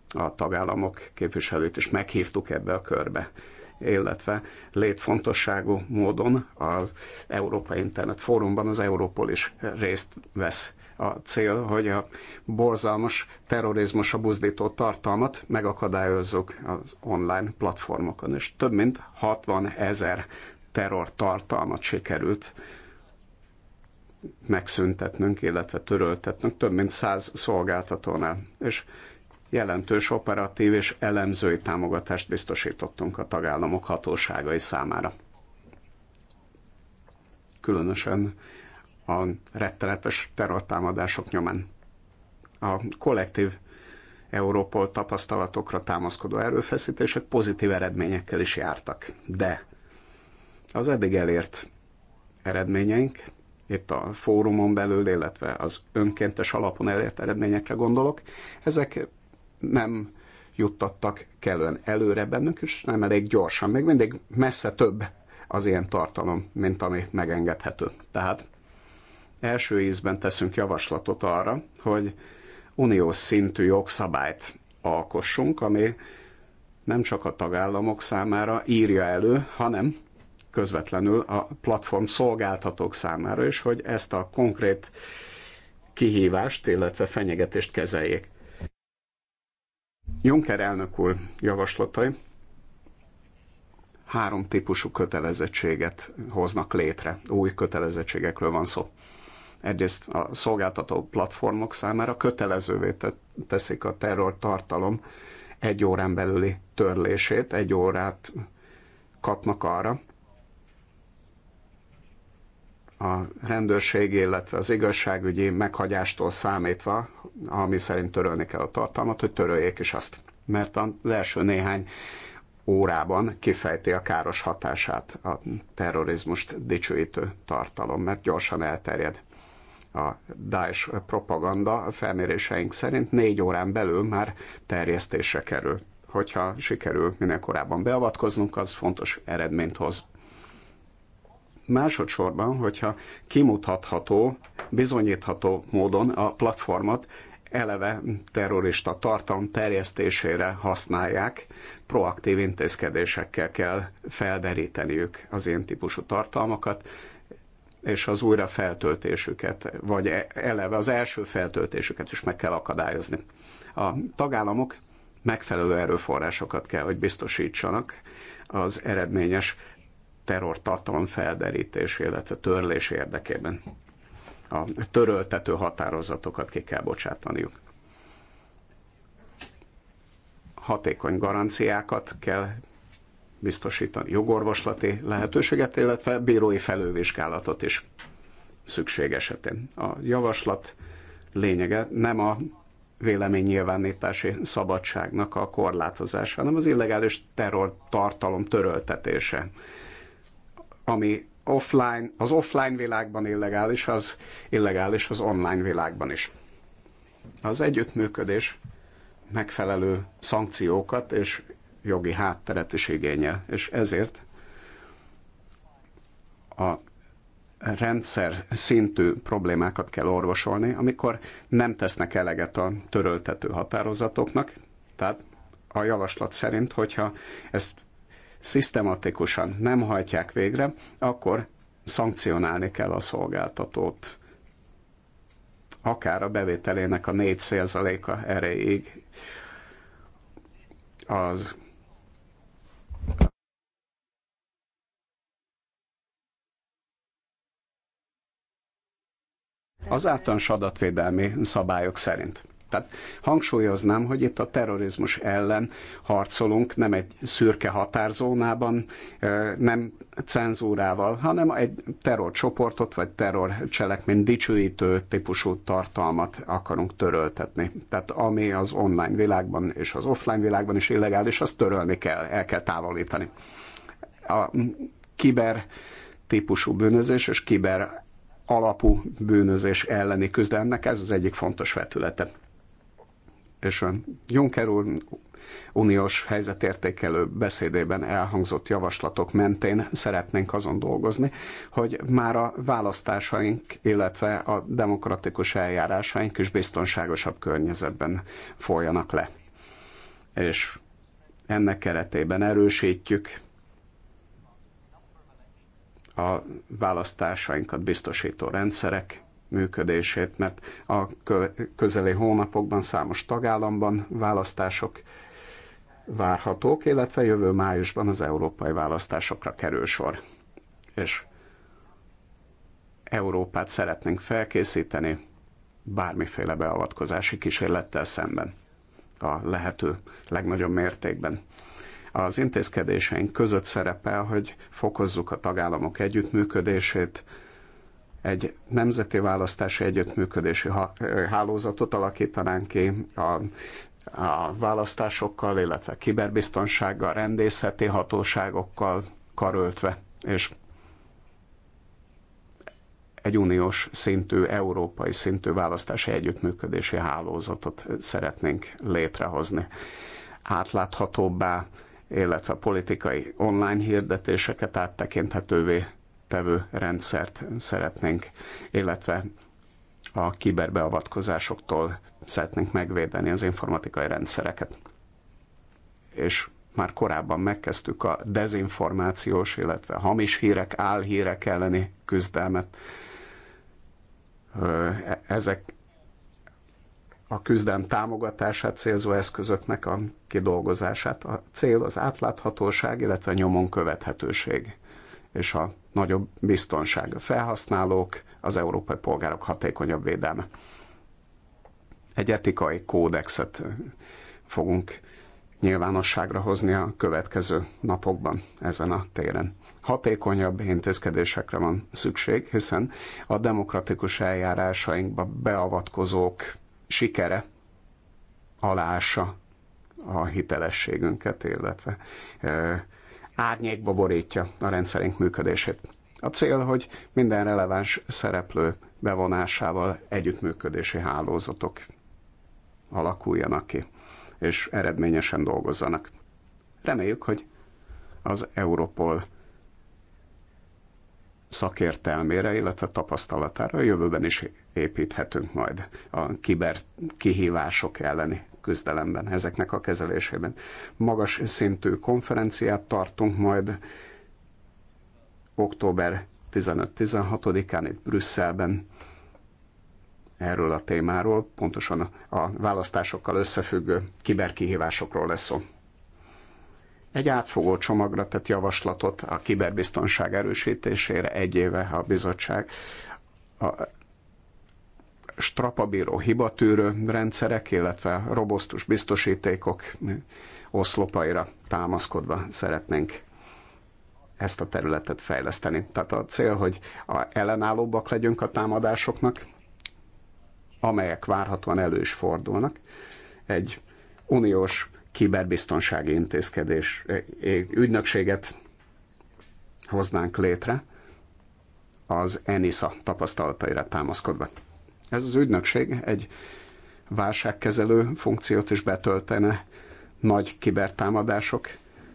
A tagállamok képviselőt is meghívtuk ebbe a körbe illetve létfontosságú módon az Európai Internet Fórumban az Európol is részt vesz a cél, hogy a borzalmas a buzdító tartalmat megakadályozzuk az online platformokon, és több mint 60 ezer terror tartalmat sikerült megszüntetnünk, illetve töröltetnünk több mint száz szolgáltatónál. És jelentős operatív és elemzői támogatást biztosítottunk a tagállamok hatóságai számára. Különösen a rettenetes terrortámadások nyomán. A kollektív Európol tapasztalatokra támaszkodó erőfeszítések pozitív eredményekkel is jártak. De az eddig elért eredményeink, itt a fórumon belül, illetve az önkéntes alapon elért eredményekre gondolok, ezek nem juttattak kellően előre bennünk, és nem elég gyorsan. Még mindig messze több az ilyen tartalom, mint ami megengedhető. Tehát első ízben teszünk javaslatot arra, hogy uniós szintű jogszabályt alkossunk, ami nem csak a tagállamok számára írja elő, hanem közvetlenül a platform szolgáltatók számára is, hogy ezt a konkrét kihívást, illetve fenyegetést kezeljék. Juncker elnök úr javaslatai három típusú kötelezettséget hoznak létre. Új kötelezettségekről van szó. Egyrészt a szolgáltató platformok számára kötelezővé teszik a terror tartalom egy órán belüli törlését, egy órát kapnak arra, a rendőrség, illetve az igazságügyi meghagyástól számítva, ami szerint törölni kell a tartalmat, hogy töröljék is azt. Mert az első néhány órában kifejti a káros hatását a terrorizmust dicsőítő tartalom, mert gyorsan elterjed. A Daesh propaganda felméréseink szerint négy órán belül már terjesztésre kerül. Hogyha sikerül minél korábban beavatkoznunk, az fontos eredményt hoz másodszorban, hogyha kimutatható, bizonyítható módon a platformot eleve terrorista tartalom terjesztésére használják, proaktív intézkedésekkel kell felderíteniük az ilyen típusú tartalmakat, és az újra feltöltésüket, vagy e, eleve az első feltöltésüket is meg kell akadályozni. A tagállamok megfelelő erőforrásokat kell, hogy biztosítsanak az eredményes terrortartalom felderítés, illetve törlés érdekében. A töröltető határozatokat ki kell bocsátaniuk. Hatékony garanciákat kell biztosítani jogorvoslati lehetőséget, illetve bírói felővizsgálatot is szükség esetén. A javaslat lényege nem a véleménynyilvánítási szabadságnak a korlátozása, hanem az illegális terror tartalom töröltetése, ami offline, az offline világban illegális, az illegális az online világban is. Az együttműködés megfelelő szankciókat és jogi hátteret is igényel, és ezért a rendszer szintű problémákat kell orvosolni, amikor nem tesznek eleget a töröltető határozatoknak. Tehát a javaslat szerint, hogyha ezt szisztematikusan nem hajtják végre, akkor szankcionálni kell a szolgáltatót. Akár a bevételének a 4%-a erejéig az az általános adatvédelmi szabályok szerint. Tehát hangsúlyoznám, hogy itt a terrorizmus ellen harcolunk, nem egy szürke határzónában, nem cenzúrával, hanem egy terrorcsoportot vagy terrorcselekmény dicsőítő típusú tartalmat akarunk töröltetni. Tehát ami az online világban és az offline világban is illegális, azt törölni kell, el kell távolítani. A kiber típusú bűnözés és kiber alapú bűnözés elleni küzdelemnek, ez az egyik fontos vetülete. És a Juncker úr uniós helyzetértékelő beszédében elhangzott javaslatok mentén szeretnénk azon dolgozni, hogy már a választásaink, illetve a demokratikus eljárásaink is biztonságosabb környezetben folyanak le. És ennek keretében erősítjük a választásainkat biztosító rendszerek működését, mert a közeli hónapokban számos tagállamban választások várhatók, illetve jövő májusban az európai választásokra kerül sor. És Európát szeretnénk felkészíteni bármiféle beavatkozási kísérlettel szemben a lehető legnagyobb mértékben. Az intézkedéseink között szerepel, hogy fokozzuk a tagállamok együttműködését, egy nemzeti választási együttműködési hálózatot alakítanánk ki a a választásokkal, illetve kiberbiztonsággal, rendészeti hatóságokkal karöltve, és egy uniós szintű, európai szintű választási együttműködési hálózatot szeretnénk létrehozni. Átláthatóbbá, illetve politikai online hirdetéseket áttekinthetővé tevő rendszert szeretnénk, illetve a kiberbeavatkozásoktól szeretnénk megvédeni az informatikai rendszereket. És már korábban megkezdtük a dezinformációs, illetve hamis hírek, álhírek elleni küzdelmet. E- ezek a küzdelem támogatását célzó eszközöknek a kidolgozását. A cél az átláthatóság, illetve a nyomon követhetőség és a nagyobb biztonság. A felhasználók, az európai polgárok hatékonyabb védelme. Egy etikai kódexet fogunk nyilvánosságra hozni a következő napokban ezen a téren. Hatékonyabb intézkedésekre van szükség, hiszen a demokratikus eljárásainkba beavatkozók sikere alása a hitelességünket, illetve e, árnyékba borítja a rendszerünk működését. A cél, hogy minden releváns szereplő bevonásával együttműködési hálózatok alakuljanak ki, és eredményesen dolgozzanak. Reméljük, hogy az Europol szakértelmére, illetve tapasztalatára a jövőben is építhetünk majd a kiber kihívások elleni küzdelemben, ezeknek a kezelésében. Magas szintű konferenciát tartunk majd október 15-16-án itt Brüsszelben erről a témáról, pontosan a választásokkal összefüggő kiberkihívásokról lesz szó. Egy átfogó csomagra tett javaslatot a kiberbiztonság erősítésére egy éve a bizottság. A strapabíró hibatűrő rendszerek, illetve robosztus biztosítékok oszlopaira támaszkodva szeretnénk ezt a területet fejleszteni. Tehát a cél, hogy a ellenállóbbak legyünk a támadásoknak, amelyek várhatóan elő is fordulnak. Egy uniós kiberbiztonsági intézkedés ügynökséget hoznánk létre az ENISA tapasztalataira támaszkodva. Ez az ügynökség egy válságkezelő funkciót is betöltene nagy kibertámadások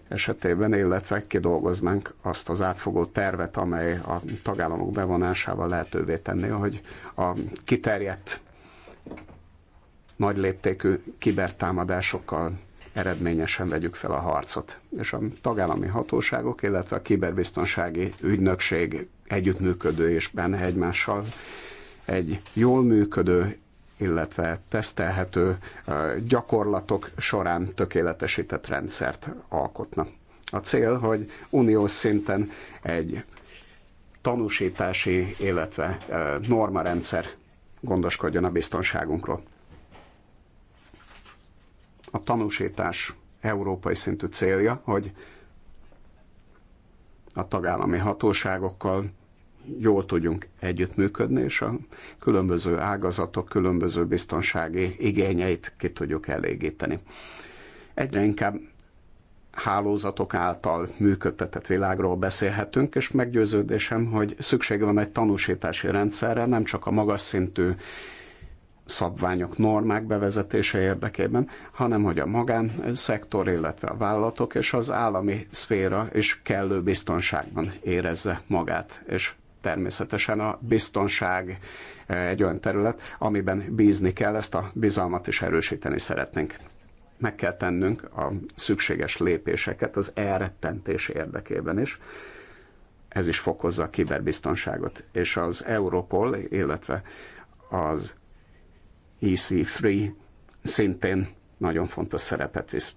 esetében, illetve kidolgoznánk azt az átfogó tervet, amely a tagállamok bevonásával lehetővé tenné, hogy a kiterjedt nagy léptékű kibertámadásokkal eredményesen vegyük fel a harcot. És a tagállami hatóságok, illetve a kiberbiztonsági ügynökség benne egymással egy jól működő, illetve tesztelhető gyakorlatok során tökéletesített rendszert alkotnak. A cél, hogy uniós szinten egy tanúsítási, illetve normarendszer gondoskodjon a biztonságunkról a tanúsítás európai szintű célja, hogy a tagállami hatóságokkal jól tudjunk együttműködni, és a különböző ágazatok különböző biztonsági igényeit ki tudjuk elégíteni. Egyre inkább hálózatok által működtetett világról beszélhetünk, és meggyőződésem, hogy szükség van egy tanúsítási rendszerre, nem csak a magas szintű szabványok, normák bevezetése érdekében, hanem hogy a magánszektor, illetve a vállalatok és az állami szféra is kellő biztonságban érezze magát, és természetesen a biztonság eh, egy olyan terület, amiben bízni kell, ezt a bizalmat is erősíteni szeretnénk. Meg kell tennünk a szükséges lépéseket az elrettentés érdekében is. Ez is fokozza a kiberbiztonságot. És az Europol, illetve az EC3 szintén nagyon fontos szerepet visz.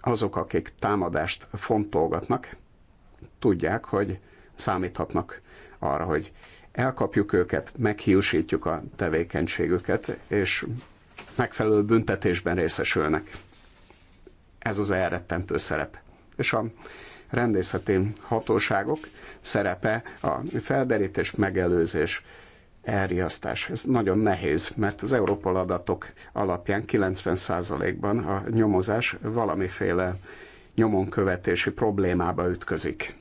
Azok, akik támadást fontolgatnak, tudják, hogy számíthatnak arra, hogy elkapjuk őket, meghiúsítjuk a tevékenységüket, és megfelelő büntetésben részesülnek. Ez az elrettentő szerep. És a rendészeti hatóságok szerepe a felderítés, megelőzés, elriasztás. Ez nagyon nehéz, mert az Európol adatok alapján 90%-ban a nyomozás valamiféle nyomonkövetési problémába ütközik,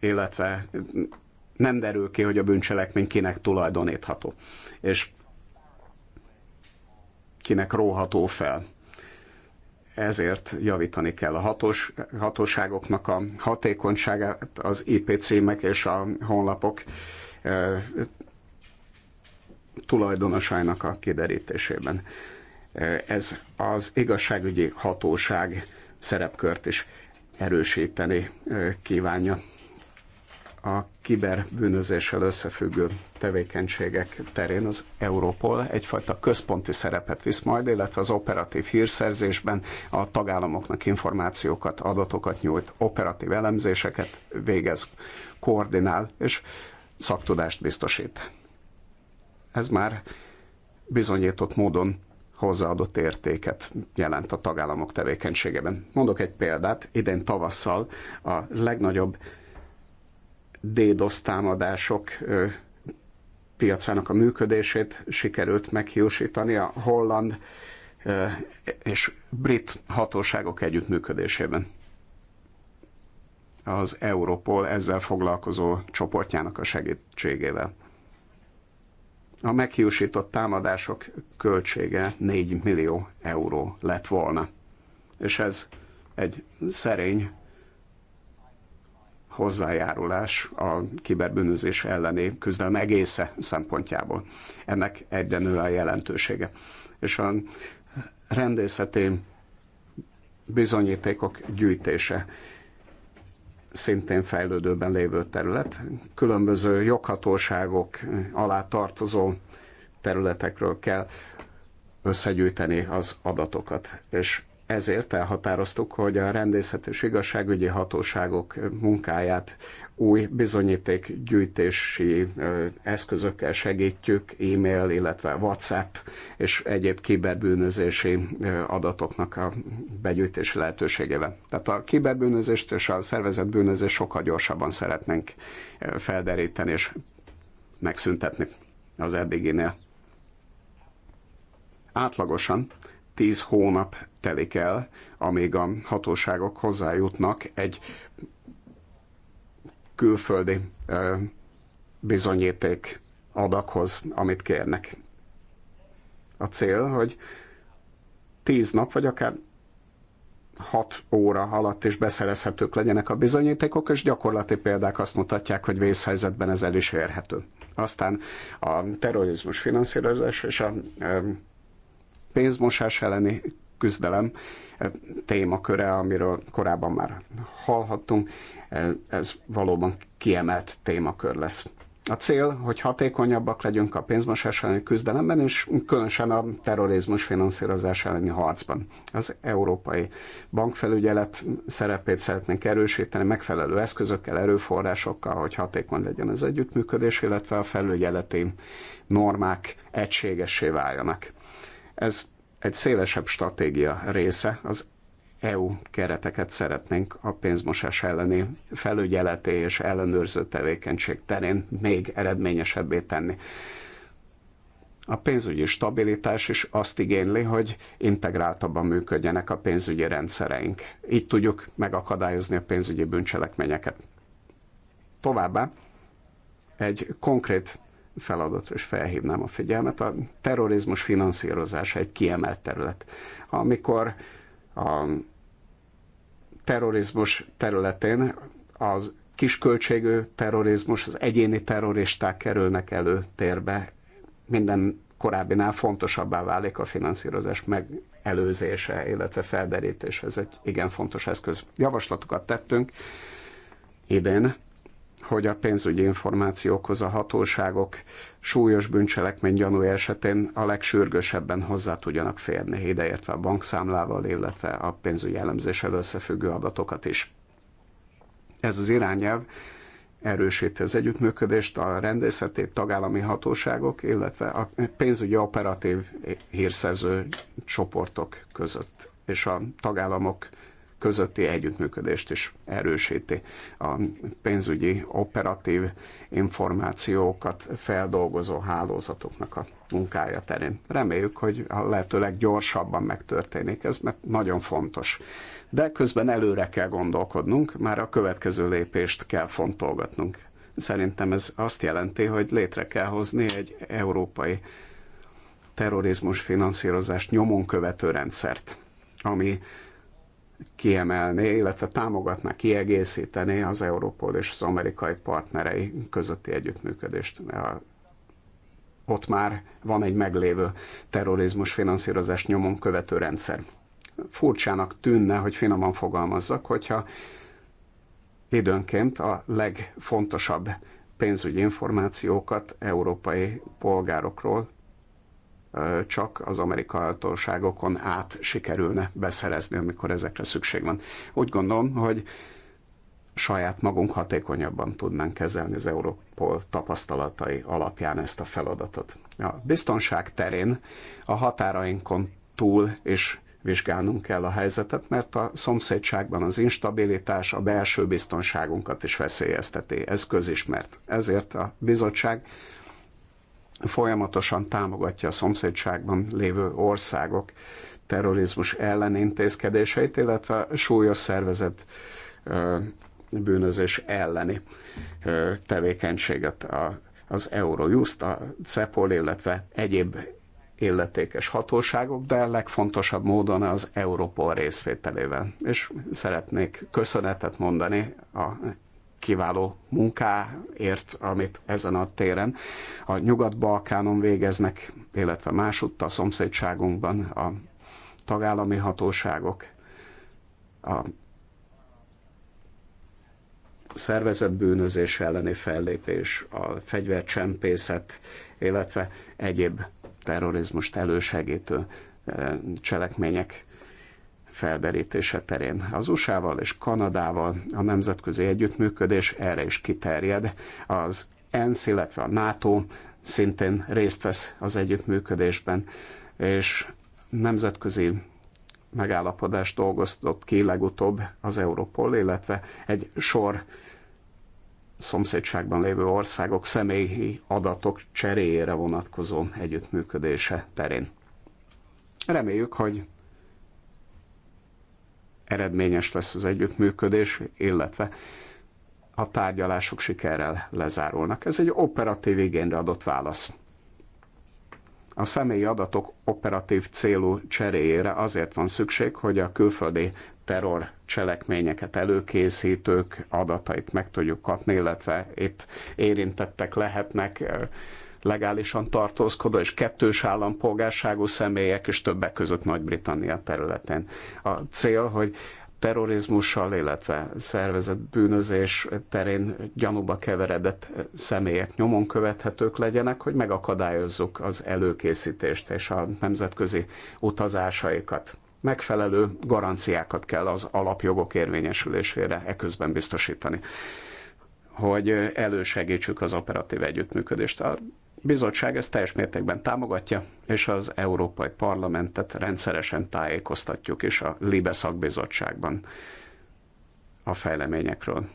illetve nem derül ki, hogy a bűncselekmény kinek tulajdonítható, és kinek róható fel. Ezért javítani kell a hatós, hatóságoknak a hatékonyságát, az IP címek és a honlapok tulajdonosainak a kiderítésében. Ez az igazságügyi hatóság szerepkört is erősíteni kívánja. A kiberbűnözéssel összefüggő tevékenységek terén az Europol egyfajta központi szerepet visz majd, illetve az operatív hírszerzésben a tagállamoknak információkat, adatokat nyújt, operatív elemzéseket végez, koordinál és szaktudást biztosít ez már bizonyított módon hozzáadott értéket jelent a tagállamok tevékenységében. Mondok egy példát, idén tavasszal a legnagyobb DDoS támadások piacának a működését sikerült meghiúsítani a holland és brit hatóságok együttműködésében. Az Europol ezzel foglalkozó csoportjának a segítségével a meghiúsított támadások költsége 4 millió euró lett volna. És ez egy szerény hozzájárulás a kiberbűnözés elleni küzdelem egésze szempontjából. Ennek egyre nő a jelentősége. És a rendészeti bizonyítékok gyűjtése szintén fejlődőben lévő terület, különböző joghatóságok alá tartozó területekről kell összegyűjteni az adatokat. És ezért elhatároztuk, hogy a rendészet és igazságügyi hatóságok munkáját új bizonyítékgyűjtési eszközökkel segítjük, e-mail, illetve WhatsApp és egyéb kiberbűnözési adatoknak a begyűjtési lehetőségével. Tehát a kiberbűnözést és a szervezett bűnözést sokkal gyorsabban szeretnénk felderíteni és megszüntetni az eddiginél. Átlagosan 10 hónap telik el, amíg a hatóságok hozzájutnak egy külföldi bizonyíték adakhoz, amit kérnek. A cél, hogy tíz nap, vagy akár hat óra alatt is beszerezhetők legyenek a bizonyítékok, és gyakorlati példák azt mutatják, hogy vészhelyzetben ez el is érhető. Aztán a terrorizmus finanszírozás és a pénzmosás elleni küzdelem témaköre, amiről korábban már hallhattunk, ez valóban kiemelt témakör lesz. A cél, hogy hatékonyabbak legyünk a pénzmosás elleni küzdelemben, és különösen a terrorizmus finanszírozás elleni harcban. Az európai bankfelügyelet szerepét szeretnénk erősíteni megfelelő eszközökkel, erőforrásokkal, hogy hatékony legyen az együttműködés, illetve a felügyeleti normák egységessé váljanak. Ez egy szélesebb stratégia része az EU kereteket szeretnénk a pénzmosás elleni felügyeleti és ellenőrző tevékenység terén még eredményesebbé tenni. A pénzügyi stabilitás is azt igényli, hogy integráltabban működjenek a pénzügyi rendszereink. Így tudjuk megakadályozni a pénzügyi bűncselekményeket. Továbbá egy konkrét feladatra is felhívnám a figyelmet. A terrorizmus finanszírozása egy kiemelt terület. Amikor a terrorizmus területén az kisköltségű terrorizmus, az egyéni terroristák kerülnek térbe Minden korábbinál fontosabbá válik a finanszírozás megelőzése, illetve felderítése Ez egy igen fontos eszköz. Javaslatokat tettünk idén hogy a pénzügyi információkhoz a hatóságok súlyos bűncselekmény gyanú esetén a legsürgősebben hozzá tudjanak férni, ideértve a bankszámlával, illetve a pénzügyi elemzéssel összefüggő adatokat is. Ez az irányelv erősíti az együttműködést a rendészeti tagállami hatóságok, illetve a pénzügyi operatív hírszerző csoportok között és a tagállamok közötti együttműködést is erősíti. A pénzügyi operatív információkat feldolgozó hálózatoknak a munkája terén. Reméljük, hogy a lehetőleg gyorsabban megtörténik ez, mert nagyon fontos. De közben előre kell gondolkodnunk, már a következő lépést kell fontolgatnunk. Szerintem ez azt jelenti, hogy létre kell hozni egy európai terrorizmus finanszírozást nyomon követő rendszert, ami kiemelni, illetve támogatná, kiegészítené az Európol és az amerikai partnerei közötti együttműködést. Ott már van egy meglévő terrorizmus finanszírozás nyomon követő rendszer. Furcsának tűnne, hogy finoman fogalmazzak, hogyha időnként a legfontosabb pénzügyi információkat európai polgárokról csak az amerikai hatóságokon át sikerülne beszerezni, amikor ezekre szükség van. Úgy gondolom, hogy saját magunk hatékonyabban tudnánk kezelni az Europol tapasztalatai alapján ezt a feladatot. A biztonság terén a határainkon túl és vizsgálnunk kell a helyzetet, mert a szomszédságban az instabilitás a belső biztonságunkat is veszélyezteti. Ez közismert. Ezért a bizottság folyamatosan támogatja a szomszédságban lévő országok terrorizmus ellen intézkedéseit, illetve súlyos szervezet bűnözés elleni tevékenységet az Eurojust, a CEPOL, illetve egyéb illetékes hatóságok, de legfontosabb módon az Europol részvételével. És szeretnék köszönetet mondani a kiváló munkáért, amit ezen a téren a Nyugat-Balkánon végeznek, illetve másutt a szomszédságunkban a tagállami hatóságok, a szervezett bűnözés elleni fellépés, a fegyvercsempészet, illetve egyéb terrorizmust elősegítő eh, cselekmények felderítése terén. Az USA-val és Kanadával a nemzetközi együttműködés erre is kiterjed. Az ENSZ, illetve a NATO szintén részt vesz az együttműködésben, és nemzetközi megállapodást dolgoztott ki legutóbb az Europol, illetve egy sor szomszédságban lévő országok személyi adatok cseréjére vonatkozó együttműködése terén. Reméljük, hogy eredményes lesz az együttműködés, illetve a tárgyalások sikerrel lezárulnak. Ez egy operatív igényre adott válasz. A személyi adatok operatív célú cseréjére azért van szükség, hogy a külföldi terror cselekményeket előkészítők adatait meg tudjuk kapni, illetve itt érintettek lehetnek legálisan tartózkodó és kettős állampolgárságú személyek és többek között Nagy-Britannia területén. A cél, hogy terrorizmussal, illetve szervezett bűnözés terén gyanúba keveredett személyek nyomon követhetők legyenek, hogy megakadályozzuk az előkészítést és a nemzetközi utazásaikat. Megfelelő garanciákat kell az alapjogok érvényesülésére eközben biztosítani, hogy elősegítsük az operatív együttműködést. A bizottság ezt teljes mértékben támogatja, és az Európai Parlamentet rendszeresen tájékoztatjuk is a Libe szakbizottságban a fejleményekről.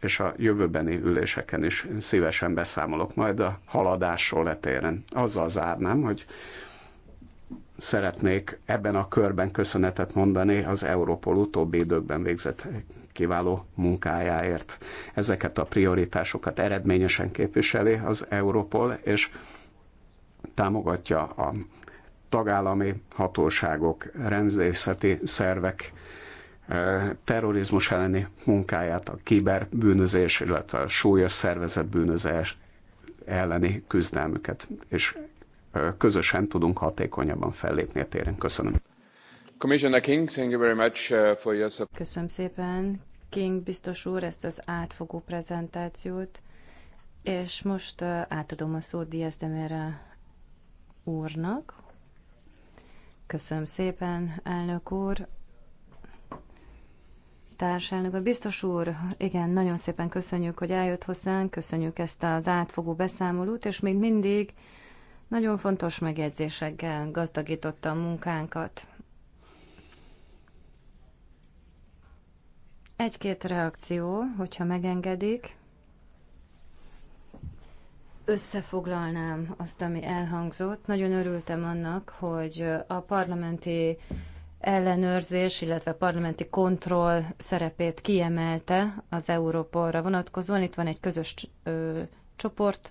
És a jövőbeni üléseken is szívesen beszámolok majd a haladásról letéren. Azzal zárnám, hogy szeretnék ebben a körben köszönetet mondani az Európol utóbbi időkben végzett kiváló munkájáért. Ezeket a prioritásokat eredményesen képviseli az Europol, és támogatja a tagállami hatóságok, rendészeti szervek eh, terrorizmus elleni munkáját, a kiberbűnözés, illetve a súlyos szervezett bűnözés elleni küzdelmüket, és eh, közösen tudunk hatékonyabban fellépni a téren. Köszönöm. Commissioner King, thank you very much uh, for your support. Köszönöm szépen, King biztos úr, ezt az átfogó prezentációt, és most uh, átadom a szót Diaz Demera úrnak. Köszönöm szépen, elnök úr társelnök. A biztos úr, igen, nagyon szépen köszönjük, hogy eljött hozzánk, köszönjük ezt az átfogó beszámolót, és még mindig nagyon fontos megjegyzésekkel gazdagította a munkánkat. Egy-két reakció, hogyha megengedik. Összefoglalnám azt, ami elhangzott. Nagyon örültem annak, hogy a parlamenti ellenőrzés, illetve parlamenti kontroll szerepét kiemelte az Európolra vonatkozóan. Itt van egy közös ö, csoport,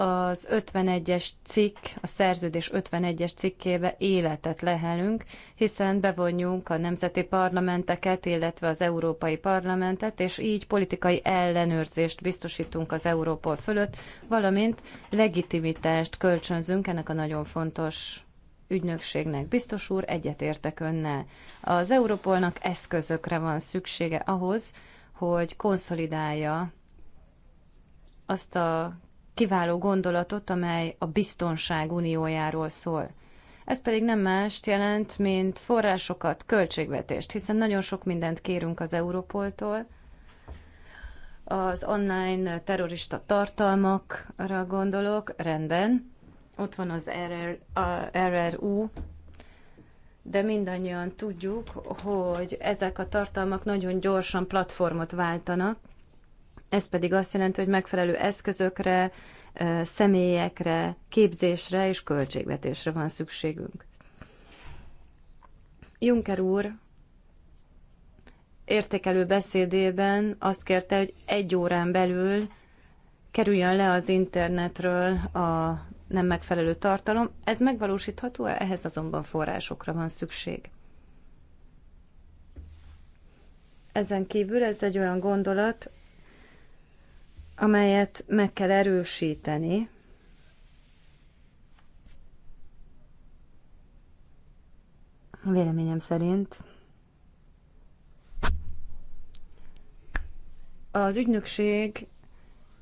az 51-es cikk, a szerződés 51-es cikkébe életet lehelünk, hiszen bevonjunk a nemzeti parlamenteket, illetve az európai parlamentet, és így politikai ellenőrzést biztosítunk az Európol fölött, valamint legitimitást kölcsönzünk ennek a nagyon fontos ügynökségnek. Biztos úr, egyetértek önnel. Az Európolnak eszközökre van szüksége ahhoz, hogy konszolidálja azt a kiváló gondolatot, amely a biztonság uniójáról szól. Ez pedig nem mást jelent, mint forrásokat, költségvetést, hiszen nagyon sok mindent kérünk az Európoltól, az online terrorista tartalmakra gondolok, rendben. Ott van az RR, a RRU, er de mindannyian tudjuk, hogy ezek a tartalmak nagyon gyorsan platformot váltanak, ez pedig azt jelenti, hogy megfelelő eszközökre, személyekre, képzésre és költségvetésre van szükségünk. Juncker úr értékelő beszédében azt kérte, hogy egy órán belül kerüljön le az internetről a nem megfelelő tartalom. Ez megvalósítható -e? Ehhez azonban forrásokra van szükség. Ezen kívül ez egy olyan gondolat, amelyet meg kell erősíteni, Véleményem szerint az ügynökség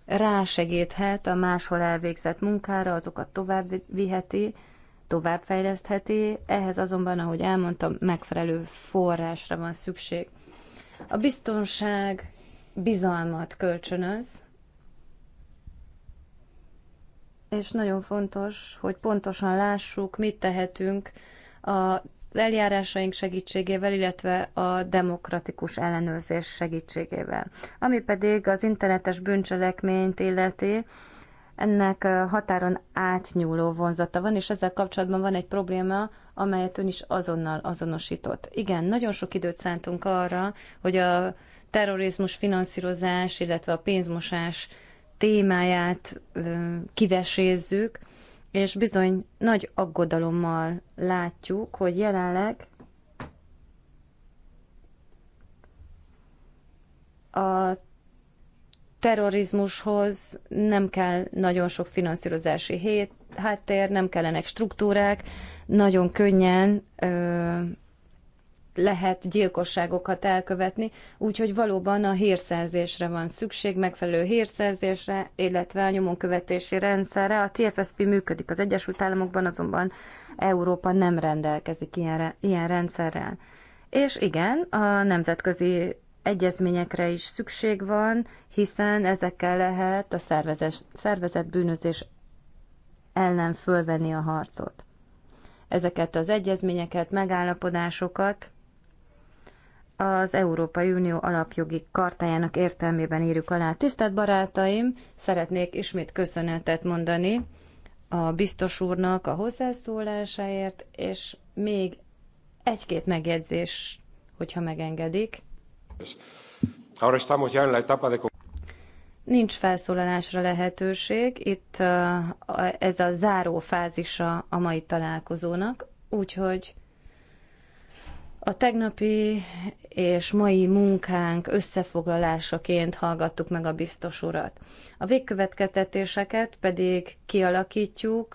rásegíthet a máshol elvégzett munkára, azokat tovább viheti, továbbfejlesztheti, ehhez azonban, ahogy elmondtam, megfelelő forrásra van szükség. A biztonság bizalmat kölcsönöz, és nagyon fontos, hogy pontosan lássuk, mit tehetünk a eljárásaink segítségével, illetve a demokratikus ellenőrzés segítségével. Ami pedig az internetes bűncselekményt illeti, ennek határon átnyúló vonzata van, és ezzel kapcsolatban van egy probléma, amelyet ön is azonnal azonosított. Igen, nagyon sok időt szántunk arra, hogy a terrorizmus finanszírozás, illetve a pénzmosás témáját kivesézzük, és bizony nagy aggodalommal látjuk, hogy jelenleg a terrorizmushoz nem kell nagyon sok finanszírozási hét, háttér, nem kellenek struktúrák, nagyon könnyen ö, lehet gyilkosságokat elkövetni, úgyhogy valóban a hírszerzésre van szükség, megfelelő hírszerzésre, illetve a nyomonkövetési rendszerre. A TFSP működik az Egyesült Államokban, azonban Európa nem rendelkezik ilyen, ilyen rendszerrel. És igen, a nemzetközi egyezményekre is szükség van, hiszen ezekkel lehet a szervezet, szervezet bűnözés ellen fölvenni a harcot. Ezeket az egyezményeket, megállapodásokat az Európai Unió alapjogi kartájának értelmében írjuk alá. Tisztelt barátaim, szeretnék ismét köszönetet mondani a biztos úrnak a hozzászólásáért, és még egy-két megjegyzés, hogyha megengedik. Nincs felszólalásra lehetőség, itt uh, ez a záró fázisa a mai találkozónak, úgyhogy a tegnapi és mai munkánk összefoglalásaként hallgattuk meg a biztos urat. A végkövetkeztetéseket pedig kialakítjuk,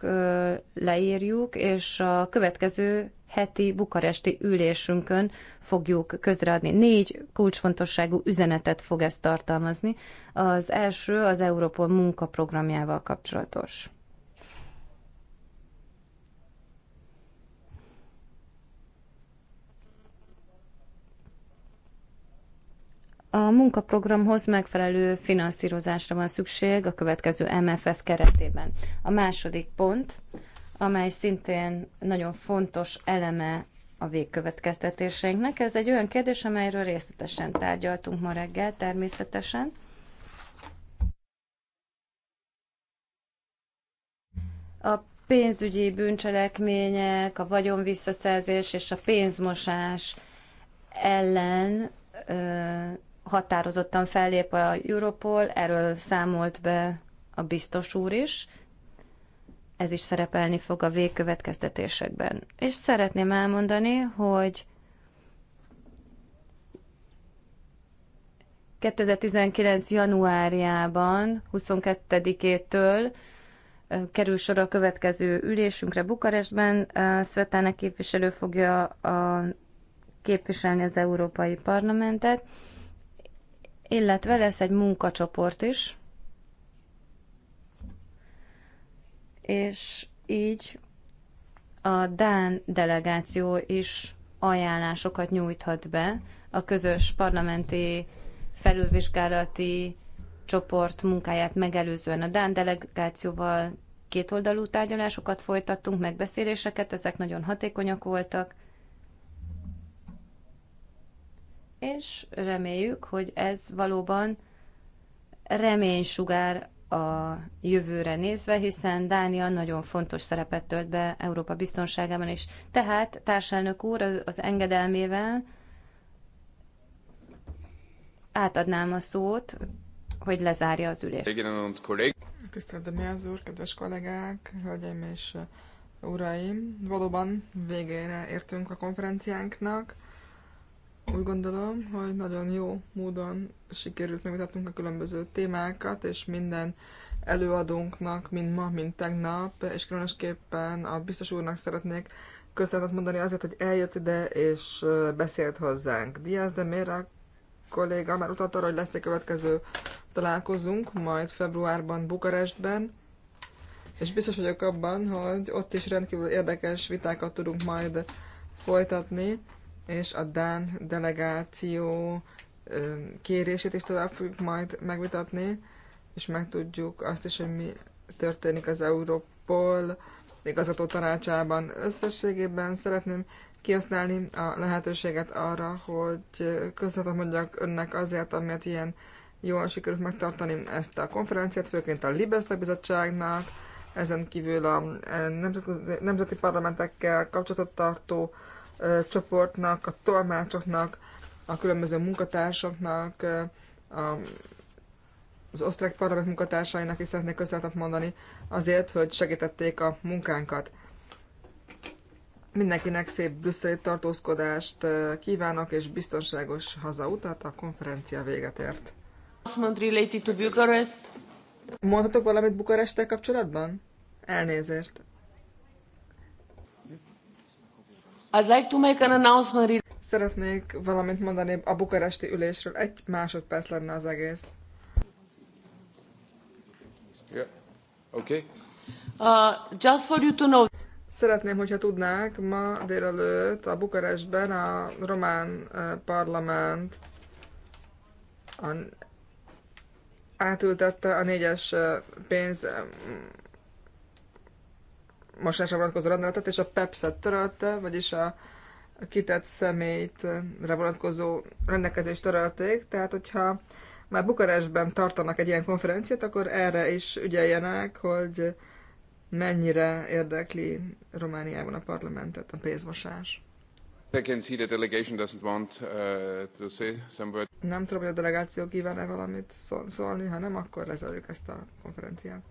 leírjuk, és a következő heti bukaresti ülésünkön fogjuk közreadni. Négy kulcsfontosságú üzenetet fog ez tartalmazni. Az első az Europol munkaprogramjával kapcsolatos. A munkaprogramhoz megfelelő finanszírozásra van szükség a következő MFF keretében. A második pont, amely szintén nagyon fontos eleme a végkövetkeztetéseinknek. Ez egy olyan kérdés, amelyről részletesen tárgyaltunk ma reggel természetesen. A pénzügyi bűncselekmények, a vagyonvisszaszerzés és a pénzmosás ellen ö, határozottan fellép a Europol, erről számolt be a biztos úr is, ez is szerepelni fog a végkövetkeztetésekben. És szeretném elmondani, hogy 2019. januárjában, 22-től kerül sor a következő ülésünkre Bukarestben. Svetlana képviselő fogja a képviselni az Európai Parlamentet illetve lesz egy munkacsoport is, és így a Dán delegáció is ajánlásokat nyújthat be a közös parlamenti felülvizsgálati csoport munkáját megelőzően a Dán delegációval kétoldalú tárgyalásokat folytattunk, megbeszéléseket, ezek nagyon hatékonyak voltak, és reméljük, hogy ez valóban sugár a jövőre nézve, hiszen Dánia nagyon fontos szerepet tölt be Európa biztonságában is. Tehát társelnök úr az engedelmével átadnám a szót, hogy lezárja az ülést. Tisztelt Demiáz úr, kedves kollégák, hölgyeim és uraim! Valóban végére értünk a konferenciánknak. Úgy gondolom, hogy nagyon jó módon sikerült megmutatnunk a különböző témákat, és minden előadónknak, mind ma, mind tegnap, és különösképpen a biztos úrnak szeretnék köszönetet mondani azért, hogy eljött ide és beszélt hozzánk. Diaz de Mera kolléga már utalt arra, hogy lesz egy következő találkozunk, majd februárban Bukarestben, és biztos vagyok abban, hogy ott is rendkívül érdekes vitákat tudunk majd folytatni, és a Dán delegáció kérését is tovább fogjuk majd megvitatni, és megtudjuk azt is, hogy mi történik az Európol igazgató tanácsában. Összességében szeretném kihasználni a lehetőséget arra, hogy köszönhetem mondjak önnek azért, amiért ilyen jól sikerült megtartani ezt a konferenciát, főként a Libeszak Bizottságnak, ezen kívül a eh, nemzeti, nemzeti parlamentekkel kapcsolatot tartó csoportnak, a tolmácsoknak, a különböző munkatársaknak, a, az osztrák parlament munkatársainak is szeretnék köszönetet mondani azért, hogy segítették a munkánkat. Mindenkinek szép brüsszeli tartózkodást kívánok, és biztonságos hazautat a konferencia véget ért. Mondhatok valamit Bukarestel kapcsolatban? Elnézést. I'd like to make an announcement. Szeretnék valamit mondani a bukaresti ülésről. Egy másodperc lenne az egész. Yeah. Okay. Uh, just for you to know. Szeretném, hogyha tudnák, ma délelőtt a Bukarestben a román uh, parlament a, átültette a négyes uh, pénz um, mosásra vonatkozó rendeletet, és a PEPS-et törölte, vagyis a kitett személyre vonatkozó rendelkezést törölték, tehát hogyha már Bukarestben tartanak egy ilyen konferenciát, akkor erre is ügyeljenek, hogy mennyire érdekli Romániában a parlamentet a pénzmosás. I can see delegation doesn't want uh, to say some Nem tudom, hogy a delegáció kíván-e valamit szólni, ha nem, akkor lezárjuk ezt a konferenciát.